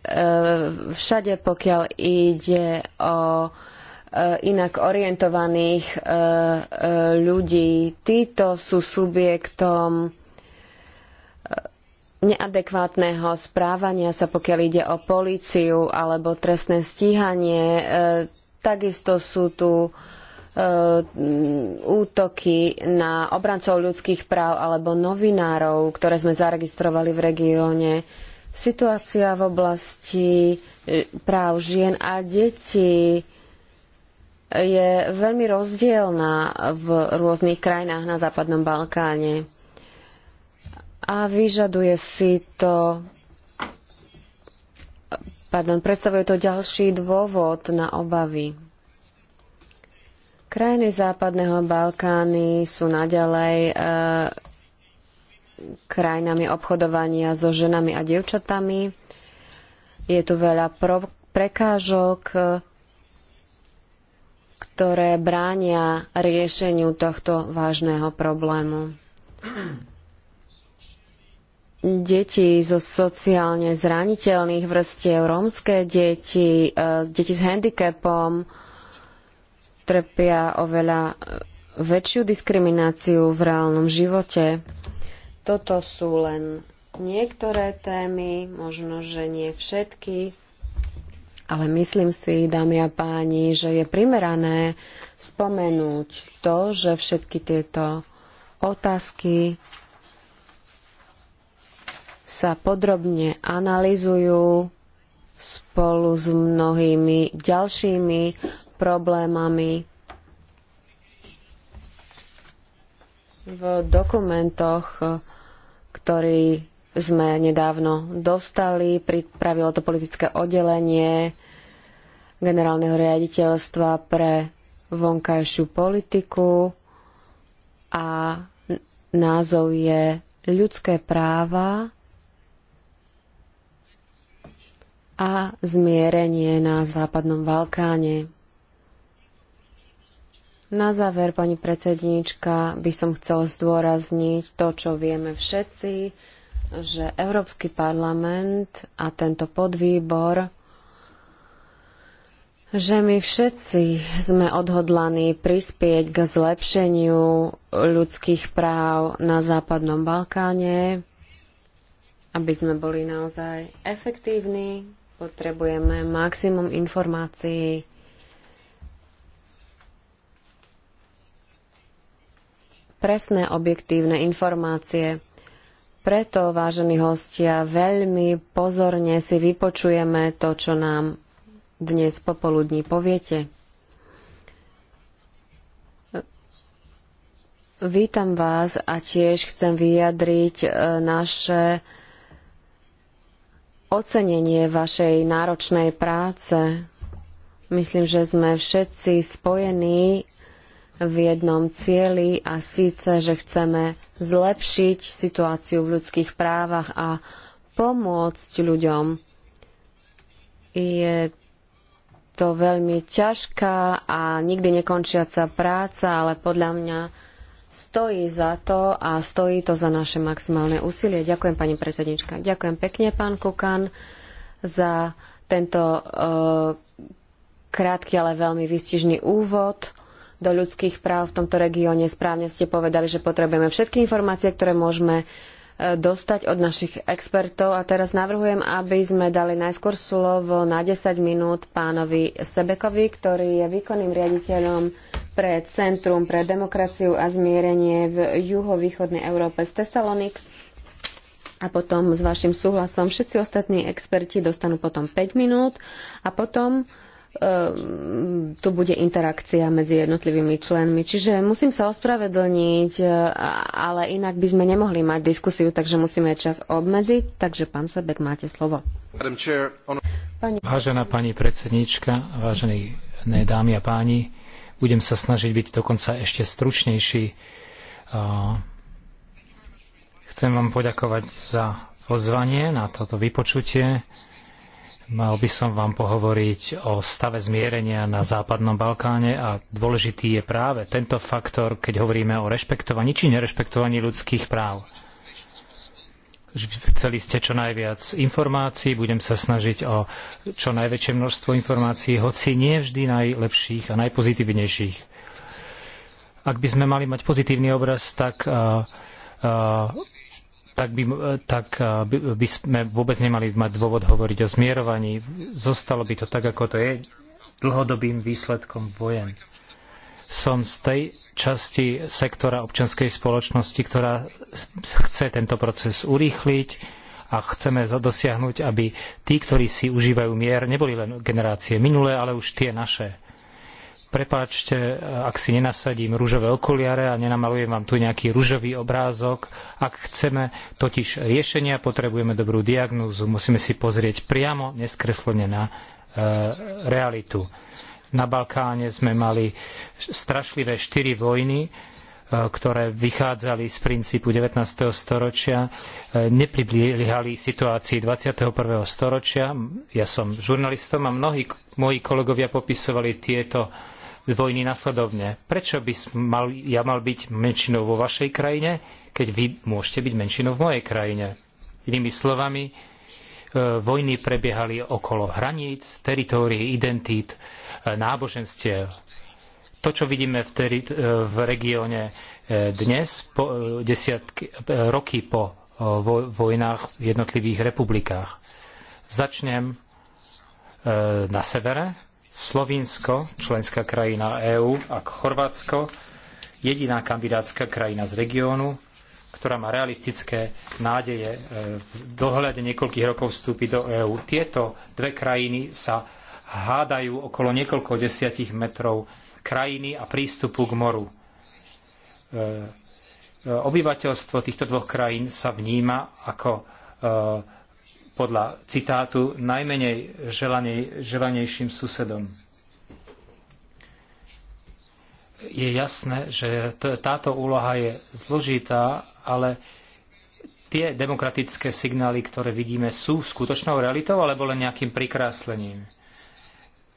všade, pokiaľ ide o e, inak orientovaných e, ľudí. Títo sú subjektom neadekvátneho správania sa, pokiaľ ide o políciu alebo trestné stíhanie. Takisto sú tu útoky na obrancov ľudských práv alebo novinárov, ktoré sme zaregistrovali v regióne. Situácia v oblasti e, práv žien a detí je veľmi rozdielna v rôznych krajinách na Západnom Balkáne a vyžaduje si to pardon, predstavuje to ďalší dôvod na obavy. Krajiny Západného Balkány sú naďalej e, krajinami obchodovania so ženami a dievčatami. Je tu veľa prekážok, ktoré bránia riešeniu tohto vážneho problému. Deti zo sociálne zraniteľných vrstiev, rómske deti, e, deti s handicapom trpia oveľa e, väčšiu diskrimináciu v reálnom živote. Toto sú len niektoré témy, možno, že nie všetky, ale myslím si, dámy a páni, že je primerané spomenúť to, že všetky tieto otázky sa podrobne analyzujú spolu s mnohými ďalšími problémami, v dokumentoch, e, ktorý sme nedávno dostali. Pripravilo to politické oddelenie generálneho riaditeľstva pre vonkajšiu politiku a názov je ľudské práva a zmierenie na Západnom Balkáne. Na záver, pani predsedníčka, by som chcel zdôrazniť to, čo vieme všetci, že Európsky parlament a tento podvýbor že my všetci sme odhodlaní prispieť k zlepšeniu ľudských práv na Západnom Balkáne, aby sme boli naozaj efektívni, potrebujeme maximum informácií presné objektívne informácie. Preto, vážení hostia, veľmi pozorne si vypočujeme to, čo nám dnes popoludní poviete. Vítam vás a tiež chcem vyjadriť e, naše ocenenie vašej náročnej práce. Myslím, že sme všetci spojení v jednom cieli a síce, že chceme zlepšiť situáciu v ľudských právach a pomôcť ľuďom. Je to veľmi ťažká a nikdy nekončiaca práca, ale podľa mňa stojí za to a stojí to za naše maximálne úsilie. Ďakujem, pani predsednička. Ďakujem pekne, pán Kukan, za tento uh, krátky, ale veľmi výstižný úvod do ľudských práv v tomto regióne. Správne ste povedali, že potrebujeme všetky informácie, ktoré môžeme e, dostať od našich expertov. A teraz navrhujem, aby sme dali najskôr slovo na 10 minút pánovi Sebekovi, ktorý je výkonným riaditeľom pre Centrum pre demokraciu a zmierenie v juhovýchodnej Európe z Tesalonik. A potom s vašim súhlasom všetci ostatní experti dostanú potom 5 minút a potom Ehm, tu bude interakcia medzi jednotlivými členmi. Čiže musím sa ospravedlniť, e, ale inak by sme nemohli mať diskusiu, takže musíme čas obmedziť. Takže pán Sebek, máte slovo. Pani... Vážená pani predsedníčka, vážení dámy a páni, budem sa snažiť byť dokonca ešte stručnejší. E, chcem vám poďakovať za pozvanie na toto vypočutie. Mal by som vám pohovoriť o stave zmierenia na Západnom Balkáne a dôležitý je práve tento faktor, keď hovoríme o rešpektovaní či nerešpektovaní ľudských práv. Chceli ste čo najviac informácií, budem sa snažiť o čo najväčšie množstvo informácií, hoci nie vždy najlepších a najpozitívnejších. Ak by sme mali mať pozitívny obraz, tak uh, uh, tak, by, eh, tak eh, by sme vôbec nemali mať dôvod hovoriť o zmierovaní. Zostalo by to tak, ako to je dlhodobým výsledkom vojen. Som z tej časti sektora občianskej spoločnosti, ktorá chce tento proces urýchliť a chceme dosiahnuť, aby tí, ktorí si užívajú mier, neboli len generácie minulé, ale už tie naše prepáčte, ak si nenasadím rúžové okuliare a nenamalujem vám tu nejaký rúžový obrázok. Ak chceme totiž riešenia, potrebujeme dobrú diagnózu, musíme si pozrieť priamo, neskreslene na e, realitu. Na Balkáne sme mali strašlivé štyri vojny, e, ktoré vychádzali z princípu 19. storočia, e, nepribliehali situácii 21. storočia. Ja som žurnalistom a mnohí moji kolegovia popisovali tieto vojny nasledovne. Prečo by mal, ja mal byť menšinou vo vašej krajine, keď vy môžete byť menšinou v mojej krajine? Inými slovami, e, vojny prebiehali okolo hraníc, teritórií, identít, e, náboženstiev. To, čo vidíme v, teri, e, v regióne dnes, po, desiatky, roky po vojnách v jednotlivých republikách. Začnem na severe, Slovinsko, členská krajina EÚ, ako Chorvátsko, jediná kandidátska krajina z regiónu, ktorá má realistické nádeje e, v dohľade niekoľkých rokov vstúpiť do EÚ. Tieto dve krajiny sa hádajú okolo niekoľko desiatich metrov krajiny a prístupu k moru. E, e, obyvateľstvo týchto dvoch krajín sa vníma ako podľa citátu najmenej želanej, želanejším susedom. Je jasné, že táto úloha je zložitá, ale tie demokratické signály, ktoré vidíme, sú skutočnou realitou alebo len nejakým prikráslením.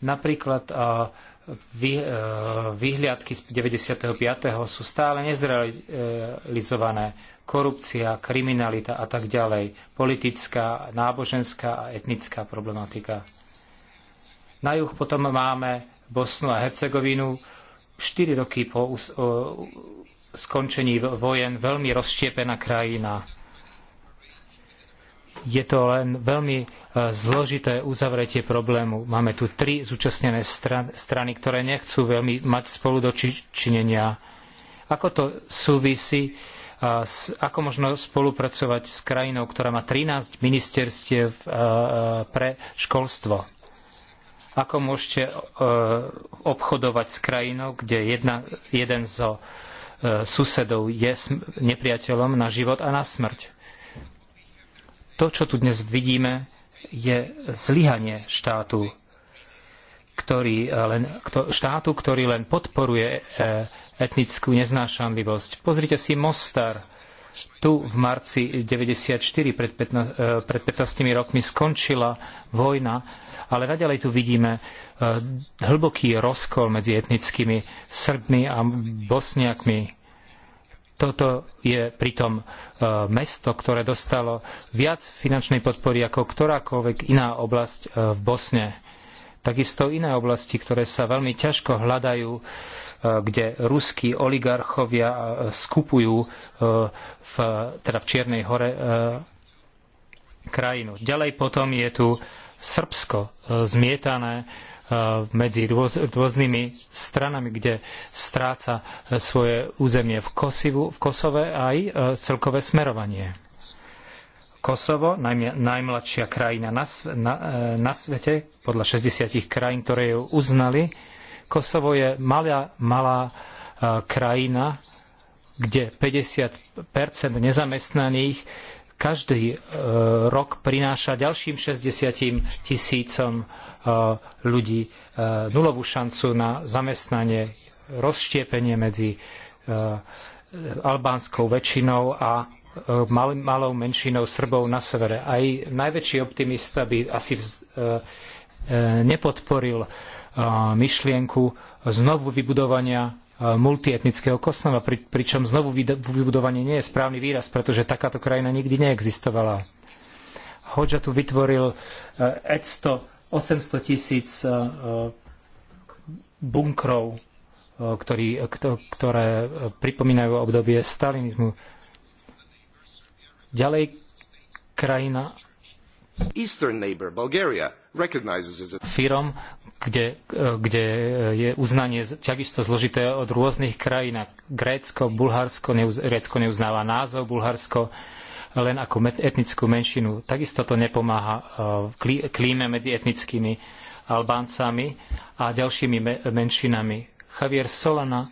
Napríklad a, vy, e, vyhliadky z 95. sú stále nezrealizované korupcia, kriminalita a tak ďalej, politická, náboženská a etnická problematika. Na juh potom máme Bosnu a Hercegovinu, 4 roky po skončení vojen, veľmi rozštiepená krajina. Je to len veľmi e, zložité uzavretie problému. Máme tu tri zúčastnené strany, ktoré nechcú veľmi mať spolu do činenia. Ako to súvisí ako možno spolupracovať s krajinou, ktorá má 13 ministerstiev e, e, pre školstvo. Ako môžete e, obchodovať s krajinou, kde jedna, jeden zo susedov je nepriateľom na život a na smrť. To, čo tu dnes vidíme, je zlyhanie štátu ktorý eh, len, štátu, ktorý len podporuje eh, etnickú neznášanlivosť. Pozrite si Mostar. Tu v marci 94, pred, 15, eh, pred 15 rokmi, skončila vojna, ale naďalej tu vidíme hlboký rozkol medzi etnickými Srbmi a Bosniakmi. Toto je pritom mesto, ktoré dostalo viac finančnej podpory ako ktorákoľvek iná oblasť v Bosne Takisto iné oblasti, ktoré sa veľmi ťažko hľadajú, e, kde ruskí oligarchovia e, skupujú e, v, teda v Čiernej hore krajinu. Ďalej potom je tu Srbsko zmietané medzi rôznymi stranami, kde stráca svoje územie v, Kosivu, v Kosove aj celkové smerovanie. Kosovo, najmä, najmladšia krajina na, na, e, na, svete, podľa 60 krajín, ktoré ju uznali. Kosovo je malá, malá e, krajina, kde 50 nezamestnaných každý e, rok prináša ďalším 60 tisícom ľudí nulovú šancu na zamestnanie, rozštiepenie medzi albánskou väčšinou a E, mal, malou menšinou Srbov na severe. Aj najväčší optimista by asi vz, e, e, nepodporil myšlienku znovu vybudovania multietnického Kosova, pri, pričom znovu vybudovanie nie je správny výraz, pretože takáto krajina nikdy neexistovala. Hodža tu vytvoril 800 tisíc bunkrov, ktorý, ktoré pripomínajú obdobie stalinizmu Ďalej krajina Firom, kde, e, kde, e, je uznanie takisto zložité od rôznych krajín. Grécko, Bulharsko, neuz, Grécko neuznáva názov, Bulharsko len ako etnickú menšinu. Takisto to nepomáha e, v klíme medzi etnickými Albáncami a ďalšími menšinami. Javier Solana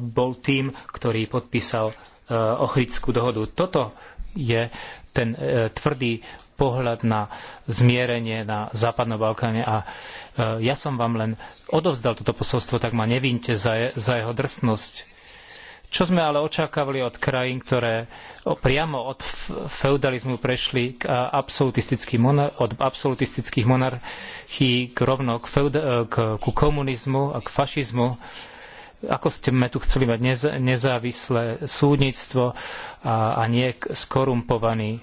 bol tým, ktorý podpísal Eh, Ochrickú dohodu. Toto je ten eh, tvrdý pohľad na zmierenie na Západnom Balkáne a eh, ja som vám len odovzdal toto posolstvo, tak ma nevinte za, je, za jeho drsnosť. Čo sme ale očakávali od krajín, ktoré priamo od feudalizmu prešli k monar od absolutistických monarchií k rovno k, feud- k, ku komunizmu a k fašizmu, ako sme tu chceli mať nezávislé súdnictvo a, a nie skorumpovaný e,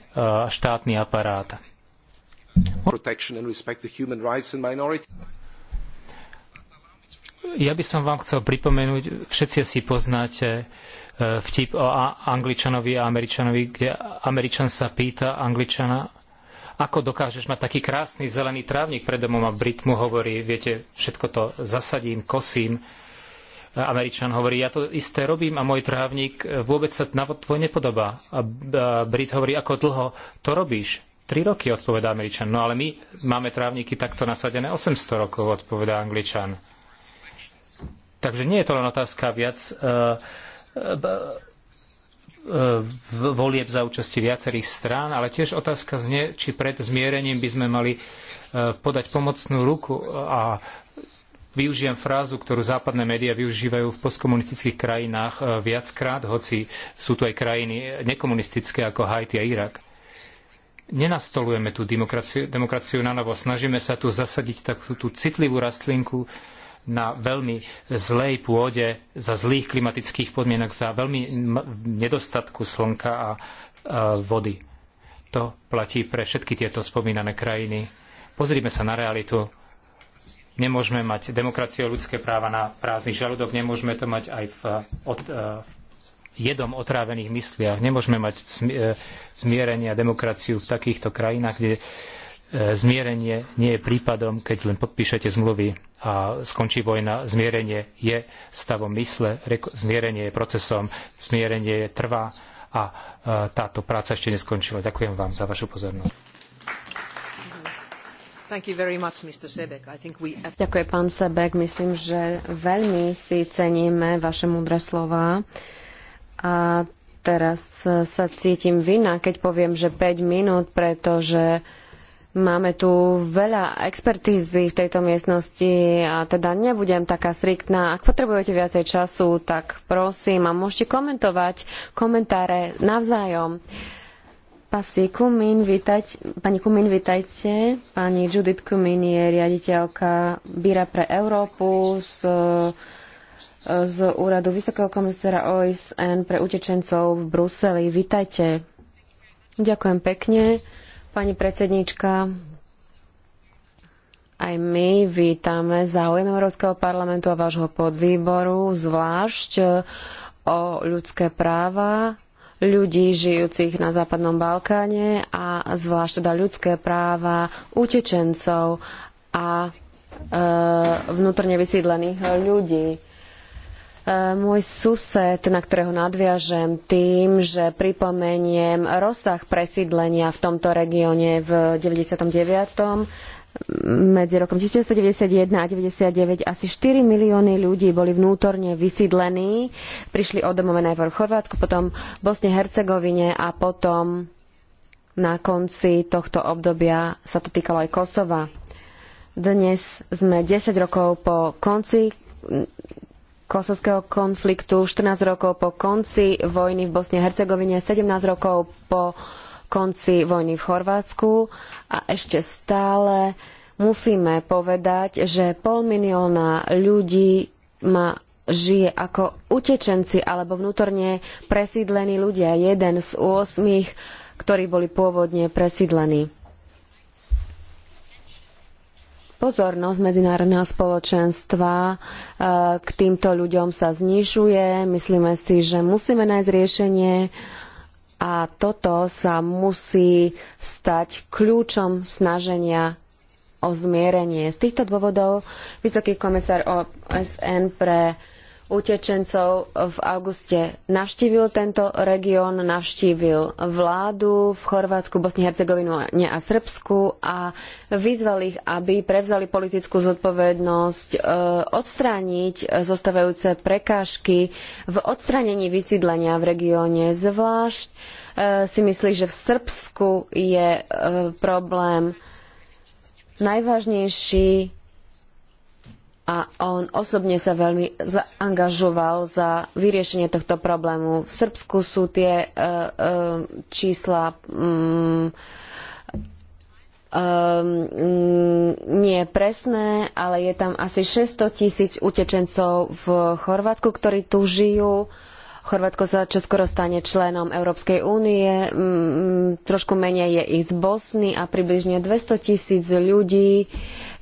štátny aparát. Ja by som vám chcel pripomenúť, všetci si poznáte e, vtip o Angličanovi a Američanovi, kde Američan sa pýta Angličana, ako dokážeš mať taký krásny zelený trávnik pred domom a Brit mu hovorí, viete, všetko to zasadím, kosím, Američan hovorí, ja to isté robím a môj trávnik e, vôbec sa na tvoj nepodobá. A Brit hovorí, ako dlho to robíš? Tri roky, odpovedá Američan. No ale my máme trávniky takto nasadené 800 rokov, odpovedá Angličan. Takže nie je to len otázka viac uh, uh, volieb za účasti viacerých strán, ale tiež otázka znie, či pred zmierením by sme mali podať pomocnú ruku a Využijem frázu, ktorú západné médiá využívajú v postkomunistických krajinách e, viackrát, hoci sú tu aj krajiny nekomunistické ako Haiti a Irak. Nenastolujeme tú demokraciu, demokraciu na novo, snažíme sa tu zasadiť takú tú citlivú rastlinku, na veľmi zlej pôde, za zlých klimatických podmienok, za veľmi nedostatku slnka a, vody. To platí pre všetky tieto spomínané krajiny. Pozrime sa na realitu. Nemôžeme mať demokraciu a ľudské práva na prázdny žalúdok, nemôžeme to mať aj v, od, e, v jedom otrávených mysliach. Nemôžeme mať e, zmierenie a demokraciu v takýchto krajinách, kde e, zmierenie nie je prípadom, keď len podpíšete zmluvy a skončí vojna. Zmierenie je stavom mysle, zmierenie je procesom, zmierenie je trvá a táto práca ešte neskončila. Ďakujem vám za vašu pozornosť. Ďakujem, pán Sebek. Myslím, že veľmi si ceníme vaše múdre slova. A teraz sa cítim vina, keď poviem, že 5 minút, pretože máme tu veľa expertízy v tejto miestnosti a teda nebudem taká striktná. Ak potrebujete viacej času, tak prosím a môžete komentovať komentáre navzájom. Uh, Pasi pani Kumín, vítajte. Pani Judith Kumín je riaditeľka Bíra pre Európu z, z úradu Vysokého komisára OSN pre utečencov v Bruseli. Vítajte. Ďakujem pekne, pani predsednička. Aj my vítame záujem Európskeho parlamentu a vášho podvýboru, zvlášť o ľudské práva ľudí žijúcich na Západnom Balkáne a zvlášť teda ľudské práva utečencov a e, vnútorne vysídlených ľudí. E, môj sused, na ktorého nadviažem tým, že pripomeniem rozsah presídlenia v tomto regióne v 99 medzi rokom 1991 a 1999 asi 4 milióny ľudí boli vnútorne vysídlení. Prišli od domove najprv v Chorvátsku, potom v Bosne Hercegovine a potom na konci tohto obdobia sa to týkalo aj Kosova. Dnes sme 10 rokov po konci kosovského konfliktu, 14 rokov po konci vojny v Bosne a Hercegovine, 17 rokov po konci vojny v Chorvátsku a ešte stále musíme povedať, že pol milióna ľudí má žije ako utečenci alebo vnútorne presídlení ľudia. Jeden z osmých, ktorí boli pôvodne presídlení. Pozornosť medzinárodného spoločenstva e, k týmto ľuďom sa znižuje. Myslíme si, že musíme nájsť riešenie, a toto sa musí stať kľúčom snaženia o zmierenie. Z týchto dôvodov Vysoký komisár OSN pre utečencov v auguste. Navštívil tento región, navštívil vládu v Chorvátsku, Bosni, Hercegovinu a Srbsku a vyzval ich, aby prevzali politickú zodpovednosť e, odstrániť zostávajúce prekážky v odstránení vysídlenia v regióne. Zvlášť e, si myslí, že v Srbsku je e, problém najvážnejší a on osobne sa veľmi zaangažoval za vyriešenie tohto problému. V Srbsku sú tie uh, uh, čísla um, um, nie presné, ale je tam asi 600 tisíc utečencov v Chorvátsku, ktorí tu žijú. Chorvátsko sa čoskoro stane členom Európskej únie, mm, trošku menej je ich z Bosny a približne 200 tisíc ľudí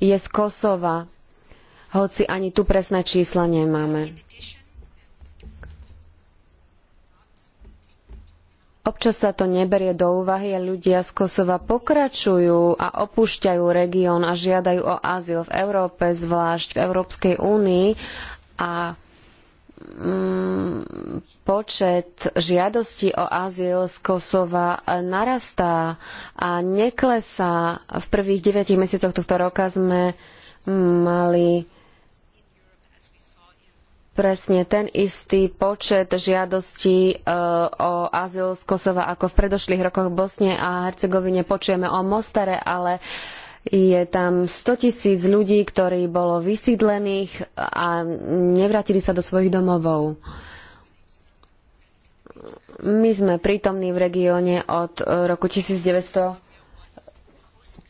je z Kosova hoci ani tu presné čísla nemáme. Občas sa to neberie do úvahy a ľudia z Kosova pokračujú a opúšťajú región a žiadajú o azyl v Európe, zvlášť v Európskej únii a mm, počet žiadostí o azyl z Kosova e, narastá a neklesá. V prvých 9 mesiacoch tohto roka sme mali presne ten istý počet žiadostí e, o azyl z Kosova ako v predošlých rokoch v Bosne a Hercegovine. Počujeme o Mostare, ale je tam 100 tisíc ľudí, ktorí bolo vysídlených a nevrátili sa do svojich domovov. My sme prítomní v regióne od roku 1956,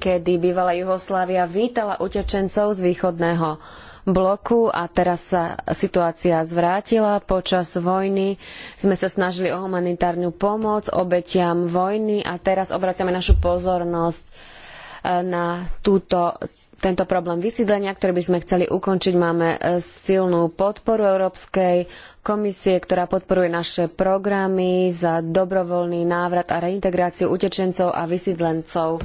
kedy bývalá Juhoslávia vítala utečencov z východného bloku a teraz sa situácia zvrátila. Počas vojny sme sa snažili o humanitárnu pomoc obetiam vojny a teraz obraciame našu pozornosť e, na túto, tento problém vysídlenia, ktorý by sme chceli ukončiť. Máme e, silnú podporu Európskej komisie, ktorá podporuje naše programy za dobrovoľný návrat a reintegráciu utečencov a vysídlencov.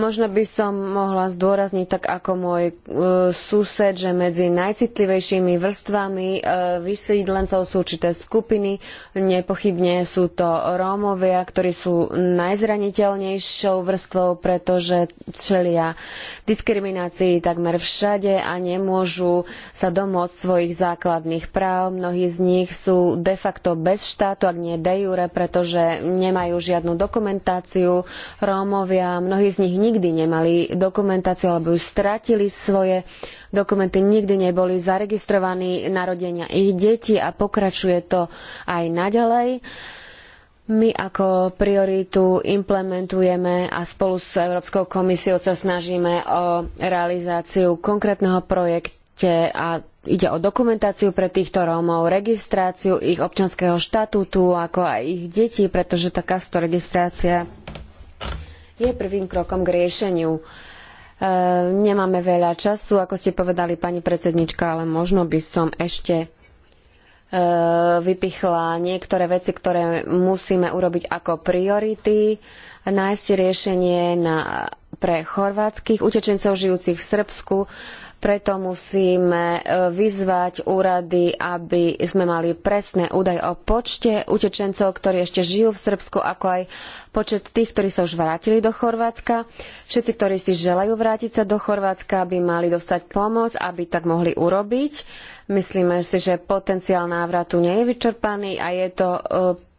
Možno by som mohla zdôrazniť, tak ako môj e, sused, že medzi najcitlivejšími vrstvami e, vysídlencov sú určité skupiny. Nepochybne sú to Rómovia, ktorí sú najzraniteľnejšou vrstvou, pretože čelia diskriminácii takmer všade a nemôžu sa domôcť svojich základných práv. Mnohí z nich sú de facto bez štátu, ak nie de jure, pretože nemajú žiadnu dokumentáciu. Rómovia, mnohí z nich nie nikdy nemali dokumentáciu alebo už stratili svoje dokumenty, nikdy neboli zaregistrovaní narodenia ich detí a pokračuje to aj naďalej. My ako prioritu implementujeme a spolu s Európskou komisiou sa snažíme o realizáciu konkrétneho projekte a ide o dokumentáciu pre týchto Rómov, registráciu ich občanského štatútu, ako aj ich detí, pretože takáto registrácia je prvým krokom k riešeniu. E, nemáme veľa času, ako ste povedali, pani predsednička, ale možno by som ešte e, vypichla niektoré veci, ktoré musíme urobiť ako priority, nájsť riešenie na, pre chorvátskych utečencov žijúcich v Srbsku, preto musíme e, vyzvať úrady, aby sme mali presné údaje o počte utečencov, ktorí ešte žijú v Srbsku, ako aj počet tých, ktorí sa už vrátili do Chorvátska. Všetci, ktorí si želajú vrátiť sa do Chorvátska, by mali dostať pomoc, aby tak mohli urobiť. Myslíme si, že potenciál návratu nie je vyčerpaný a je to e,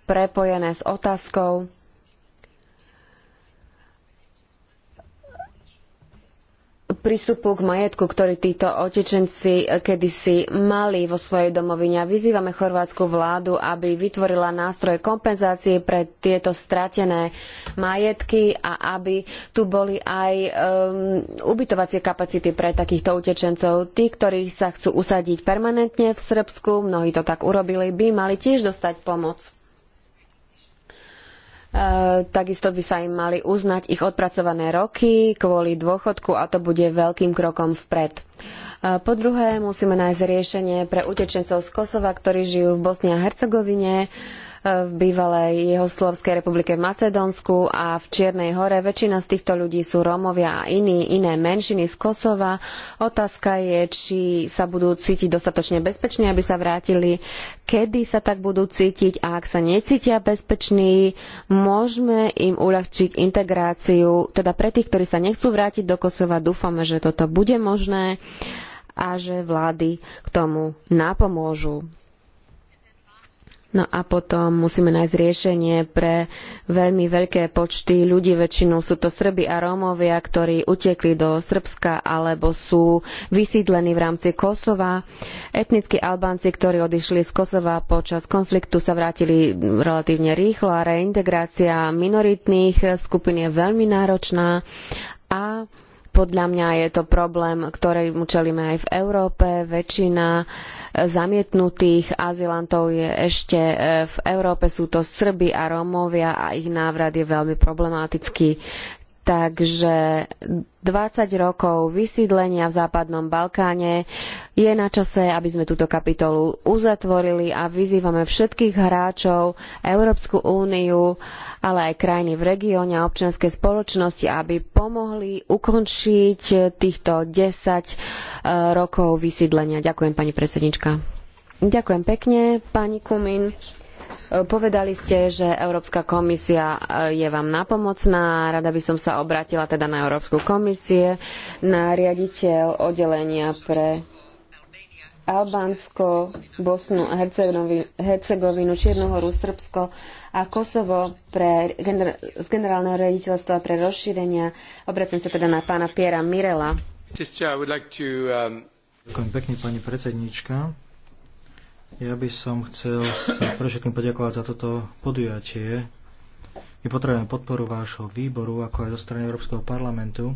prepojené s otázkou prístupu k majetku, ktorý títo otečenci kedysi mali vo svojej domovine. a Vyzývame chorvátsku vládu, aby vytvorila nástroje kompenzácie pre tieto stratené majetky a aby tu boli aj um, ubytovacie kapacity pre takýchto utečencov. Tí, ktorí sa chcú usadiť permanentne v Srbsku, mnohí to tak urobili, by mali tiež dostať pomoc. Eh, takisto by sa im mali uznať ich odpracované roky kvôli dôchodku a to bude veľkým krokom vpred. Eh, po druhé, musíme nájsť riešenie pre utečencov z Kosova, ktorí žijú v Bosne a Hercegovine v bývalej Jehoslovskej republike Macedónsku a v Čiernej hore. Väčšina z týchto ľudí sú Rómovia a iní, iné menšiny z Kosova. Otázka je, či sa budú cítiť dostatočne bezpečne, aby sa vrátili, kedy sa tak budú cítiť a ak sa necítia bezpeční, môžeme im uľahčiť integráciu. Teda pre tých, ktorí sa nechcú vrátiť do Kosova, dúfame, že toto bude možné a že vlády k tomu napomôžu. No a potom musíme nájsť riešenie pre veľmi veľké počty ľudí. Väčšinou sú to Srby a Rómovia, ktorí utekli do Srbska alebo sú vysídlení v rámci Kosova. Etnickí Albánci, ktorí odišli z Kosova počas konfliktu, sa vrátili relatívne rýchlo a reintegrácia minoritných skupín je veľmi náročná a podľa mňa je to problém, ktorému čelíme aj v Európe. Väčšina zamietnutých azylantov je ešte e, v Európe, sú to Srby a Rómovia a ich návrat je veľmi problematický. Takže 20 rokov vysídlenia v západnom Balkáne je na čase, aby sme túto kapitolu uzatvorili a vyzývame všetkých hráčov Európsku úniu, ale aj krajiny v regióne a občianske spoločnosti, aby pomohli ukončiť týchto 10 e, rokov vysídlenia. Ďakujem, pani predsednička. Ďakujem pekne, pani Kumin. E, povedali ste, že Európska komisia e, je vám napomocná. Rada by som sa obratila teda na Európsku komisie, na riaditeľ oddelenia pre Albánsko, Bosnu a Hercegovinu, Hercegovinu Čiernohoru, Srbsko a Kosovo pre, gener, z generálneho rediteľstva pre rozšírenia. Obracem sa teda na pána Piera Mirela. Um, Ďakujem pekne, pani predsednička. Ja by som chcel sa pre všetkým poďakovať za toto podujatie. My potrebujeme podporu vášho výboru, ako aj zo strany Európskeho parlamentu.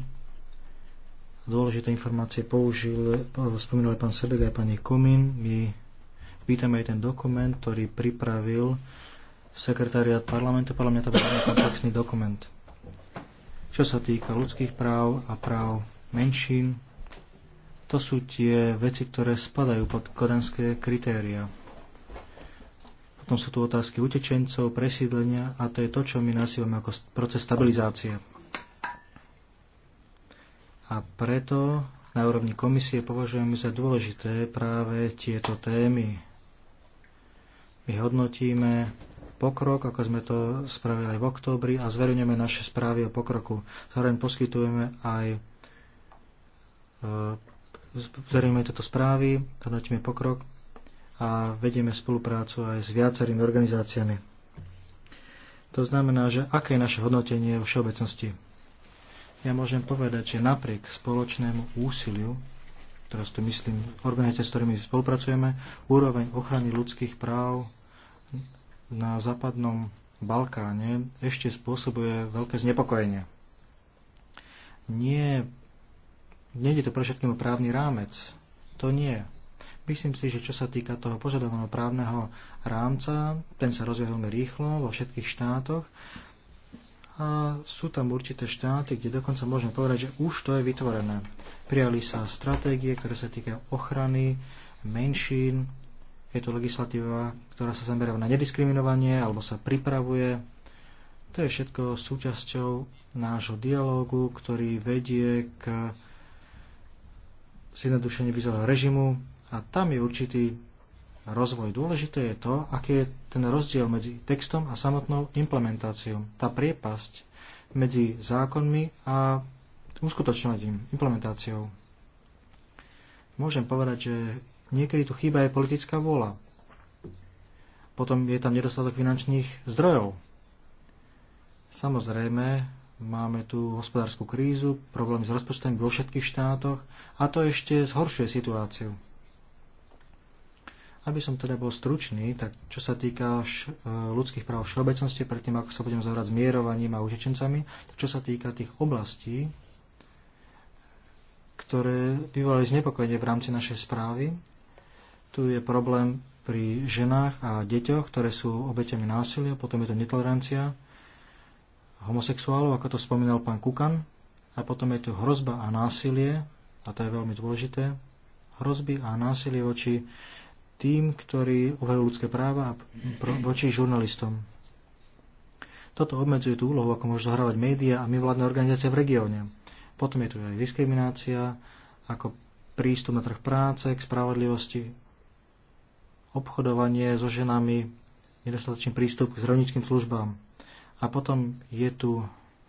Dôležité informácie použil, spomínal aj pán Sebek, aj pani Kumin. My vítame aj ten dokument, ktorý pripravil sekretariat parlamentu. Podľa mňa to bol veľmi komplexný dokument. Čo sa týka ľudských práv a práv menšín, to sú tie veci, ktoré spadajú pod kodanské kritéria. Potom sú tu otázky utečencov, presídlenia a to je to, čo my nazývame ako proces stabilizácie. A preto na úrovni komisie považujem za dôležité práve tieto témy. My hodnotíme pokrok, ako sme to spravili aj v októbri a zverejňujeme naše správy o pokroku. Zároveň poskytujeme aj e, zverejňujeme toto správy, hodnotíme pokrok a vedieme spoluprácu aj s viacerými organizáciami. To znamená, že aké je naše hodnotenie v všeobecnosti? Ja môžem povedať, že napriek spoločnému úsiliu teraz tu myslím organizácie, s ktorými spolupracujeme, úroveň ochrany ľudských práv na západnom Balkáne ešte spôsobuje veľké znepokojenie. Nie, je to pre všetkým o právny rámec. To nie. Myslím si, že čo sa týka toho požadovaného právneho rámca, ten sa rozvíja veľmi rýchlo vo všetkých štátoch a sú tam určité štáty, kde dokonca môžeme povedať, že už to je vytvorené. Prijali sa stratégie, ktoré sa týkajú ochrany menšín, je to legislatíva, ktorá sa zamerá na nediskriminovanie alebo sa pripravuje. To je všetko súčasťou nášho dialógu, ktorý vedie k zjednodušeniu vizového režimu a tam je určitý rozvoj. Dôležité je to, aký je ten rozdiel medzi textom a samotnou implementáciou. Tá priepasť medzi zákonmi a uskutočňovaním, implementáciou. Môžem povedať, že niekedy tu chýba aj politická vôľa. Potom je tam nedostatok finančných zdrojov. Samozrejme, máme tu hospodárskú krízu, problém s rozpočtom vo všetkých štátoch a to ešte zhoršuje situáciu. Aby som teda bol stručný, tak čo sa týka e, ľudských práv všeobecnosti, predtým ako sa budem zavrať s mierovaním a utečencami, tak čo sa týka tých oblastí, ktoré vyvolali znepokojenie v rámci našej správy, tu je problém pri ženách a deťoch, ktoré sú obeťami násilia, potom je to netolerancia homosexuálov, ako to spomínal pán Kukan, a potom je tu hrozba a násilie, a to je veľmi dôležité, hrozby a násilie voči tým, ktorí obhajujú ľudské práva a voči žurnalistom. Toto obmedzuje tú úlohu, ako môžu zohrávať médiá a mimovládne organizácie v regióne. Potom je tu aj diskriminácia, ako prístup na trh práce, k spravodlivosti, obchodovanie so ženami, nedostatočný prístup k zdravotníckým službám. A potom je tu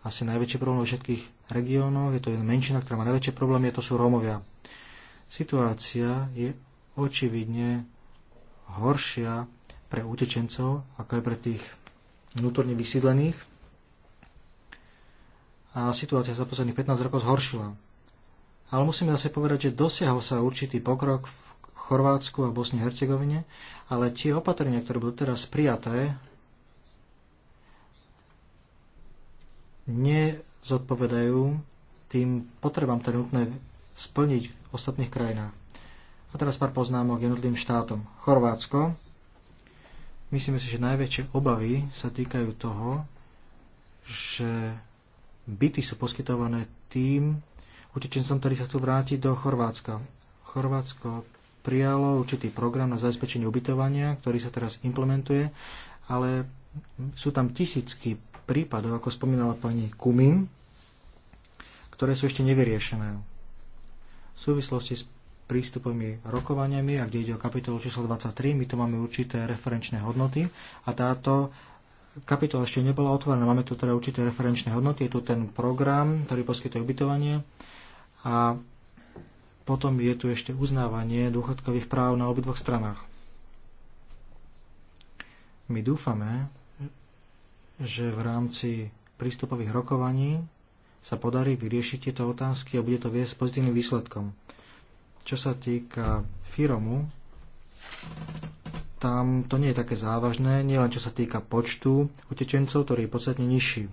asi najväčší problém vo všetkých regiónoch, je to jedna menšina, ktorá má najväčšie problémy, to sú Rómovia. Situácia je očividne horšia pre utečencov, ako aj pre tých vnútorne vysídlených. A situácia sa posledných 15 rokov zhoršila. Ale musíme zase povedať, že dosiahol sa určitý pokrok v Chorvátsku a Bosne Hercegovine, ale tie opatrenia, ktoré budú teraz prijaté, nezodpovedajú tým potrebám, ktoré nutné splniť v ostatných krajinách. A teraz pár poznámok jednotlivým štátom. Chorvátsko. Myslíme si, že najväčšie obavy sa týkajú toho, že byty sú poskytované tým utečencom, ktorí sa chcú vrátiť do Chorvátska. Chorvátsko prijalo určitý program na zabezpečenie ubytovania, ktorý sa teraz implementuje, ale sú tam tisícky prípadov, ako spomínala pani Kumin, ktoré sú ešte nevyriešené. V súvislosti s prístupovými rokovaniami a kde ide o kapitolu číslo 23, my tu máme určité referenčné hodnoty a táto kapitola ešte nebola otvorená. Máme tu teda určité referenčné hodnoty, je tu ten program, ktorý poskytuje ubytovanie a potom je tu ešte uznávanie dôchodkových práv na obidvoch stranách. My dúfame, že v rámci prístupových rokovaní sa podarí vyriešiť tieto otázky a bude to viesť pozitívnym výsledkom. Čo sa týka Firomu, tam to nie je také závažné, nielen čo sa týka počtu utečencov, ktorý je podstatne nižší.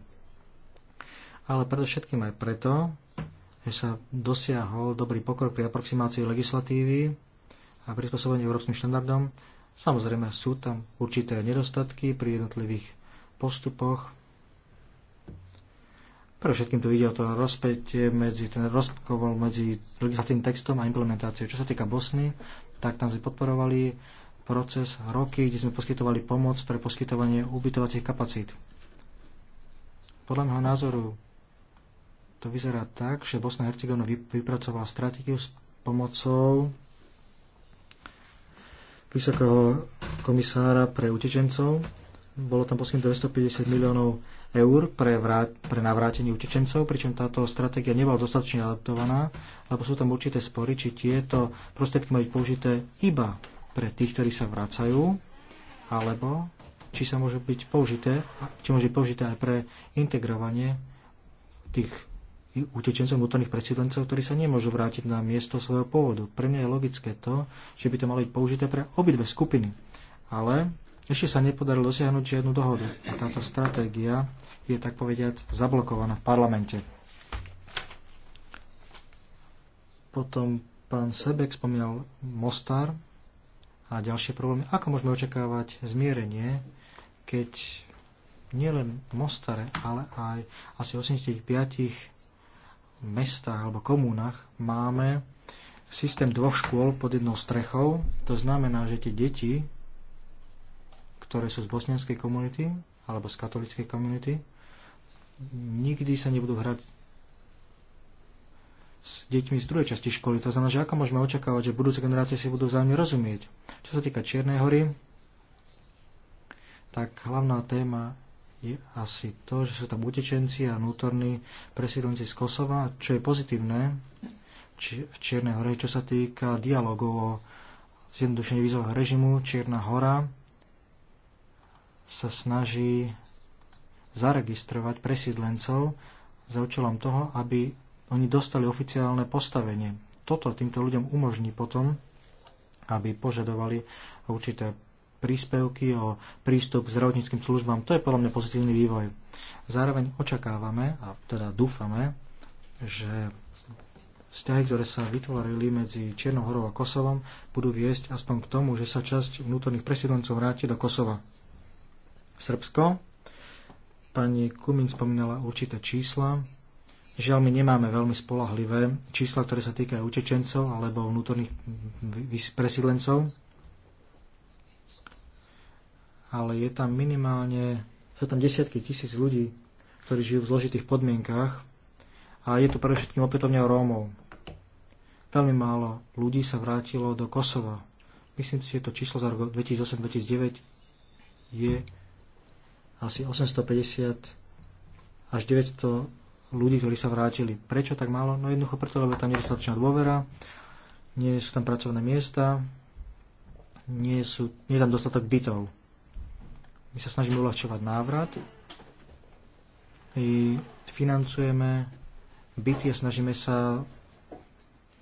Ale predovšetkým aj preto, že sa dosiahol dobrý pokrok pri aproximácii legislatívy a prispôsobení európskym štandardom. Samozrejme sú tam určité nedostatky pri jednotlivých postupoch. Pre všetkým tu ide o to rozpätie medzi ten rozkovol medzi legislatívnym textom a implementáciou. Čo sa týka Bosny, tak tam sme podporovali proces roky, kde sme poskytovali pomoc pre poskytovanie ubytovacích kapacít. Podľa môjho názoru to vyzerá tak, že Bosna Hercegovina vypracovala stratégiu s pomocou vysokého komisára pre utečencov. Bolo tam poskytnuté 250 miliónov eur pre, vrát, pre navrátenie utečencov, pričom táto stratégia nebola dostatočne adaptovaná, lebo sú tam určité spory, či tieto prostriedky majú byť použité iba pre tých, ktorí sa vracajú, alebo či sa môže byť použité, či môže byť použité aj pre integrovanie tých utečencov, vnútorných presídlencov, ktorí sa nemôžu vrátiť na miesto svojho pôvodu. Pre mňa je logické to, že by to malo byť použité pre obidve skupiny. Ale ešte sa nepodarilo dosiahnuť žiadnu dohodu a táto stratégia je tak povediať zablokovaná v parlamente. Potom pán Sebek spomínal Mostar a ďalšie problémy. Ako môžeme očakávať zmierenie, keď nielen Mostare, ale aj asi 85 mestách alebo komunách máme systém dvoch škôl pod jednou strechou. To znamená, že tie deti, ktoré sú z bosnianskej komunity alebo z katolíckej komunity, nikdy sa nebudú hrať s deťmi z druhej časti školy. To znamená, že ako môžeme očakávať, že budúce generácie si budú vzájomne rozumieť. Čo sa týka Čiernej hory, tak hlavná téma je asi to, že sú tam utečenci a vnútorní presídlenci z Kosova, čo je pozitívne či, v Čiernej hore, čo sa týka dialogov o zjednodušení vízového režimu. Čierna hora sa snaží zaregistrovať presídlencov za účelom toho, aby oni dostali oficiálne postavenie. Toto týmto ľuďom umožní potom, aby požadovali určité príspevky, o prístup k zdravotníckým službám. To je podľa mňa pozitívny vývoj. Zároveň očakávame, a teda dúfame, že vzťahy, ktoré sa vytvorili medzi Čiernou horou a Kosovom, budú viesť aspoň k tomu, že sa časť vnútorných presídlencov vráti do Kosova. Srbsko. Pani Kumin spomínala určité čísla. Žiaľ, my nemáme veľmi spolahlivé čísla, ktoré sa týkajú utečencov alebo vnútorných presídlencov ale je tam minimálne, sú tam desiatky tisíc ľudí, ktorí žijú v zložitých podmienkách a je tu predovšetkým opätovne o Rómov. Veľmi málo ľudí sa vrátilo do Kosova. Myslím si, že to číslo za rok 2008-2009 je asi 850 až 900 ľudí, ktorí sa vrátili. Prečo tak málo? No jednoducho preto, lebo tam nie je dostatočná dôvera, nie sú tam pracovné miesta, nie, sú, nie je tam dostatok bytov. My sa snažíme uľahčovať návrat. My financujeme byty a snažíme sa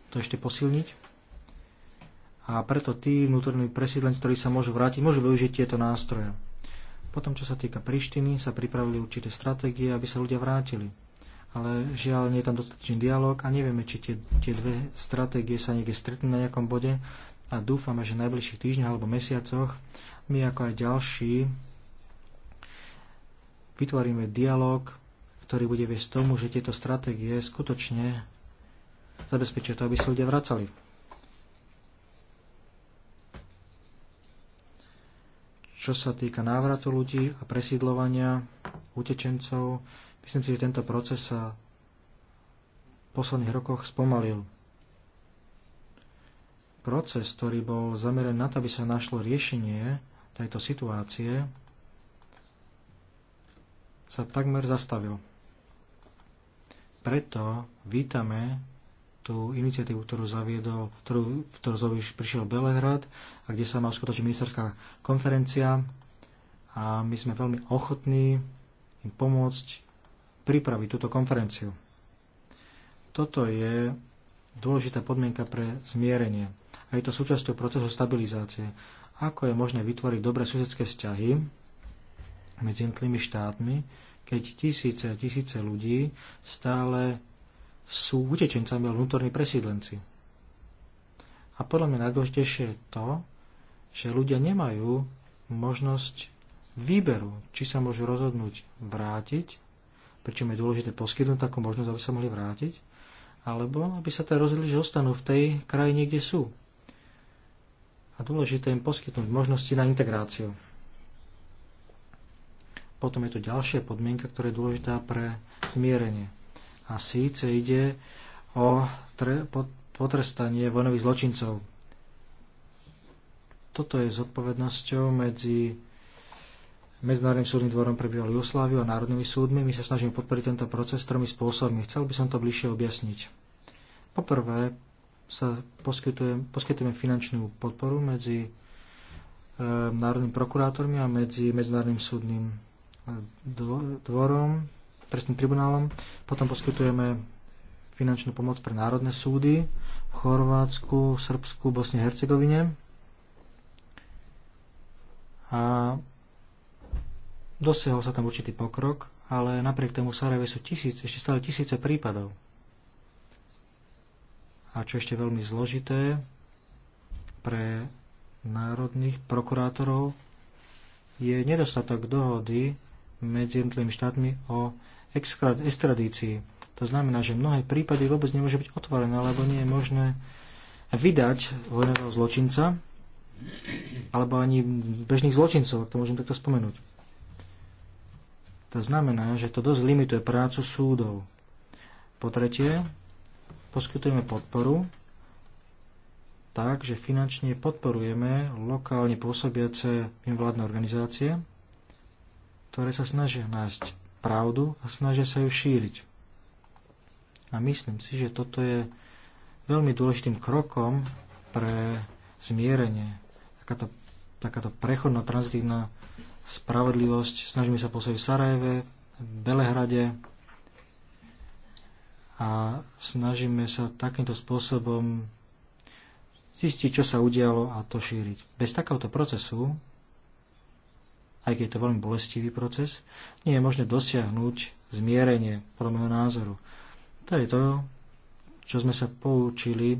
to ešte posilniť. A preto tí vnútorní presídlenci, ktorí sa môžu vrátiť, môžu využiť tieto nástroje. Potom, čo sa týka Prištiny, sa pripravili určité stratégie, aby sa ľudia vrátili. Ale žiaľ, nie je tam dostatečný dialog a nevieme, či tie, tie dve stratégie sa niekde stretnú na nejakom bode a dúfame, že v najbližších týždňoch alebo mesiacoch my ako aj ďalší vytvoríme dialog, ktorý bude viesť tomu, že tieto stratégie skutočne zabezpečia to, aby sa ľudia vracali. Čo sa týka návratu ľudí a presídlovania utečencov, myslím si, že tento proces sa v posledných rokoch spomalil. Proces, ktorý bol zameraný na to, aby sa našlo riešenie tejto situácie, sa takmer zastavil. Preto vítame tú iniciatívu, ktorú zaviedol, ktorú, ktorú prišiel Belehrad a kde sa má skutočne ministerská konferencia a my sme veľmi ochotní im pomôcť pripraviť túto konferenciu. Toto je dôležitá podmienka pre zmierenie a je to súčasťou procesu stabilizácie. Ako je možné vytvoriť dobré susedské vzťahy medzi jednotlivými štátmi, keď tisíce a tisíce ľudí stále sú utečencami alebo vnútorní presídlenci. A podľa mňa najdôležitejšie je to, že ľudia nemajú možnosť výberu, či sa môžu rozhodnúť vrátiť, pričom je dôležité poskytnúť takú možnosť, aby sa mohli vrátiť, alebo aby sa teda rozhodli, že ostanú v tej krajine, kde sú. A dôležité im poskytnúť možnosti na integráciu. Potom je tu ďalšia podmienka, ktorá je dôležitá pre zmierenie. A síce ide o tre, potrestanie vojnových zločincov. Toto je zodpovednosťou medzi Medzinárodným súdnym dvorom pre bývalú Jugosláviu a národnými súdmi. My sa snažíme podporiť tento proces tromi spôsobmi. Chcel by som to bližšie objasniť. Poprvé sa poskytujeme, poskytujeme finančnú podporu medzi eh, národným prokurátormi a medzi Medzinárodným súdnym dvorom, trestným tribunálom. Potom poskytujeme finančnú pomoc pre národné súdy v Chorvátsku, Srbsku, Bosne a Hercegovine. A dosiahol sa tam určitý pokrok, ale napriek tomu v Sarajeve sú tisíc, ešte stále tisíce prípadov. A čo ešte veľmi zložité pre národných prokurátorov je nedostatok dohody medzi jednotlivými štátmi o extradícii. To znamená, že mnohé prípady vôbec nemôže byť otvorené, alebo nie je možné vydať vojnového zločinca, alebo ani bežných zločincov, ak to môžem takto spomenúť. To znamená, že to dosť limituje prácu súdov. Po tretie, poskytujeme podporu tak, že finančne podporujeme lokálne pôsobiace mimovládne organizácie, ktoré sa snažia nájsť pravdu a snažia sa ju šíriť. A myslím si, že toto je veľmi dôležitým krokom pre zmierenie. Takáto, takáto prechodná tranzitívna spravodlivosť. Snažíme sa posadiť v Sarajeve, v Belehrade a snažíme sa takýmto spôsobom zistiť, čo sa udialo a to šíriť. Bez takéhoto procesu aj keď je to veľmi bolestivý proces, nie je možné dosiahnuť zmierenie, podľa môjho názoru. To je to, čo sme sa poučili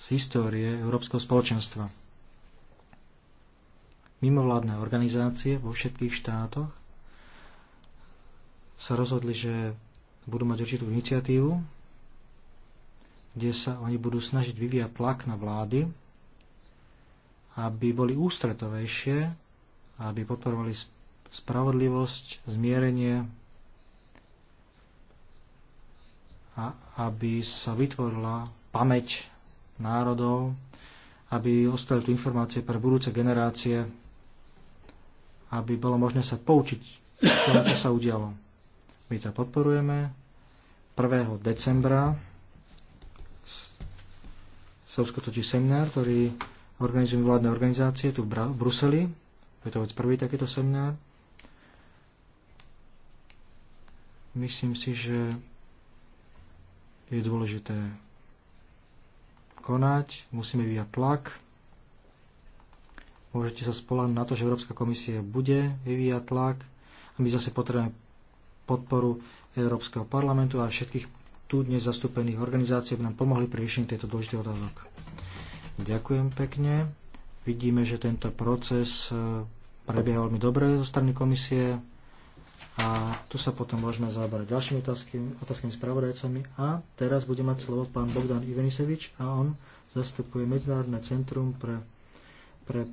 z histórie Európskeho spoločenstva. Mimovládne organizácie vo všetkých štátoch sa rozhodli, že budú mať určitú iniciatívu, kde sa oni budú snažiť vyvíjať tlak na vlády, aby boli ústretovejšie aby podporovali spravodlivosť, zmierenie a aby sa vytvorila pamäť národov, aby ostali tu informácie pre budúce generácie, aby bolo možné sa poučiť tom, čo sa udialo. My to podporujeme 1. decembra sa uskutočí seminár, ktorý organizujú vládne organizácie tu v Bruseli je to vec prvý takýto seminár. Myslím si, že je dôležité konať, musíme vyjať tlak. Môžete sa spolať na to, že Európska komisia bude vyvíjať tlak a my zase potrebujeme podporu Európskeho parlamentu a všetkých tu dnes zastúpených organizácií, aby nám pomohli pri riešení tejto dôležitej otázok. Ďakujem pekne. Vidíme, že tento proces e, prebieha veľmi dobre zo strany komisie a tu sa potom môžeme zaoberať ďalšími otázkami, otázkami spravodajcami. A teraz bude mať slovo pán Bogdan Ivenisevič a on zastupuje Medzinárodné centrum pre, pre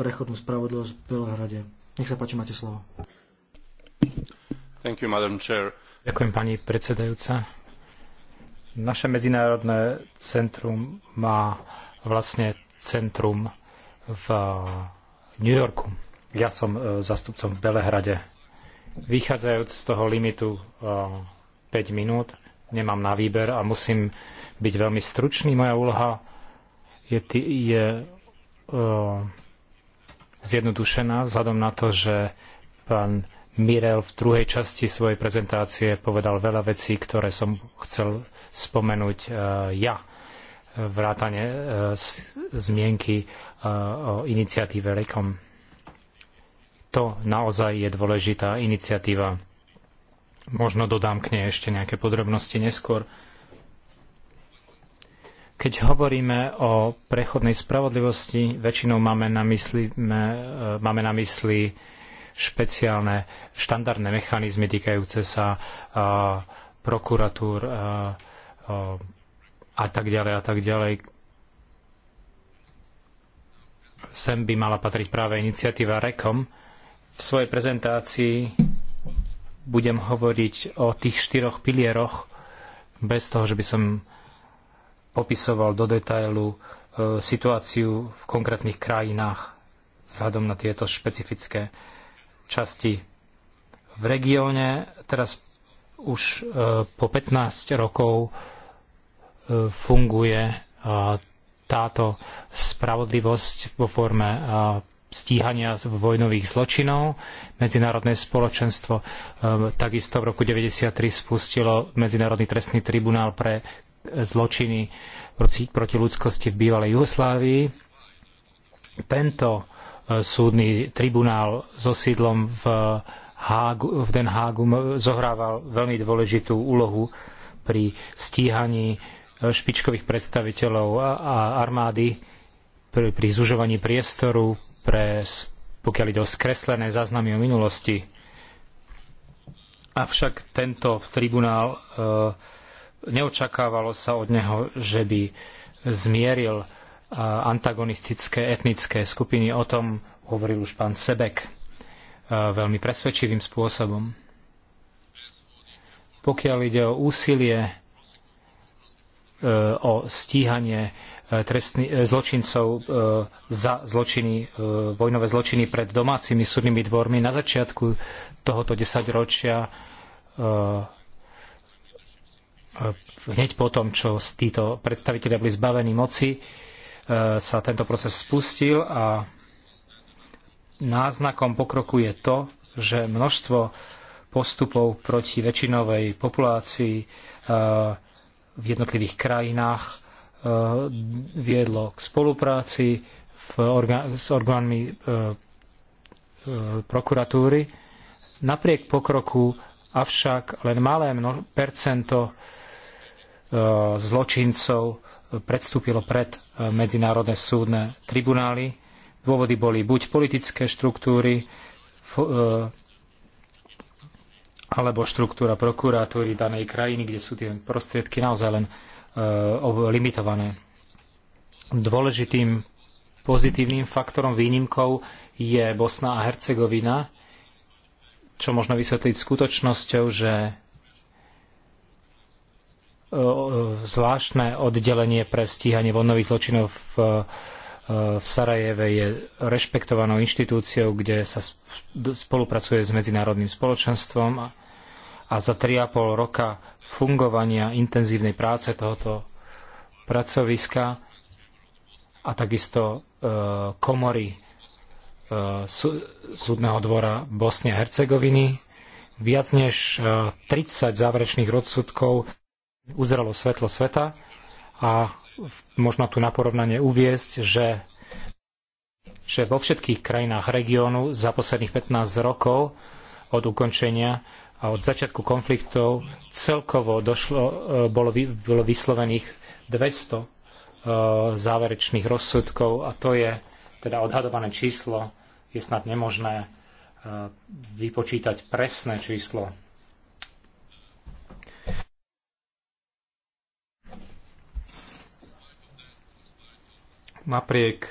prechodnú spravodlivosť v Belohrade. Nech sa páči, máte slovo. Thank you, Madam Chair. Ďakujem, pani predsedajúca. Naše Medzinárodné centrum má vlastne centrum v eh, New Yorku. Ja som eh, zastupcom v Belehrade. Vychádzajúc z toho limitu 5 eh, minút, nemám na výber a musím byť veľmi stručný. Moja úloha je, je zjednodušená vzhľadom na to, že pán Mirel v druhej časti svojej prezentácie povedal veľa vecí, ktoré som chcel spomenúť ja vrátane e, zmienky e, o iniciatíve REKOM. To naozaj je dôležitá iniciatíva. Možno dodám k nej ešte nejaké podrobnosti neskôr. Keď hovoríme o prechodnej spravodlivosti, väčšinou máme na mysli, e, máme na mysli špeciálne štandardné mechanizmy týkajúce sa prokuratúr, a tak ďalej a tak ďalej. Sem by mala patriť práve iniciatíva REKOM. V svojej prezentácii budem hovoriť o tých štyroch pilieroch, bez toho, že by som popisoval do detailu e, situáciu v konkrétnych krajinách vzhľadom na tieto špecifické časti. V regióne teraz už e, po 15 rokov funguje táto spravodlivosť vo forme stíhania vojnových zločinov. Medzinárodné spoločenstvo takisto v roku 1993 spustilo Medzinárodný trestný tribunál pre zločiny proti ľudskosti v bývalej Jugoslávii. Tento súdny tribunál so sídlom v, Hágu, v Den Hágu zohrával veľmi dôležitú úlohu pri stíhaní špičkových predstaviteľov a armády pri, pri zužovaní priestoru pre, pokiaľ ide o skreslené záznamy o minulosti. Avšak tento tribunál e, neočakávalo sa od neho, že by zmieril e, antagonistické etnické skupiny. O tom hovoril už pán Sebek e, veľmi presvedčivým spôsobom. Pokiaľ ide o úsilie o stíhanie e, trestný, e, zločincov e, za zločiny, vojnové zločiny pred domácimi súdnymi dvormi. Na začiatku tohoto desaťročia hneď po tom, čo títo predstavitelia boli zbavení moci, sa tento proces spustil a náznakom pokroku je to, že množstvo postupov proti väčšinovej populácii v jednotlivých krajinách e, viedlo k spolupráci s orgánmi e, e, prokuratúry. Napriek pokroku avšak len malé percento zločincov predstúpilo pred medzinárodné súdne tribunály. Dôvody boli buď politické štruktúry, alebo štruktúra prokuratúry danej krajiny, kde sú tie prostriedky naozaj len e, limitované. Dôležitým pozitívnym faktorom výnimkou je Bosna a Hercegovina, čo možno vysvetliť skutočnosťou, že e, e, zvláštne oddelenie pre stíhanie vonnových zločinov v v Sarajeve je rešpektovanou inštitúciou, kde sa spolupracuje s medzinárodným spoločenstvom a, a za 3,5 roka fungovania intenzívnej práce tohoto pracoviska a takisto e, komory e, súdneho dvora Bosne a Hercegoviny. Viac než 30 e, záverečných rozsudkov uzralo svetlo sveta a možno tu na porovnanie uviesť, že, že vo všetkých krajinách regiónu za posledných 15 rokov od ukončenia a od začiatku konfliktov celkovo došlo, e, bolo, bolo vyslovených 200 e, záverečných rozsudkov a to je teda odhadované číslo, je snad nemožné e, vypočítať presné číslo napriek e,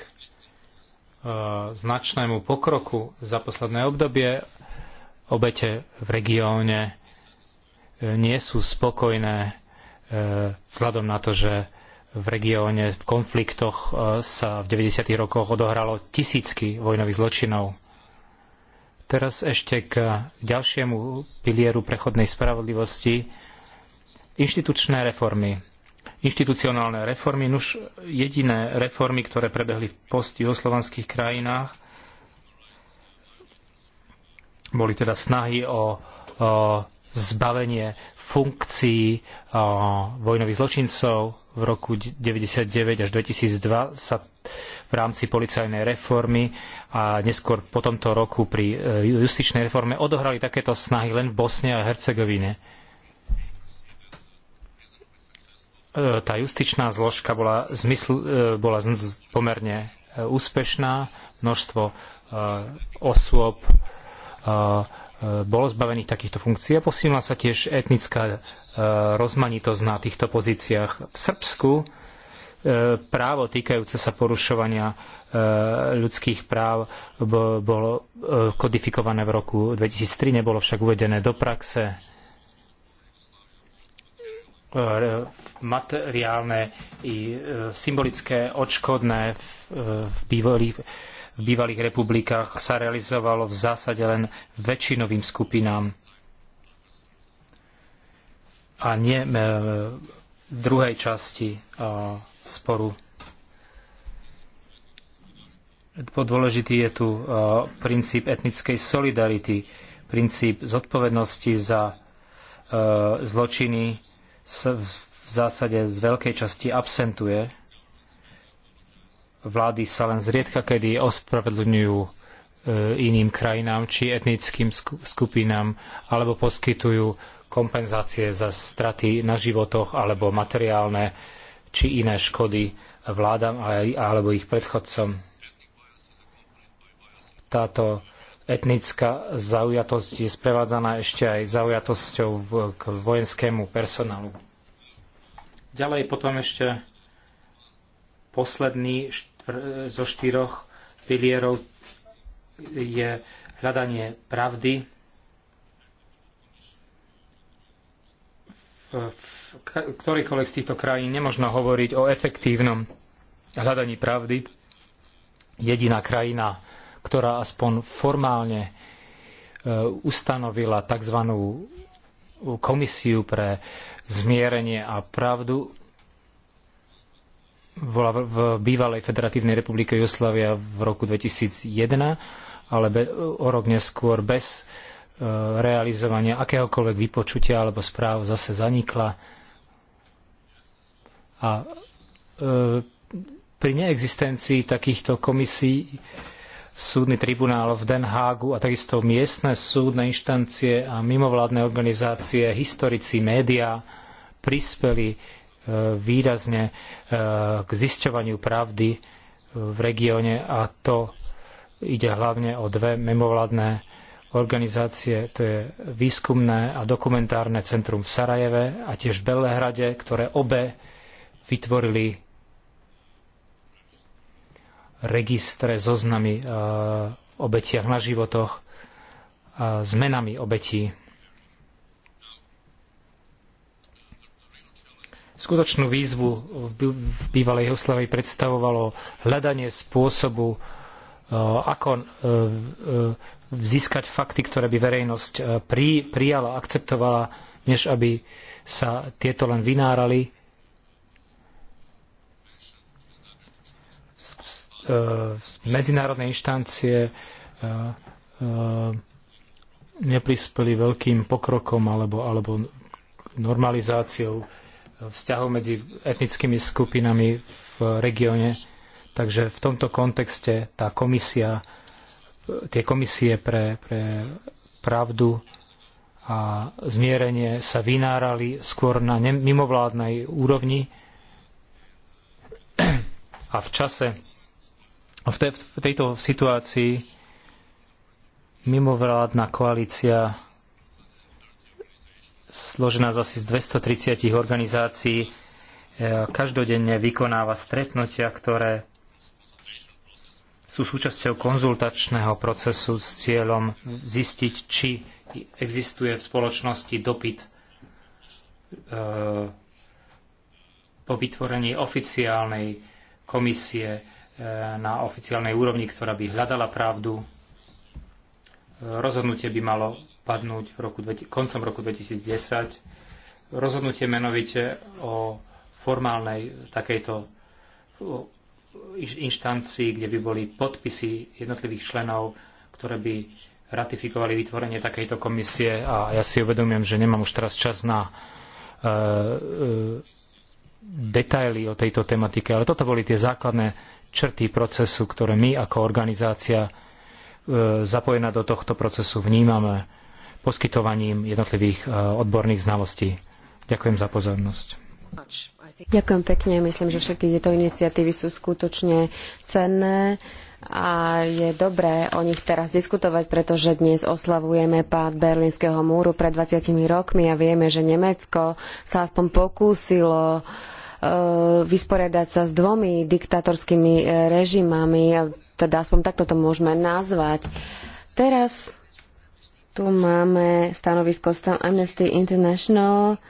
značnému pokroku za posledné obdobie obete v regióne e, nie sú spokojné e, vzhľadom na to, že v regióne v konfliktoch sa v 90. rokoch odohralo tisícky vojnových zločinov. Teraz ešte k ďalšiemu pilieru prechodnej spravodlivosti. Inštitučné reformy inštitucionálne reformy. Nuž jediné reformy, ktoré prebehli v postjuhoslovanských krajinách, boli teda snahy o, o zbavenie funkcií o, vojnových zločincov v roku 1999 až 2002 sa v rámci policajnej reformy a neskôr po tomto roku pri e, justičnej reforme odohrali takéto snahy len v Bosne a Hercegovine E, tá justičná zložka bola, zmysl, e, bola pomerne e, úspešná, množstvo osôb bolo zbavených takýchto funkcií a posilnila sa tiež etnická rozmanitosť na týchto pozíciách. V Srbsku právo týkajúce sa porušovania ľudských práv bolo kodifikované v roku 2003, nebolo však uvedené do praxe materiálne i e, symbolické odškodné e, v bývalých, v bývalých republikách sa realizovalo v zásade len väčšinovým skupinám a nie e, druhej časti sporu. Podôležitý je tu princíp etnickej solidarity, princíp zodpovednosti za zločiny v zásade z veľkej časti absentuje. Vlády sa len zriedka kedy ospravedlňujú e, iným krajinám či etnickým skupinám alebo poskytujú kompenzácie za straty na životoch alebo materiálne či iné škody vládam alebo ich predchodcom. Táto etnická zaujatosť je sprevádzaná ešte aj zaujatosťou v, k vojenskému personálu. Ďalej potom ešte posledný štvr, zo štyroch pilierov je hľadanie pravdy v, v ktorejkoľvek z týchto krajín nemožno hovoriť o efektívnom hľadaní pravdy. Jediná krajina, ktorá aspoň formálne e, ustanovila tzv. komisiu pre zmierenie a pravdu. Bola v bývalej Federatívnej republike Jugoslavia v roku 2001, ale o rok neskôr bez e, realizovania akéhokoľvek vypočutia alebo správ zase zanikla. A e, pri neexistencii takýchto komisií súdny tribunál v Den Hagu a takisto miestne súdne inštancie a mimovládne organizácie, historici, médiá prispeli e, výrazne e, k zisťovaniu pravdy e, v regióne a to ide hlavne o dve mimovládne organizácie, to je výskumné a dokumentárne centrum v Sarajeve a tiež v Belehrade, ktoré obe vytvorili registre, zoznamy e, obetiach na životoch, zmenami obetí. Skutočnú výzvu v bývalej Jugoslavii predstavovalo hľadanie spôsobu, e, ako e, získať fakty, ktoré by verejnosť prijala, akceptovala, než aby sa tieto len vynárali E, medzinárodné inštancie e, e, neprispeli veľkým pokrokom alebo, alebo normalizáciou vzťahov medzi etnickými skupinami v regióne. Takže v tomto kontexte tá komisia, tie komisie pre, pre pravdu a zmierenie sa vynárali skôr na mimovládnej úrovni a v čase v, v tejto situácii mimovládna koalícia složená z asi z 230 organizácií e, každodenne vykonáva stretnutia, ktoré sú súčasťou konzultačného procesu s cieľom zistiť, či existuje v spoločnosti dopyt e, po vytvorení oficiálnej komisie E, na oficiálnej úrovni, ktorá by hľadala pravdu. E, rozhodnutie by malo padnúť v roku, koncom roku 2010. Rozhodnutie menovite o formálnej takejto inštancii, kde by boli podpisy jednotlivých členov, ktoré by ratifikovali vytvorenie takejto komisie a ja si uvedomujem, že nemám už teraz čas na e, detaily o tejto tematike, ale toto boli tie základné črty procesu, ktoré my ako organizácia e, zapojená do tohto procesu vnímame poskytovaním jednotlivých e, odborných znalostí. Ďakujem za pozornosť. Ďakujem pekne. Myslím, že všetky tieto iniciatívy sú skutočne cenné a je dobré o nich teraz diskutovať, pretože dnes oslavujeme pád Berlínskeho múru pred 20 rokmi a vieme, že Nemecko sa aspoň pokúsilo uh, E, vysporiadať sa s dvomi diktatorskými e, režimami, teda aspoň takto to môžeme nazvať. Teraz tu máme stanovisko Amnesty International.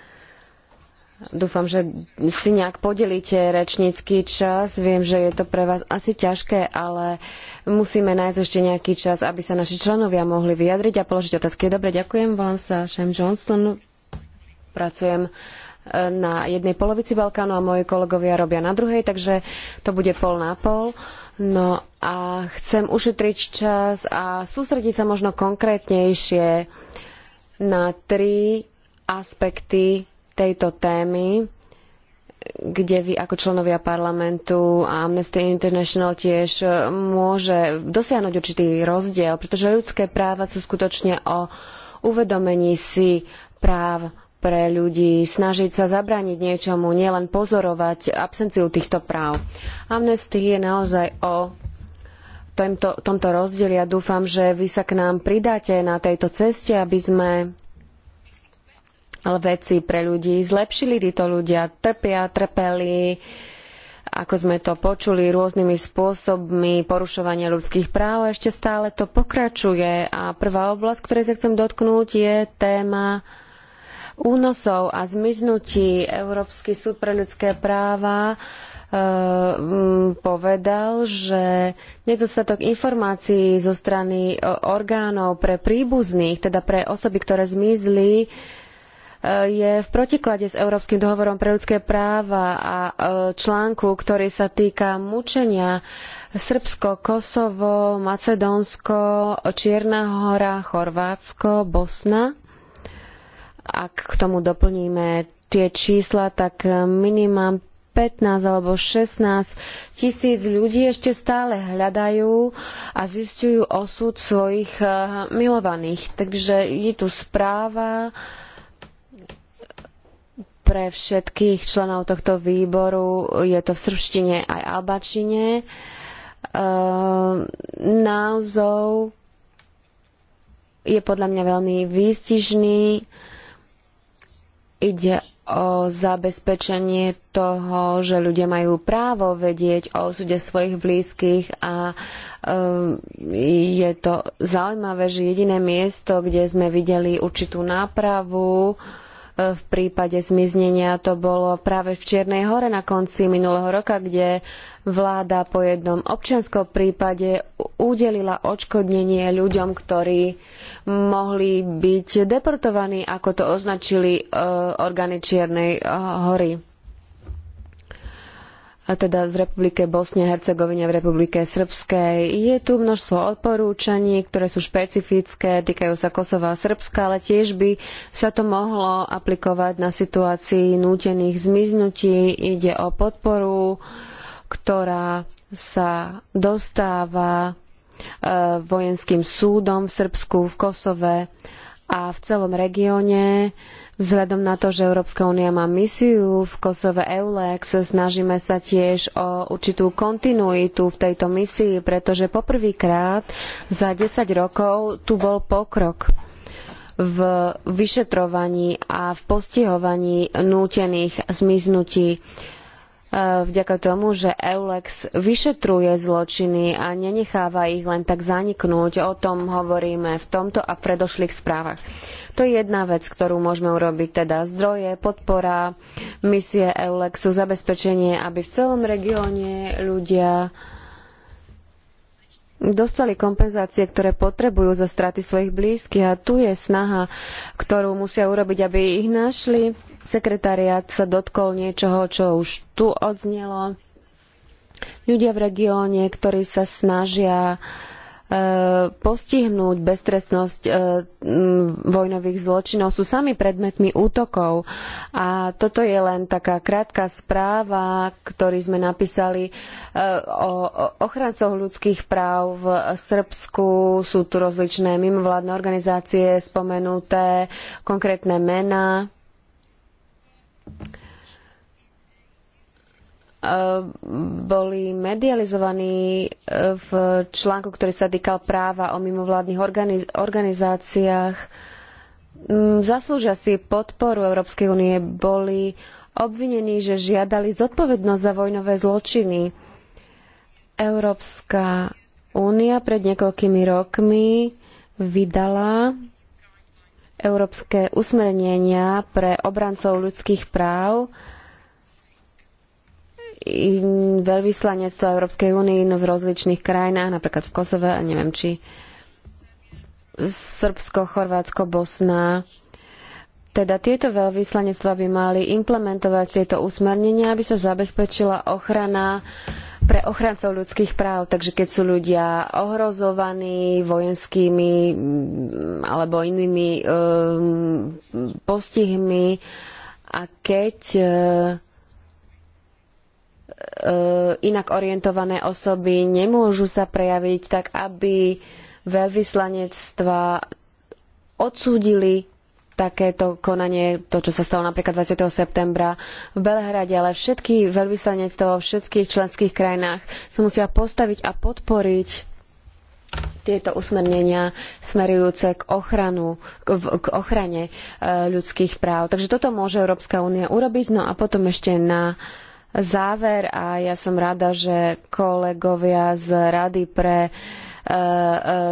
Dúfam, že si nejak podelíte rečnícky čas. Viem, že je to pre vás asi ťažké, ale musíme nájsť ešte nejaký čas, aby sa naši členovia mohli vyjadriť a položiť otázky. Dobre, ďakujem. Volám sa Shem Johnson. Pracujem na jednej polovici Balkánu a moji kolegovia robia na druhej, takže to bude pol na pol. No a chcem ušetriť čas a sústrediť sa možno konkrétnejšie na tri aspekty tejto témy, kde vy ako členovia parlamentu a Amnesty International tiež môže dosiahnuť určitý rozdiel, pretože ľudské práva sú skutočne o uvedomení si práv pre ľudí snažiť sa zabrániť niečomu, nielen pozorovať absenciu týchto práv. Amnesty je naozaj o tomto, tomto rozdieli a dúfam, že vy sa k nám pridáte na tejto ceste, aby sme veci pre ľudí zlepšili. Títo ľudia trpia, trpeli, ako sme to počuli, rôznymi spôsobmi porušovania ľudských práv. Ešte stále to pokračuje a prvá oblasť, ktorej sa chcem dotknúť, je téma únosov a zmiznutí. Európsky súd pre ľudské práva e, povedal, že nedostatok informácií zo strany e, orgánov pre príbuzných, teda pre osoby, ktoré zmizli, e, je v protiklade s Európskym dohovorom pre ľudské práva a článku, ktorý sa týka mučenia Srbsko, Kosovo, Macedónsko, Čierna hora, Chorvátsko, Bosna ak k tomu doplníme tie čísla, tak eh, minimum 15 alebo 16 tisíc ľudí ešte stále hľadajú a zistujú osud svojich eh, milovaných. Takže je tu správa pre všetkých členov tohto výboru. Je to v srbštine aj albačine. Eh, názov je podľa mňa veľmi výstižný Ide o zabezpečenie toho, že ľudia majú právo vedieť o osude svojich blízkych a eh, je to zaujímavé, že jediné miesto, kde sme videli určitú nápravu eh, v prípade zmiznenia, to bolo práve v Čiernej hore na konci minulého roka, kde vláda po jednom občianskom prípade udelila odškodnenie ľuďom, ktorí mohli byť deportovaní, ako to označili e, orgány Čiernej e, hory a teda v Republike Bosne, a Hercegovine, v Republike Srbskej. Je tu množstvo odporúčaní, ktoré sú špecifické, týkajú sa Kosova a Srbska, ale tiež by sa to mohlo aplikovať na situácii nútených zmiznutí. Ide o podporu, ktorá sa dostáva E, vojenským súdom v Srbsku, v Kosove a v celom regióne. Vzhľadom na to, že Európska únia má misiu v Kosove EULEX, snažíme sa tiež o určitú kontinuitu v tejto misii, pretože poprvýkrát za 10 rokov tu bol pokrok v vyšetrovaní a v postihovaní nútených zmiznutí E, vďaka tomu, že Eulex vyšetruje zločiny a nenecháva ich len tak zaniknúť. O tom hovoríme v tomto a v predošlých správach. To je jedna vec, ktorú môžeme urobiť, teda zdroje, podpora, misie Eulexu, zabezpečenie, aby v celom regióne ľudia dostali kompenzácie, ktoré potrebujú za straty svojich blízkych a tu je snaha, ktorú musia urobiť, aby ich našli sekretariát sa dotkol niečoho, čo už tu odznelo. Ľudia v regióne, ktorí sa snažia e, postihnúť beztrestnosť e, vojnových zločinov, sú sami predmetmi útokov. A toto je len taká krátka správa, ktorý sme napísali e, o ochrancoch ľudských práv v Srbsku. Sú tu rozličné mimovládne organizácie spomenuté, konkrétne mená Ehm, boli medializovaní ehm, v článku, ktorý sa týkal práva o mimovládnych organiz- organizáciách. Ehm, zaslúžia si podporu Európskej únie. Boli obvinení, že žiadali zodpovednosť za vojnové zločiny. Európska únia pred niekoľkými rokmi vydala európske usmernenia pre obrancov ľudských práv veľvyslanectva Európskej únie v rozličných krajinách, napríklad v Kosove a neviem či Srbsko, Chorvátsko, Bosna. Teda tieto veľvyslanectva by mali implementovať tieto usmernenia, aby sa zabezpečila ochrana pre ochrancov ľudských práv. Takže keď sú ľudia ohrozovaní vojenskými mm, alebo inými um, postihmi a keď uh, inak orientované osoby nemôžu sa prejaviť, tak aby veľvyslanectva odsúdili takéto konanie, to, čo sa stalo napríklad 20. septembra v Belhrade, ale všetky veľvyslanectvá vo všetkých členských krajinách sa musia postaviť a podporiť tieto usmernenia smerujúce k, ochranu, k, k ochrane e, ľudských práv. Takže toto môže Európska únia urobiť. No a potom ešte na záver, a ja som rada, že kolegovia z Rady pre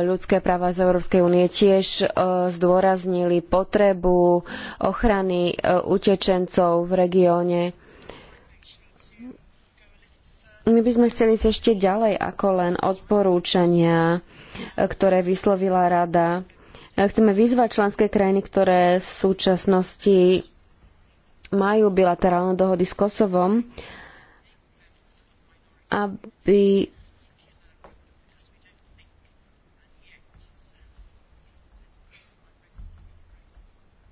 ľudské práva z Európskej únie tiež e, zdôraznili potrebu ochrany e, utečencov v regióne. My by sme chceli ísť ešte ďalej ako len odporúčania, e, ktoré vyslovila rada. Chceme vyzvať členské krajiny, ktoré v súčasnosti majú bilaterálne dohody s Kosovom, aby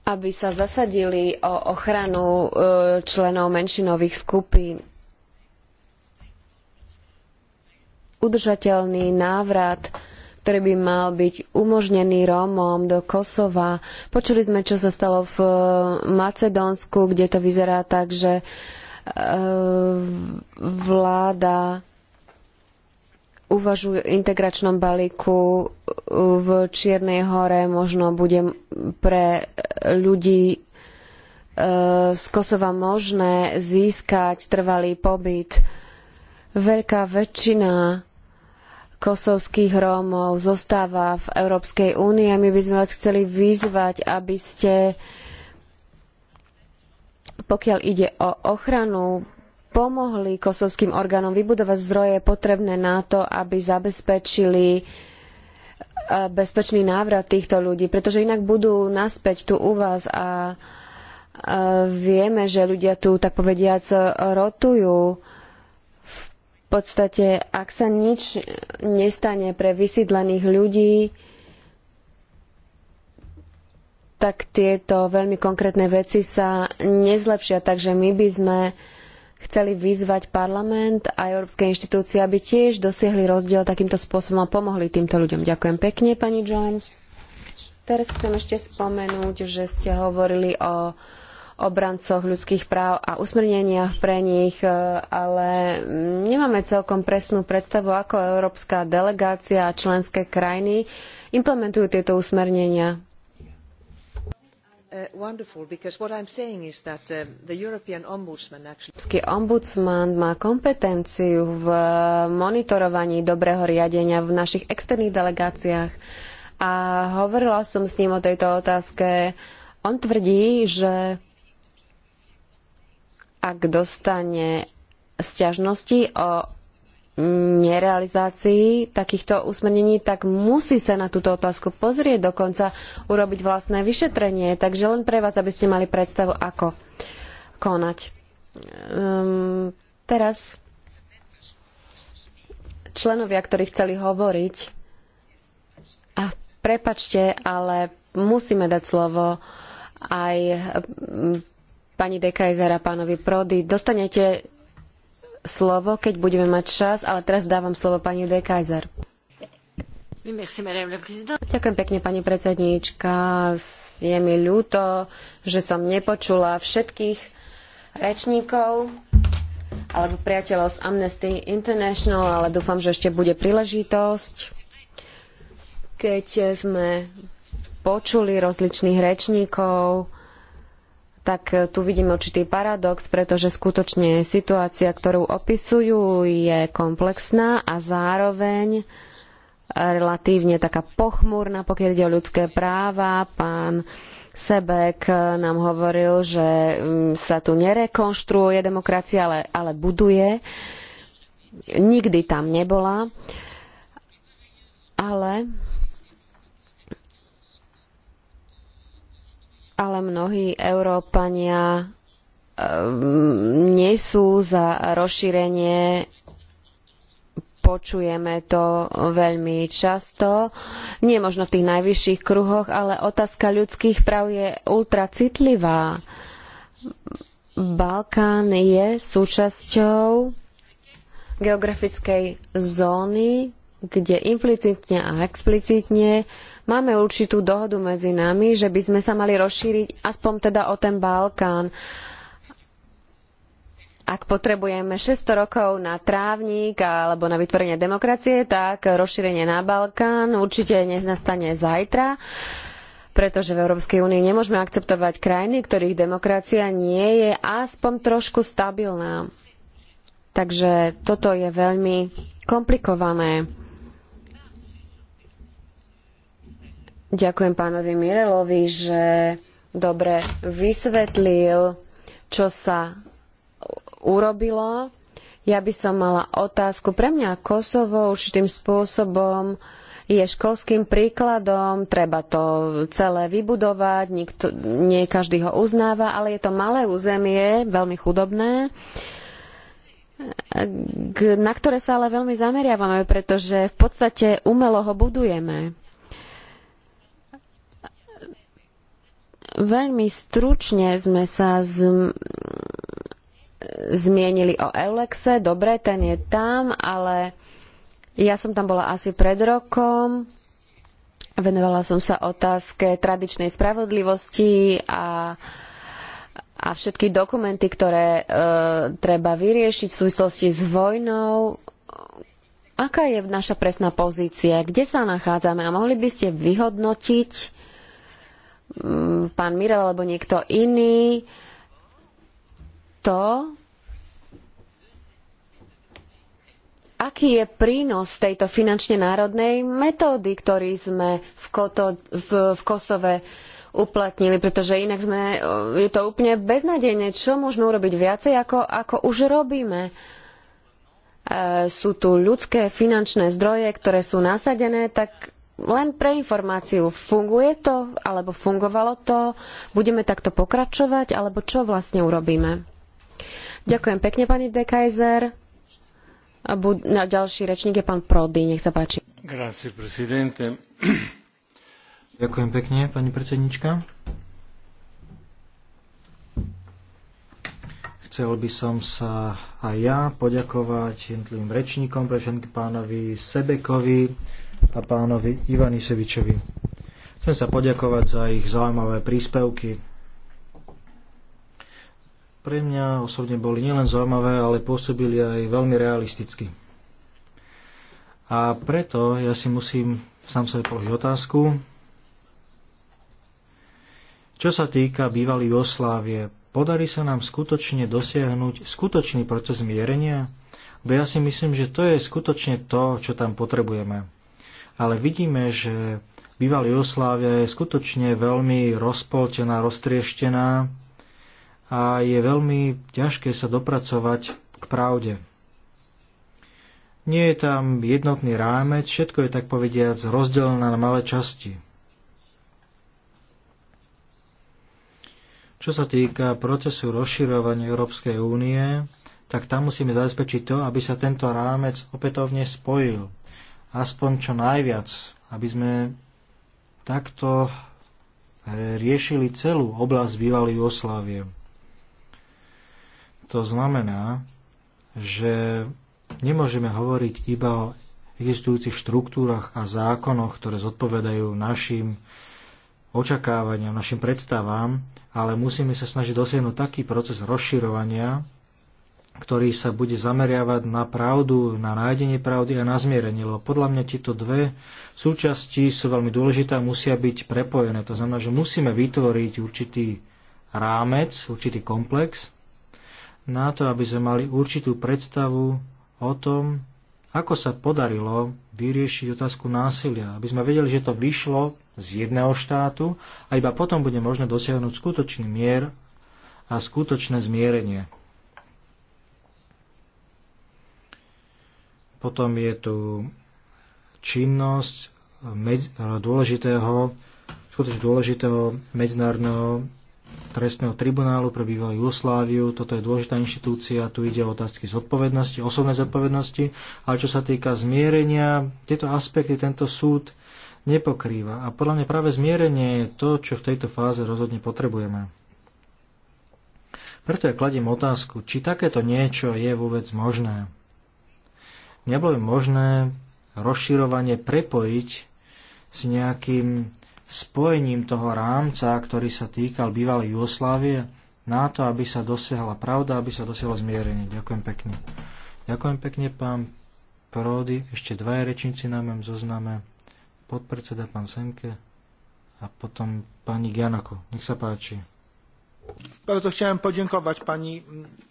aby sa zasadili o ochranu e, členov menšinových skupín. Udržateľný návrat ktorý by mal byť umožnený Rómom do Kosova. Počuli sme, čo sa stalo v e, Macedónsku, kde to vyzerá tak, že e, vláda uvažujú o integračnom balíku uh, v Čiernej hore, možno bude pre ľudí uh, z Kosova možné získať trvalý pobyt. Veľká väčšina kosovských Rómov zostáva v Európskej únii a my by sme vás chceli vyzvať, aby ste pokiaľ ide o ochranu pomohli kosovským orgánom vybudovať zdroje potrebné na to, aby zabezpečili e, bezpečný návrat týchto ľudí, pretože inak budú naspäť tu u vás a e, vieme, že ľudia tu, tak povediac, rotujú. V podstate, ak sa nič nestane pre vysídlených ľudí, tak tieto veľmi konkrétne veci sa nezlepšia. Takže my by sme chceli vyzvať parlament a európske inštitúcie, aby tiež dosiahli rozdiel takýmto spôsobom a pomohli týmto ľuďom. Ďakujem pekne, pani Jones. Teraz chcem ešte spomenúť, že ste hovorili o obrancoch ľudských práv a usmerneniach pre nich, e, ale nemáme celkom presnú predstavu, ako európska delegácia a členské krajiny implementujú tieto usmernenia. Uh, wonderful, because what I'm saying is that uh, the European Ombudsman actually... Európsky ombudsman má kompetenciu v uh, monitorovaní dobrého riadenia v našich externých delegáciách a hovorila som s ním o tejto otázke. On tvrdí, že ak dostane sťažnosti o nerealizácii takýchto usmernení, tak musí sa na túto otázku pozrieť, dokonca urobiť vlastné vyšetrenie. Takže len pre vás, aby ste mali predstavu, ako konať. Um, teraz členovia, ktorí chceli hovoriť, a prepačte, ale musíme dať slovo aj mm, pani Dekajzer a pánovi Prody. Dostanete slovo, keď budeme mať čas, ale teraz dávam slovo pani De Kaiser. Ďakujem pekne, pani predsedníčka. Je mi ľúto, že som nepočula všetkých rečníkov alebo priateľov z Amnesty International, ale dúfam, že ešte bude príležitosť. Keď sme počuli rozličných rečníkov, tak eh, tu vidím určitý paradox, pretože skutočne situácia, ktorú opisujú, je komplexná a zároveň eh, relatívne taká pochmúrna, pokiaľ ide o ľudské práva. Pán Sebek eh, nám hovoril, že mm, sa tu nerekonštruuje demokracia, ale, ale buduje. Nikdy tam nebola. Ale ale mnohí Európania ehm, nie sú za rozšírenie počujeme to veľmi často, nie možno v tých najvyšších kruhoch, ale otázka ľudských práv je ultracitlivá. Balkán je súčasťou geografickej zóny, kde implicitne a explicitne uh, Máme určitú dohodu medzi nami, že by sme sa mali rozšíriť aspoň teda o ten Balkán. Ak potrebujeme 600 rokov na trávnik alebo na vytvorenie demokracie, tak rozšírenie na Balkán určite neznastane zajtra pretože v Európskej únii nemôžeme akceptovať krajiny, ktorých demokracia nie je aspoň trošku stabilná. Takže toto je veľmi komplikované. Ďakujem pánovi Mirelovi, že dobre vysvetlil, čo sa urobilo. Ja by som mala otázku. Pre mňa Kosovo určitým spôsobom je školským príkladom, treba to celé vybudovať, nikto, nie každý ho uznáva, ale je to malé územie, veľmi chudobné, na ktoré sa ale veľmi zameriavame, pretože v podstate umelo ho budujeme. Veľmi stručne sme sa z... zmienili o Eulexe. Dobre, ten je tam, ale ja som tam bola asi pred rokom. Venovala som sa otázke tradičnej spravodlivosti a a všetky dokumenty, ktoré e, treba vyriešiť v súvislosti s vojnou. Aká je naša presná pozícia? Kde sa nachádzame? A mohli by ste vyhodnotiť Mm, pán Mirel alebo niekto iný, to, aký je prínos tejto finančne národnej metódy, ktorý sme v, Koto, v, v Kosove uplatnili, pretože inak sme, e, je to úplne beznadejné, čo môžeme urobiť viacej, ako, ako už robíme. E, sú tu ľudské finančné zdroje, ktoré sú nasadené, tak len pre informáciu, funguje to, alebo fungovalo to, budeme takto pokračovať, alebo čo vlastne urobíme? Ďakujem pekne, pani Dekajzer. A bu- na ďalší rečník je pán Prody, nech sa páči. Grazie, presidente. Ďakujem pekne, pani predsednička. chcel by som sa aj ja poďakovať jednotlivým rečníkom, pre pánovi Sebekovi a pánovi Ivaniševičovi. Chcem sa poďakovať za ich zaujímavé príspevky. Pre mňa osobne boli nielen zaujímavé, ale pôsobili aj veľmi realisticky. A preto ja si musím sám sebe položiť otázku, čo sa týka bývalej Jugoslávie, podarí sa nám skutočne dosiahnuť skutočný proces mierenia? Bo ja si myslím, že to je skutočne to, čo tam potrebujeme ale vidíme, že bývalá Jugoslávia je skutočne veľmi rozpoltená, roztrieštená a je veľmi ťažké sa dopracovať k pravde. Nie je tam jednotný rámec, všetko je tak povediac rozdelené na malé časti. Čo sa týka procesu rozširovania Európskej únie, tak tam musíme zabezpečiť to, aby sa tento rámec opätovne spojil aspoň čo najviac, aby sme takto e, riešili celú oblasť bývalej Jugoslávie. To znamená, že nemôžeme hovoriť iba o existujúcich štruktúrach a zákonoch, ktoré zodpovedajú našim očakávaniam, našim predstavám, ale musíme sa snažiť dosiahnuť taký proces rozširovania, ktorý sa bude zameriavať na pravdu, na nájdenie pravdy a na zmierenie, lebo podľa mňa tieto dve súčasti sú veľmi dôležité a musia byť prepojené. To znamená, že musíme vytvoriť určitý rámec, určitý komplex na to, aby sme mali určitú predstavu o tom, ako sa podarilo vyriešiť otázku násilia, aby sme vedeli, že to vyšlo z jedného štátu a iba potom bude možné dosiahnuť skutočný mier a skutočné zmierenie. Potom je tu činnosť eh, dôležitého, skutočne dôležitého medzinárodného trestného tribunálu pre bývalú Jugosláviu. Toto je dôležitá inštitúcia, tu ide o otázky zodpovednosti, osobnej zodpovednosti, ale čo sa týka zmierenia, tieto aspekty tento súd nepokrýva. A podľa mňa práve zmierenie je to, čo v tejto fáze rozhodne potrebujeme. Preto ja kladím otázku, či takéto niečo je vôbec možné nebolo by možné rozširovanie prepojiť s nejakým spojením toho rámca, ktorý sa týkal bývalej Jugoslávie, na to, aby sa dosiahla pravda, aby sa dosiahlo zmierenie. Ďakujem pekne. Ďakujem pekne, pán Prody. Ešte dva rečníci na mém zozname. Podpredseda pán Semke a potom pani Gianako. Nech sa páči. Bardzo chciałem podziękować pani,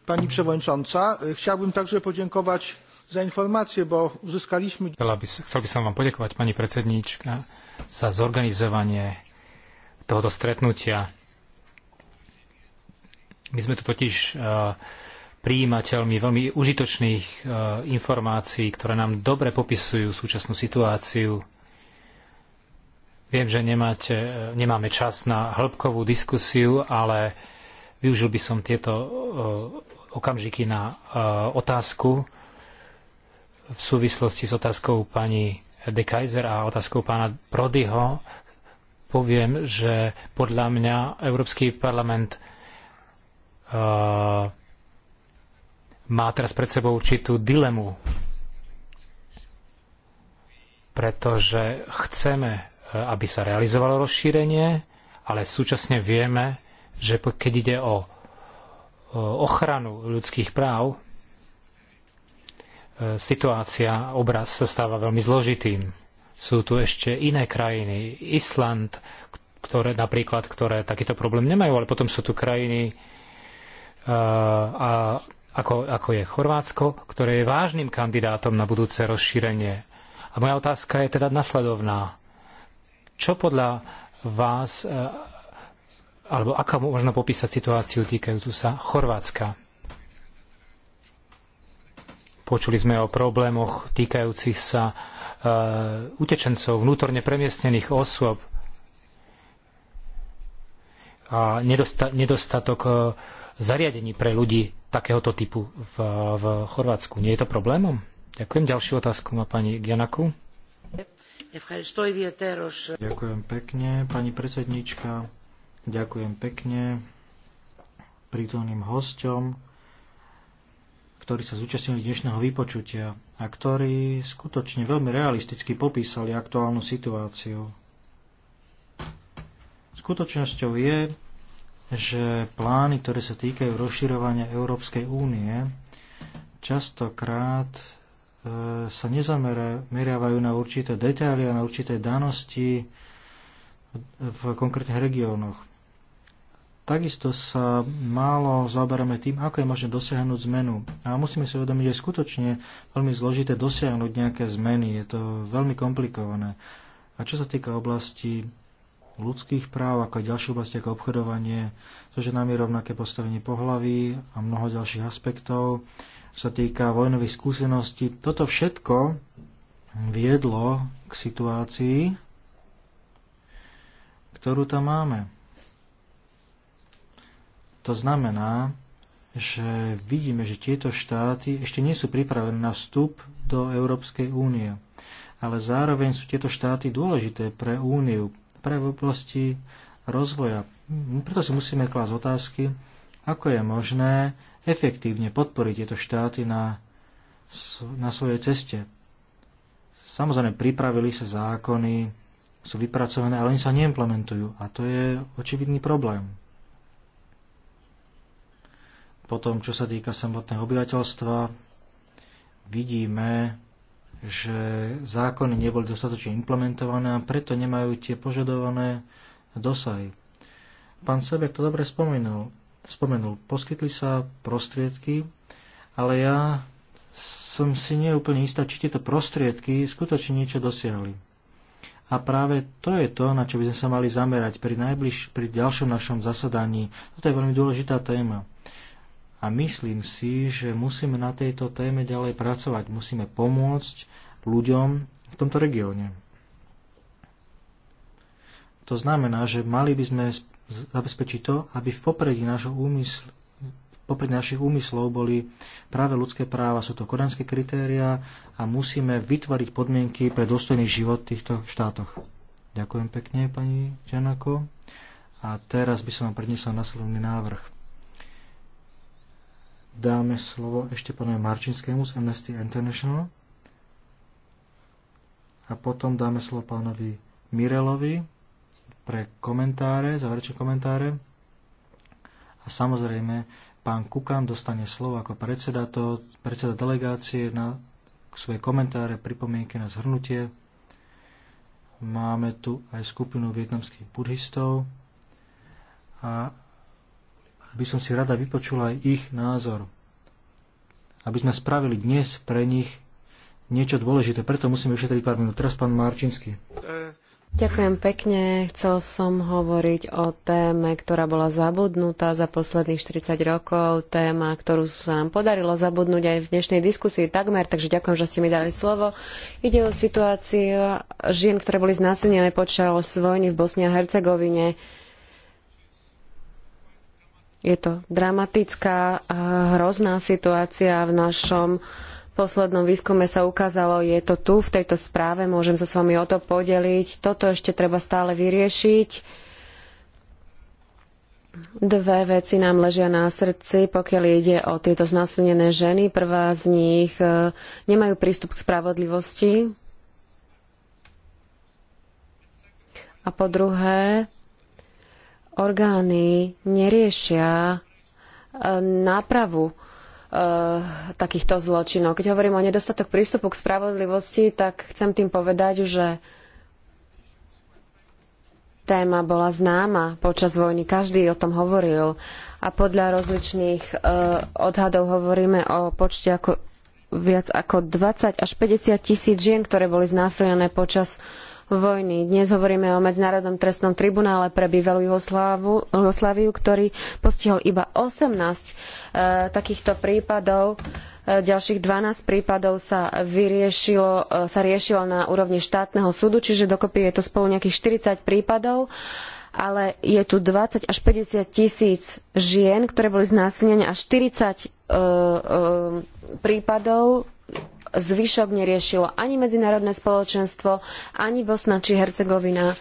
pani przewodnicząca. Chciałbym także podziękować za informácie, bo uzyskaliśmy... chcel by som vám poďakovať, pani predsedníčka, za zorganizovanie tohoto stretnutia. My sme tu totiž uh, e, príjimateľmi veľmi užitočných e, informácií, ktoré nám dobre popisujú súčasnú situáciu. Viem, že nemáte, e, nemáme čas na hĺbkovú diskusiu, ale využil by som tieto okamžiky na otázku v súvislosti s otázkou pani De Kaiser a otázkou pána Prodyho poviem, že podľa mňa Európsky parlament uh, má teraz pred sebou určitú dilemu, pretože chceme, eh, aby sa realizovalo rozšírenie, ale súčasne vieme, že keď ide o eh, ochranu ľudských práv, situácia, obraz sa stáva veľmi zložitým. Sú tu ešte iné krajiny, Island, ktoré napríklad, ktoré takýto problém nemajú, ale potom sú tu krajiny e, a, ako, ako je Chorvátsko, ktoré je vážnym kandidátom na budúce rozšírenie. A moja otázka je teda nasledovná. Čo podľa vás, e, alebo aká možno popísať situáciu týkajúcu sa Chorvátska? Počuli sme o problémoch týkajúcich sa e, utečencov, vnútorne premiestnených osôb a nedosta nedostatok e, zariadení pre ľudí takéhoto typu v, v Chorvátsku. Nie je to problémom? Ďakujem. Ďalšiu otázku má pani Gianaku. Ďakujem pekne, pani predsednička. Ďakujem pekne prítomným hosťom ktorí sa zúčastnili dnešného vypočutia a ktorí skutočne veľmi realisticky popísali aktuálnu situáciu. Skutočnosťou je, že plány, ktoré sa týkajú rozširovania Európskej únie, častokrát e, sa nezameriavajú na určité detaily a na určité danosti v konkrétnych regiónoch. Takisto sa málo zaoberáme tým, ako je možné dosiahnuť zmenu. A musíme si uvedomiť, že je skutočne veľmi zložité dosiahnuť nejaké zmeny. Je to veľmi komplikované. A čo sa týka oblasti ľudských práv, ako aj ďalšie oblasti ako obchodovanie nám je rovnaké postavenie pohlaví a mnoho ďalších aspektov, sa týka vojnových skúseností. Toto všetko viedlo k situácii, ktorú tam máme. To znamená, že vidíme, že tieto štáty ešte nie sú pripravené na vstup do Európskej únie. Ale zároveň sú tieto štáty dôležité pre úniu, pre v oblasti rozvoja. Preto si musíme klásť otázky, ako je možné efektívne podporiť tieto štáty na, na svojej ceste. Samozrejme, pripravili sa zákony, sú vypracované, ale oni sa neimplementujú. A to je očividný problém. Potom, čo sa týka samotného obyvateľstva, vidíme, že zákony neboli dostatočne implementované a preto nemajú tie požadované dosahy. Pán Sebek to dobre spomenul. spomenul. Poskytli sa prostriedky, ale ja som si neúplne istá, či tieto prostriedky skutočne niečo dosiahli. A práve to je to, na čo by sme sa mali zamerať pri, najbliž, pri ďalšom našom zasadaní. Toto je veľmi dôležitá téma a myslím si, že musíme na tejto téme ďalej pracovať. Musíme pomôcť ľuďom v tomto regióne. To znamená, že mali by sme zabezpečiť to, aby v popredí, nášho úmysl, popredí našich úmyslov boli práve ľudské práva, sú to koránske kritéria a musíme vytvoriť podmienky pre dôstojný život v týchto štátoch. Ďakujem pekne, pani Čanako. A teraz by som vám prednesol nasledovný návrh dáme slovo ešte panu Marčinskému z Amnesty International a potom dáme slovo pánovi Mirelovi pre komentáre, záverečné komentáre a samozrejme pán Kukan dostane slovo ako predseda, to, predseda delegácie na svoje komentáre, pripomienky na zhrnutie. Máme tu aj skupinu vietnamských buddhistov a aby som si rada vypočula aj ich názor. Aby sme spravili dnes pre nich niečo dôležité. Preto musíme ušetriť pár minút. Teraz pán Marčinsky. Ďakujem pekne. Chcel som hovoriť o téme, ktorá bola zabudnutá za posledných 40 rokov. Téma, ktorú sa nám podarilo zabudnúť aj v dnešnej diskusii takmer, takže ďakujem, že ste mi dali slovo. Ide o situáciu žien, ktoré boli znásilnené počas vojny v Bosni a Hercegovine je to dramatická, hrozná situácia v našom poslednom výskume sa ukázalo, je to tu v tejto správe, môžem sa s vami o to podeliť. Toto ešte treba stále vyriešiť. Dve veci nám ležia na srdci, pokiaľ ide o tieto znásilnené ženy. Prvá z nich e, nemajú prístup k spravodlivosti. A po druhé, orgány neriešia e, nápravu e, takýchto zločinov. Keď hovorím o nedostatok prístupu k spravodlivosti, tak chcem tým povedať, že téma bola známa počas vojny, každý o tom hovoril a podľa rozličných e, odhadov hovoríme o počte ako viac ako 20 až 50 tisíc žien, ktoré boli znásilnené počas vojny. Dnes hovoríme o Medzinárodnom trestnom tribunále pre bývalú Jugosláviu, ktorý postihol iba 18 e, takýchto prípadov. E, ďalších 12 prípadov sa, vyriešilo, e, sa riešilo na úrovni štátneho súdu, čiže dokopy je to spolu nejakých 40 prípadov ale je tu 20 až 50 tisíc žien, ktoré boli znásilnené a 40 prípadov zvyšok neriešilo ani medzinárodné spoločenstvo, ani Bosna či Hercegovina.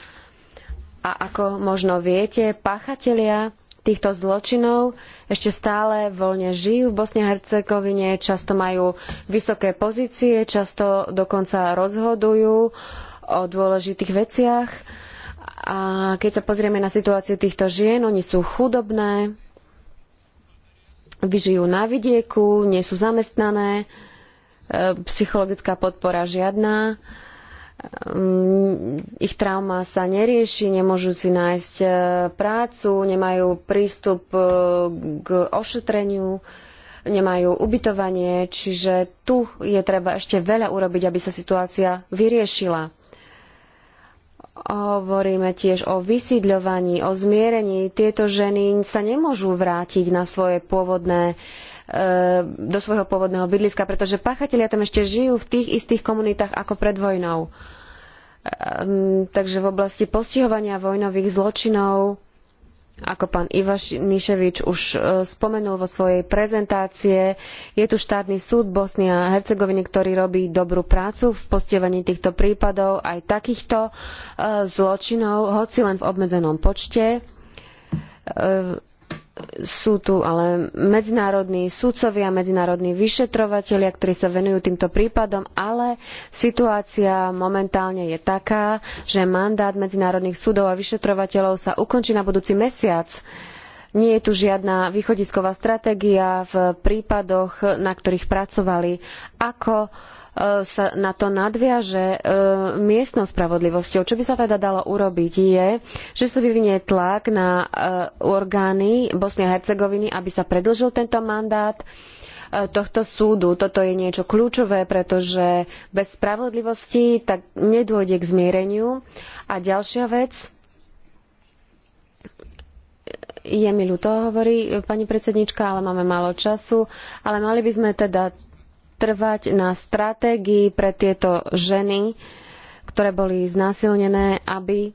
A ako možno viete, páchatelia týchto zločinov ešte stále voľne žijú v Bosne a Hercegovine, často majú vysoké pozície, často dokonca rozhodujú o dôležitých veciach. A keď sa pozrieme na situáciu týchto žien, oni sú chudobné, vyžijú na vidieku, nie sú zamestnané, psychologická podpora žiadna, mm, ich trauma sa nerieši, nemôžu si nájsť e, prácu, nemajú prístup e, k ošetreniu, nemajú ubytovanie, čiže tu je treba ešte veľa urobiť, aby sa situácia vyriešila. Hovoríme tiež o vysídľovaní, o zmierení. Tieto ženy sa nemôžu vrátiť na svoje pôvodné uh, do svojho pôvodného bydliska, pretože páchatelia tam ešte žijú v tých istých komunitách ako pred vojnou. Ehm, takže v oblasti postihovania vojnových zločinov, ako pán Ivašniševič už e, spomenul vo svojej prezentácie, je tu štátny súd Bosny a Hercegoviny, ktorý robí dobrú prácu v postihovaní týchto prípadov, aj takýchto e, zločinov, hoci len v obmedzenom počte ehm, sú tu ale medzinárodní sudcovia, medzinárodní vyšetrovatelia, ktorí sa venujú týmto prípadom, ale situácia momentálne je taká, že mandát medzinárodných súdov a vyšetrovateľov sa ukončí na budúci mesiac. Nie je tu žiadna východisková stratégia v prípadoch, na ktorých pracovali. Ako E, sa na to nadviaže e, miestnou spravodlivosťou. Čo by sa teda dalo urobiť je, že sa vyvinie tlak na e, orgány Bosny a Hercegoviny, aby sa predlžil tento mandát tohto súdu. Toto je niečo kľúčové, pretože bez spravodlivosti tak nedôjde k zmiereniu. A ďalšia vec, je mi ľúto, hovorí pani predsednička, ale máme málo času. Ale mali by sme teda trvať na stratégii pre tieto ženy, ktoré boli znásilnené, aby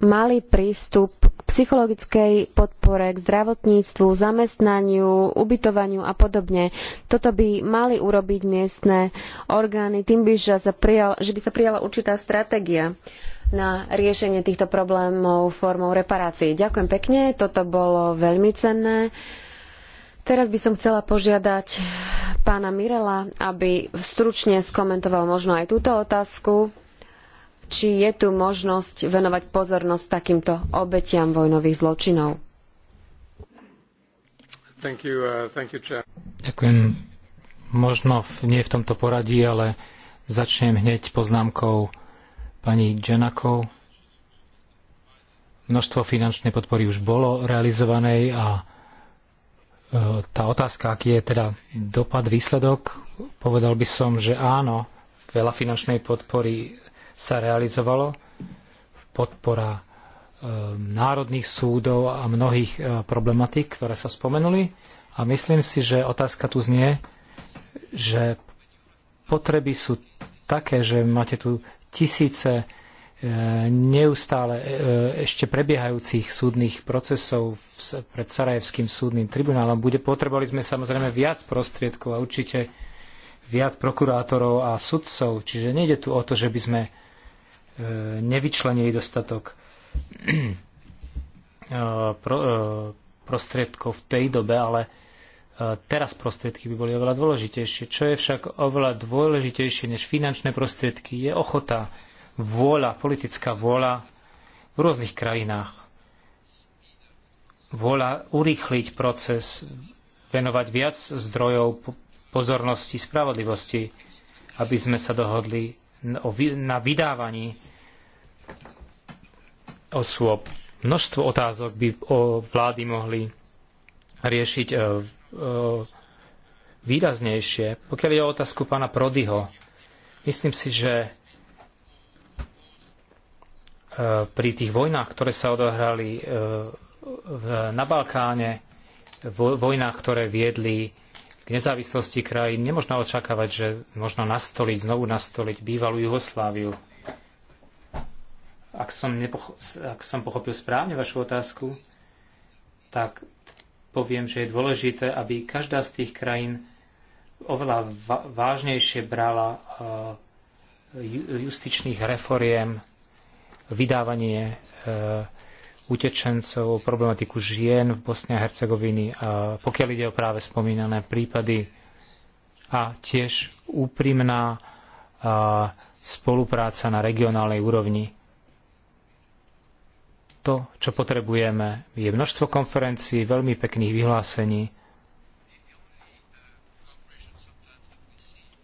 mali prístup k psychologickej podpore, k zdravotníctvu, zamestnaniu, ubytovaniu a podobne. Toto by mali urobiť miestne orgány, tým by, že, sa prijal, že by sa prijala určitá stratégia na riešenie týchto problémov formou reparácií. Ďakujem pekne, toto bolo veľmi cenné. Teraz by som chcela požiadať pána Mirela, aby stručne skomentoval možno aj túto otázku, či je tu možnosť venovať pozornosť takýmto obetiam vojnových zločinov. Thank you, uh, thank you, Ďakujem. Možno v, nie v tomto poradí, ale začnem hneď poznámkou pani Dženakov. Množstvo finančnej podpory už bolo realizovanej a tá otázka, aký je teda dopad, výsledok, povedal by som, že áno, veľa finančnej podpory sa realizovalo, podpora e, národných súdov a mnohých e, problematík, ktoré sa spomenuli. A myslím si, že otázka tu znie, že potreby sú také, že máte tu tisíce neustále e, ešte prebiehajúcich súdnych procesov pred Sarajevským súdnym tribunálom bude. Potrebovali sme samozrejme viac prostriedkov a určite viac prokurátorov a sudcov. Čiže nejde tu o to, že by sme e, nevyčlenili dostatok e, prostriedkov v tej dobe, ale teraz prostriedky by boli oveľa dôležitejšie. Čo je však oveľa dôležitejšie než finančné prostriedky, je ochota vôľa, politická vôľa v rôznych krajinách. Vôľa urýchliť proces, venovať viac zdrojov pozornosti, spravodlivosti, aby sme sa dohodli na vydávaní osôb. Množstvo otázok by vlády mohli riešiť e, e, výraznejšie. Pokiaľ je o otázku pána Prodyho, myslím si, že Eh, pri tých vojnách, ktoré sa odohrali eh, na Balkáne, vojnách, ktoré viedli k nezávislosti krajín, nemožno očakávať, že možno nastoliť, znovu nastoliť bývalú Jugosláviu. Ak som, ak som pochopil správne vašu otázku, tak poviem, že je dôležité, aby každá z tých krajín oveľa vážnejšie brala eh, justičných reforiem vydávanie e, utečencov, problematiku žien v Bosne a Hercegoviny, a pokiaľ ide o práve spomínané prípady a tiež úprimná e, spolupráca na regionálnej úrovni. To, čo potrebujeme, je množstvo konferencií, veľmi pekných vyhlásení,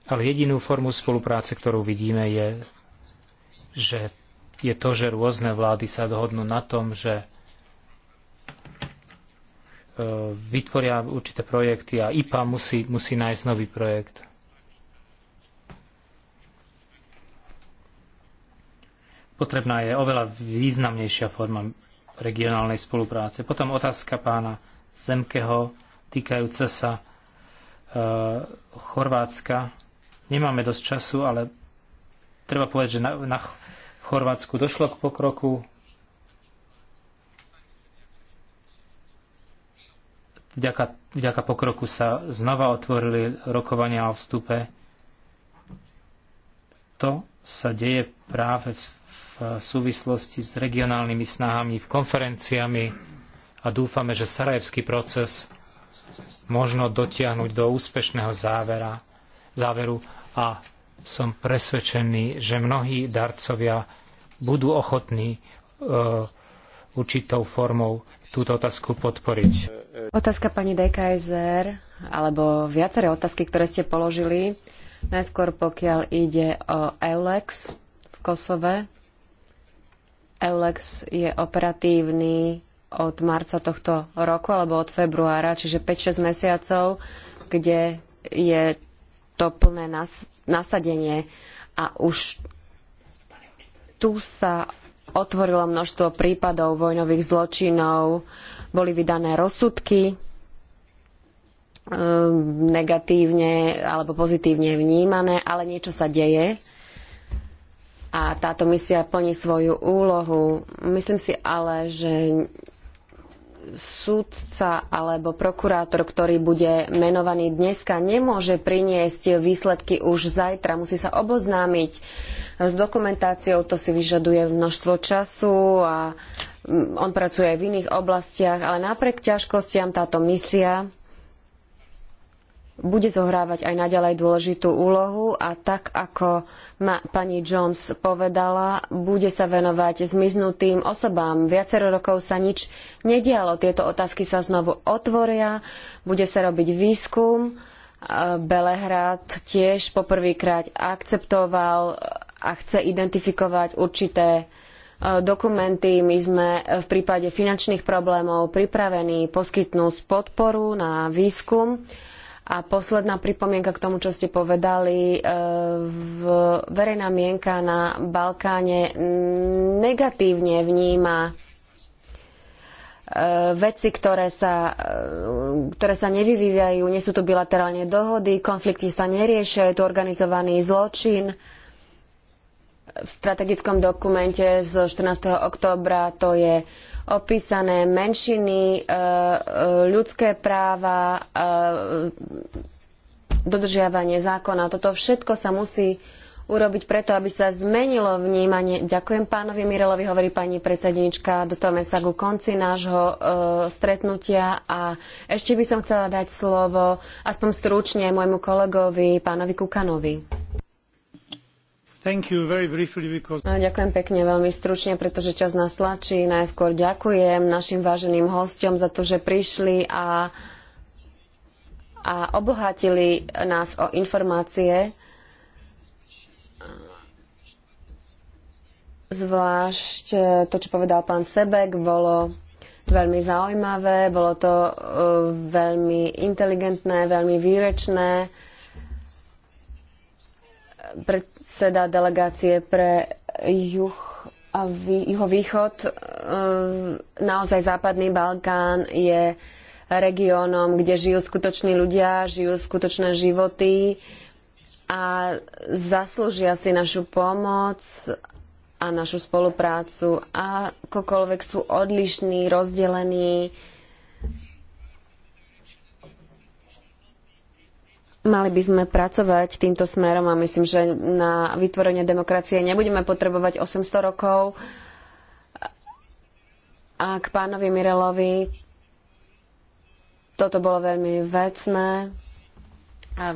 ale jedinú formu spolupráce, ktorú vidíme, je, že je to, že rôzne vlády sa dohodnú na tom, že e, vytvoria určité projekty a IPA musí, musí nájsť nový projekt. Potrebná je oveľa významnejšia forma regionálnej spolupráce. Potom otázka pána Zemkeho týkajúca sa e, Chorvátska. Nemáme dosť času, ale treba povedať, že na, na Chorvátsku došlo k pokroku. Vďaka, vďaka pokroku sa znova otvorili rokovania o vstupe. To sa deje práve v, v súvislosti s regionálnymi snahami, v konferenciami a dúfame, že sarajevský proces možno dotiahnuť do úspešného závera, záveru a som presvedčený, že mnohí darcovia budú ochotní e, určitou formou túto otázku podporiť. Otázka pani DKSR, alebo viaceré otázky, ktoré ste položili. Najskôr pokiaľ ide o EULEX v Kosove. EULEX je operatívny od marca tohto roku alebo od februára, čiže 5-6 mesiacov, kde je to plné nas- nasadenie a už tu sa otvorilo množstvo prípadov vojnových zločinov, boli vydané rozsudky e, negatívne alebo pozitívne vnímané, ale niečo sa deje a táto misia plní svoju úlohu. Myslím si ale, že sudca alebo prokurátor, ktorý bude menovaný dneska, nemôže priniesť výsledky už zajtra. Musí sa oboznámiť s dokumentáciou, to si vyžaduje množstvo času a mm, on pracuje aj v iných oblastiach, ale napriek ťažkostiam táto misia bude zohrávať aj naďalej dôležitú úlohu a tak, ako ma pani Jones povedala, bude sa venovať zmiznutým osobám. Viacero rokov sa nič nedialo. Tieto otázky sa znovu otvoria, bude sa robiť výskum. Belehrad tiež poprvýkrát akceptoval a chce identifikovať určité e, dokumenty. My sme v prípade finančných problémov pripravení poskytnúť podporu na výskum. A posledná pripomienka k tomu, čo ste povedali. E, v verejná mienka na Balkáne negatívne vníma e, veci, ktoré sa, e, ktoré sa nevyvíjajú, nie sú tu bilaterálne dohody, konflikty sa neriešia, je tu organizovaný zločin. V strategickom dokumente z 14. októbra to je opísané menšiny, e, e, ľudské práva, e, dodržiavanie zákona. Toto všetko sa musí urobiť preto, aby sa zmenilo vnímanie. Ďakujem pánovi Mirelovi, hovorí pani predsednička. Dostávame sa ku konci nášho e, stretnutia a ešte by som chcela dať slovo aspoň stručne môjmu kolegovi, pánovi Kukanovi. Ďakujem pekne veľmi stručne, pretože čas nás tlačí. Najskôr ďakujem našim váženým hosťom za to, že prišli a, a obohatili nás o informácie. Zvlášť e, to, čo povedal pán Sebek, bolo veľmi zaujímavé, bolo to e, veľmi inteligentné, veľmi výrečné. Pre predseda delegácie pre juh a juhovýchod. Ehm, naozaj západný Balkán je regiónom, kde žijú skutoční ľudia, žijú skutočné životy a zaslúžia si našu pomoc a našu spoluprácu. a Akokoľvek sú odlišní, rozdelení, Mali by sme pracovať týmto smerom a myslím, že na vytvorenie demokracie nebudeme potrebovať 800 rokov. A k pánovi Mirelovi toto bolo veľmi vecné a,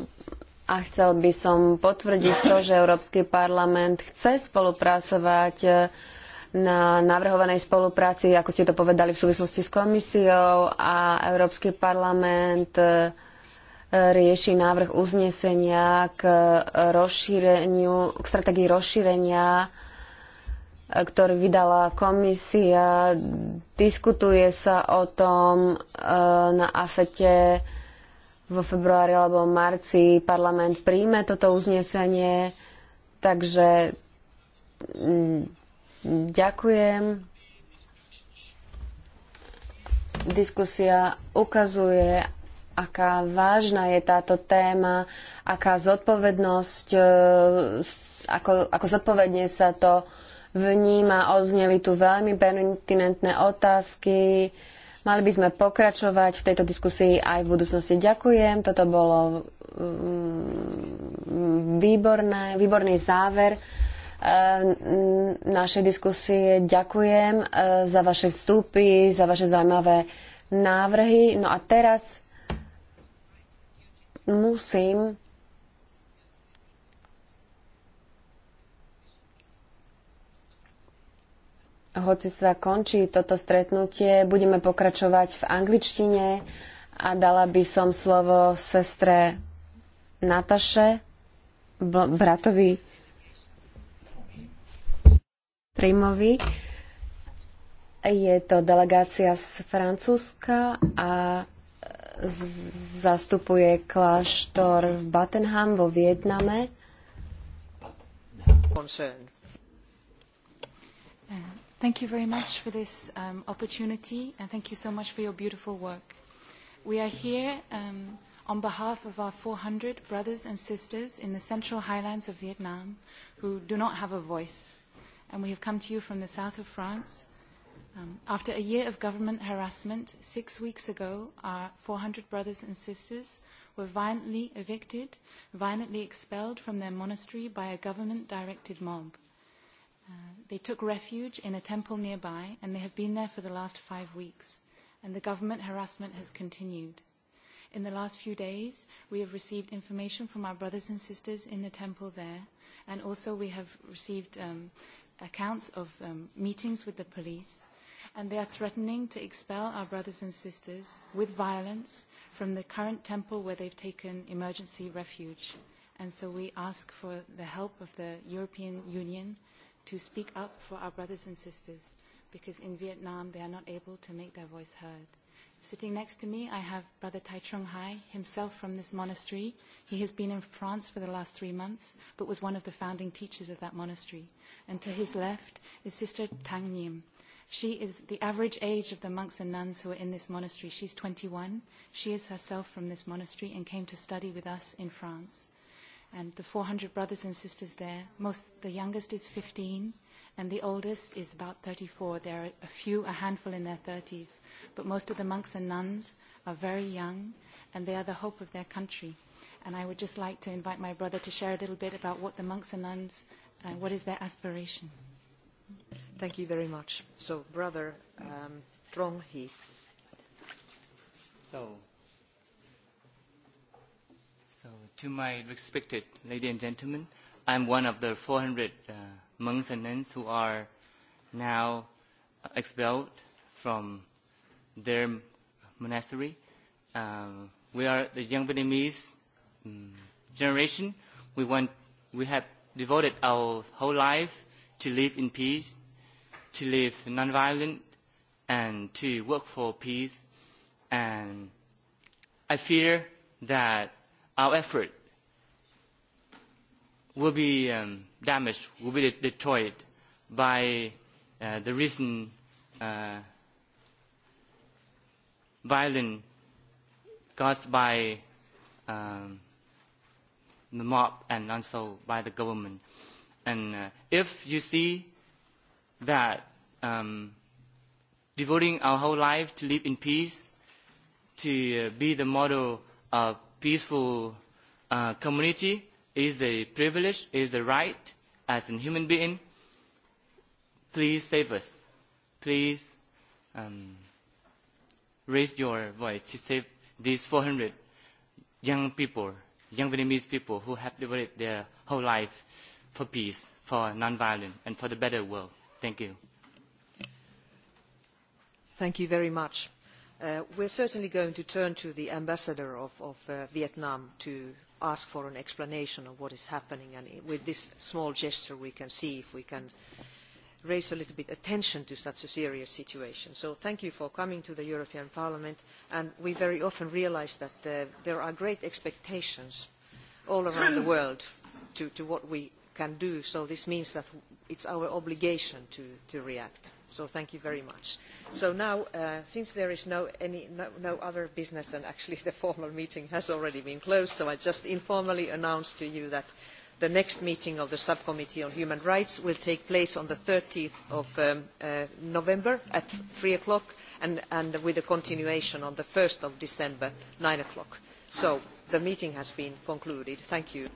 a chcel by som potvrdiť to, že Európsky parlament chce spolupracovať e, na navrhovanej spolupráci, ako ste to povedali v súvislosti s komisiou a Európsky parlament e, rieši návrh uznesenia k rozšíreniu, k stratégii rozšírenia, ktorý vydala komisia. Diskutuje sa o tom e, na AFETE vo februári alebo marci. Parlament príjme toto uznesenie, takže mm, ďakujem diskusia ukazuje, aká vážna je táto téma, aká zodpovednosť, e, ako, ako zodpovedne sa to vníma. Ozneli tu veľmi pertinentné otázky. Mali by sme pokračovať v tejto diskusii aj v budúcnosti. Ďakujem, toto bolo mm, výborné, výborný záver e, našej diskusie. Ďakujem e, za vaše vstupy, za vaše zaujímavé návrhy. No a teraz musím hoci sa končí toto stretnutie, budeme pokračovať v angličtine a dala by som slovo sestre Nataše, bratovi Primovi. Je to delegácia z Francúzska a zastupuje kláštor v Battenham vo Vietname. Uh, thank you very much for this um, opportunity and thank you so much for your beautiful work. We are here um, on behalf of our 400 brothers and sisters in the central highlands of Vietnam who do not have a voice. And we have come to you from the south of France Um, after a year of government harassment, six weeks ago, our 400 brothers and sisters were violently evicted, violently expelled from their monastery by a government-directed mob. Uh, they took refuge in a temple nearby, and they have been there for the last five weeks, and the government harassment has continued. In the last few days, we have received information from our brothers and sisters in the temple there, and also we have received um, accounts of um, meetings with the police and they are threatening to expel our brothers and sisters with violence from the current temple where they've taken emergency refuge. And so we ask for the help of the European Union to speak up for our brothers and sisters because in Vietnam they are not able to make their voice heard. Sitting next to me, I have Brother Tai Trung Hai, himself from this monastery. He has been in France for the last three months, but was one of the founding teachers of that monastery. And to his left is Sister Tang Nim. She is the average age of the monks and nuns who are in this monastery. She's 21. She is herself from this monastery and came to study with us in France. And the 400 brothers and sisters there, most, the youngest is 15 and the oldest is about 34. There are a few, a handful in their 30s, but most of the monks and nuns are very young and they are the hope of their country. And I would just like to invite my brother to share a little bit about what the monks and nuns, uh, what is their aspiration. Mm-hmm. Thank you very much. So, brother um, Trong He. So, so, to my respected ladies and gentlemen, I'm one of the 400 uh, monks and nuns who are now expelled from their monastery. Um, we are the young Vietnamese um, generation. We, want, we have devoted our whole life to live in peace to live nonviolent and to work for peace. And I fear that our effort will be um, damaged, will be destroyed by uh, the recent uh, violence caused by um, the mob and also by the government. And uh, if you see that um, devoting our whole life to live in peace, to uh, be the model of peaceful uh, community is a privilege, is a right as a human being. Please save us. Please um, raise your voice to save these 400 young people, young Vietnamese people who have devoted their whole life for peace, for non-violence, and for the better world. Thank you. very much. Uh, we are certainly going to turn to the ambassador of, uh, Vietnam to ask for an explanation of what is happening. And with this small gesture, we can see if we can raise a little bit of attention to such a serious situation. So thank you for coming to the European Parliament. And we very often realise that uh, there are great expectations all around the world to, to what we can do. So this means that it is our obligation to, to react so thank you very much. So now, uh, since there is no, any, no, no, other business, and actually the formal meeting has already been closed, so I just informally announce to you that the next meeting of the Subcommittee on Human Rights will take place on the 30th of um, uh, November at three o'clock and, and with a continuation on the 1st of December, nine o'clock. So the meeting has been concluded. Thank you.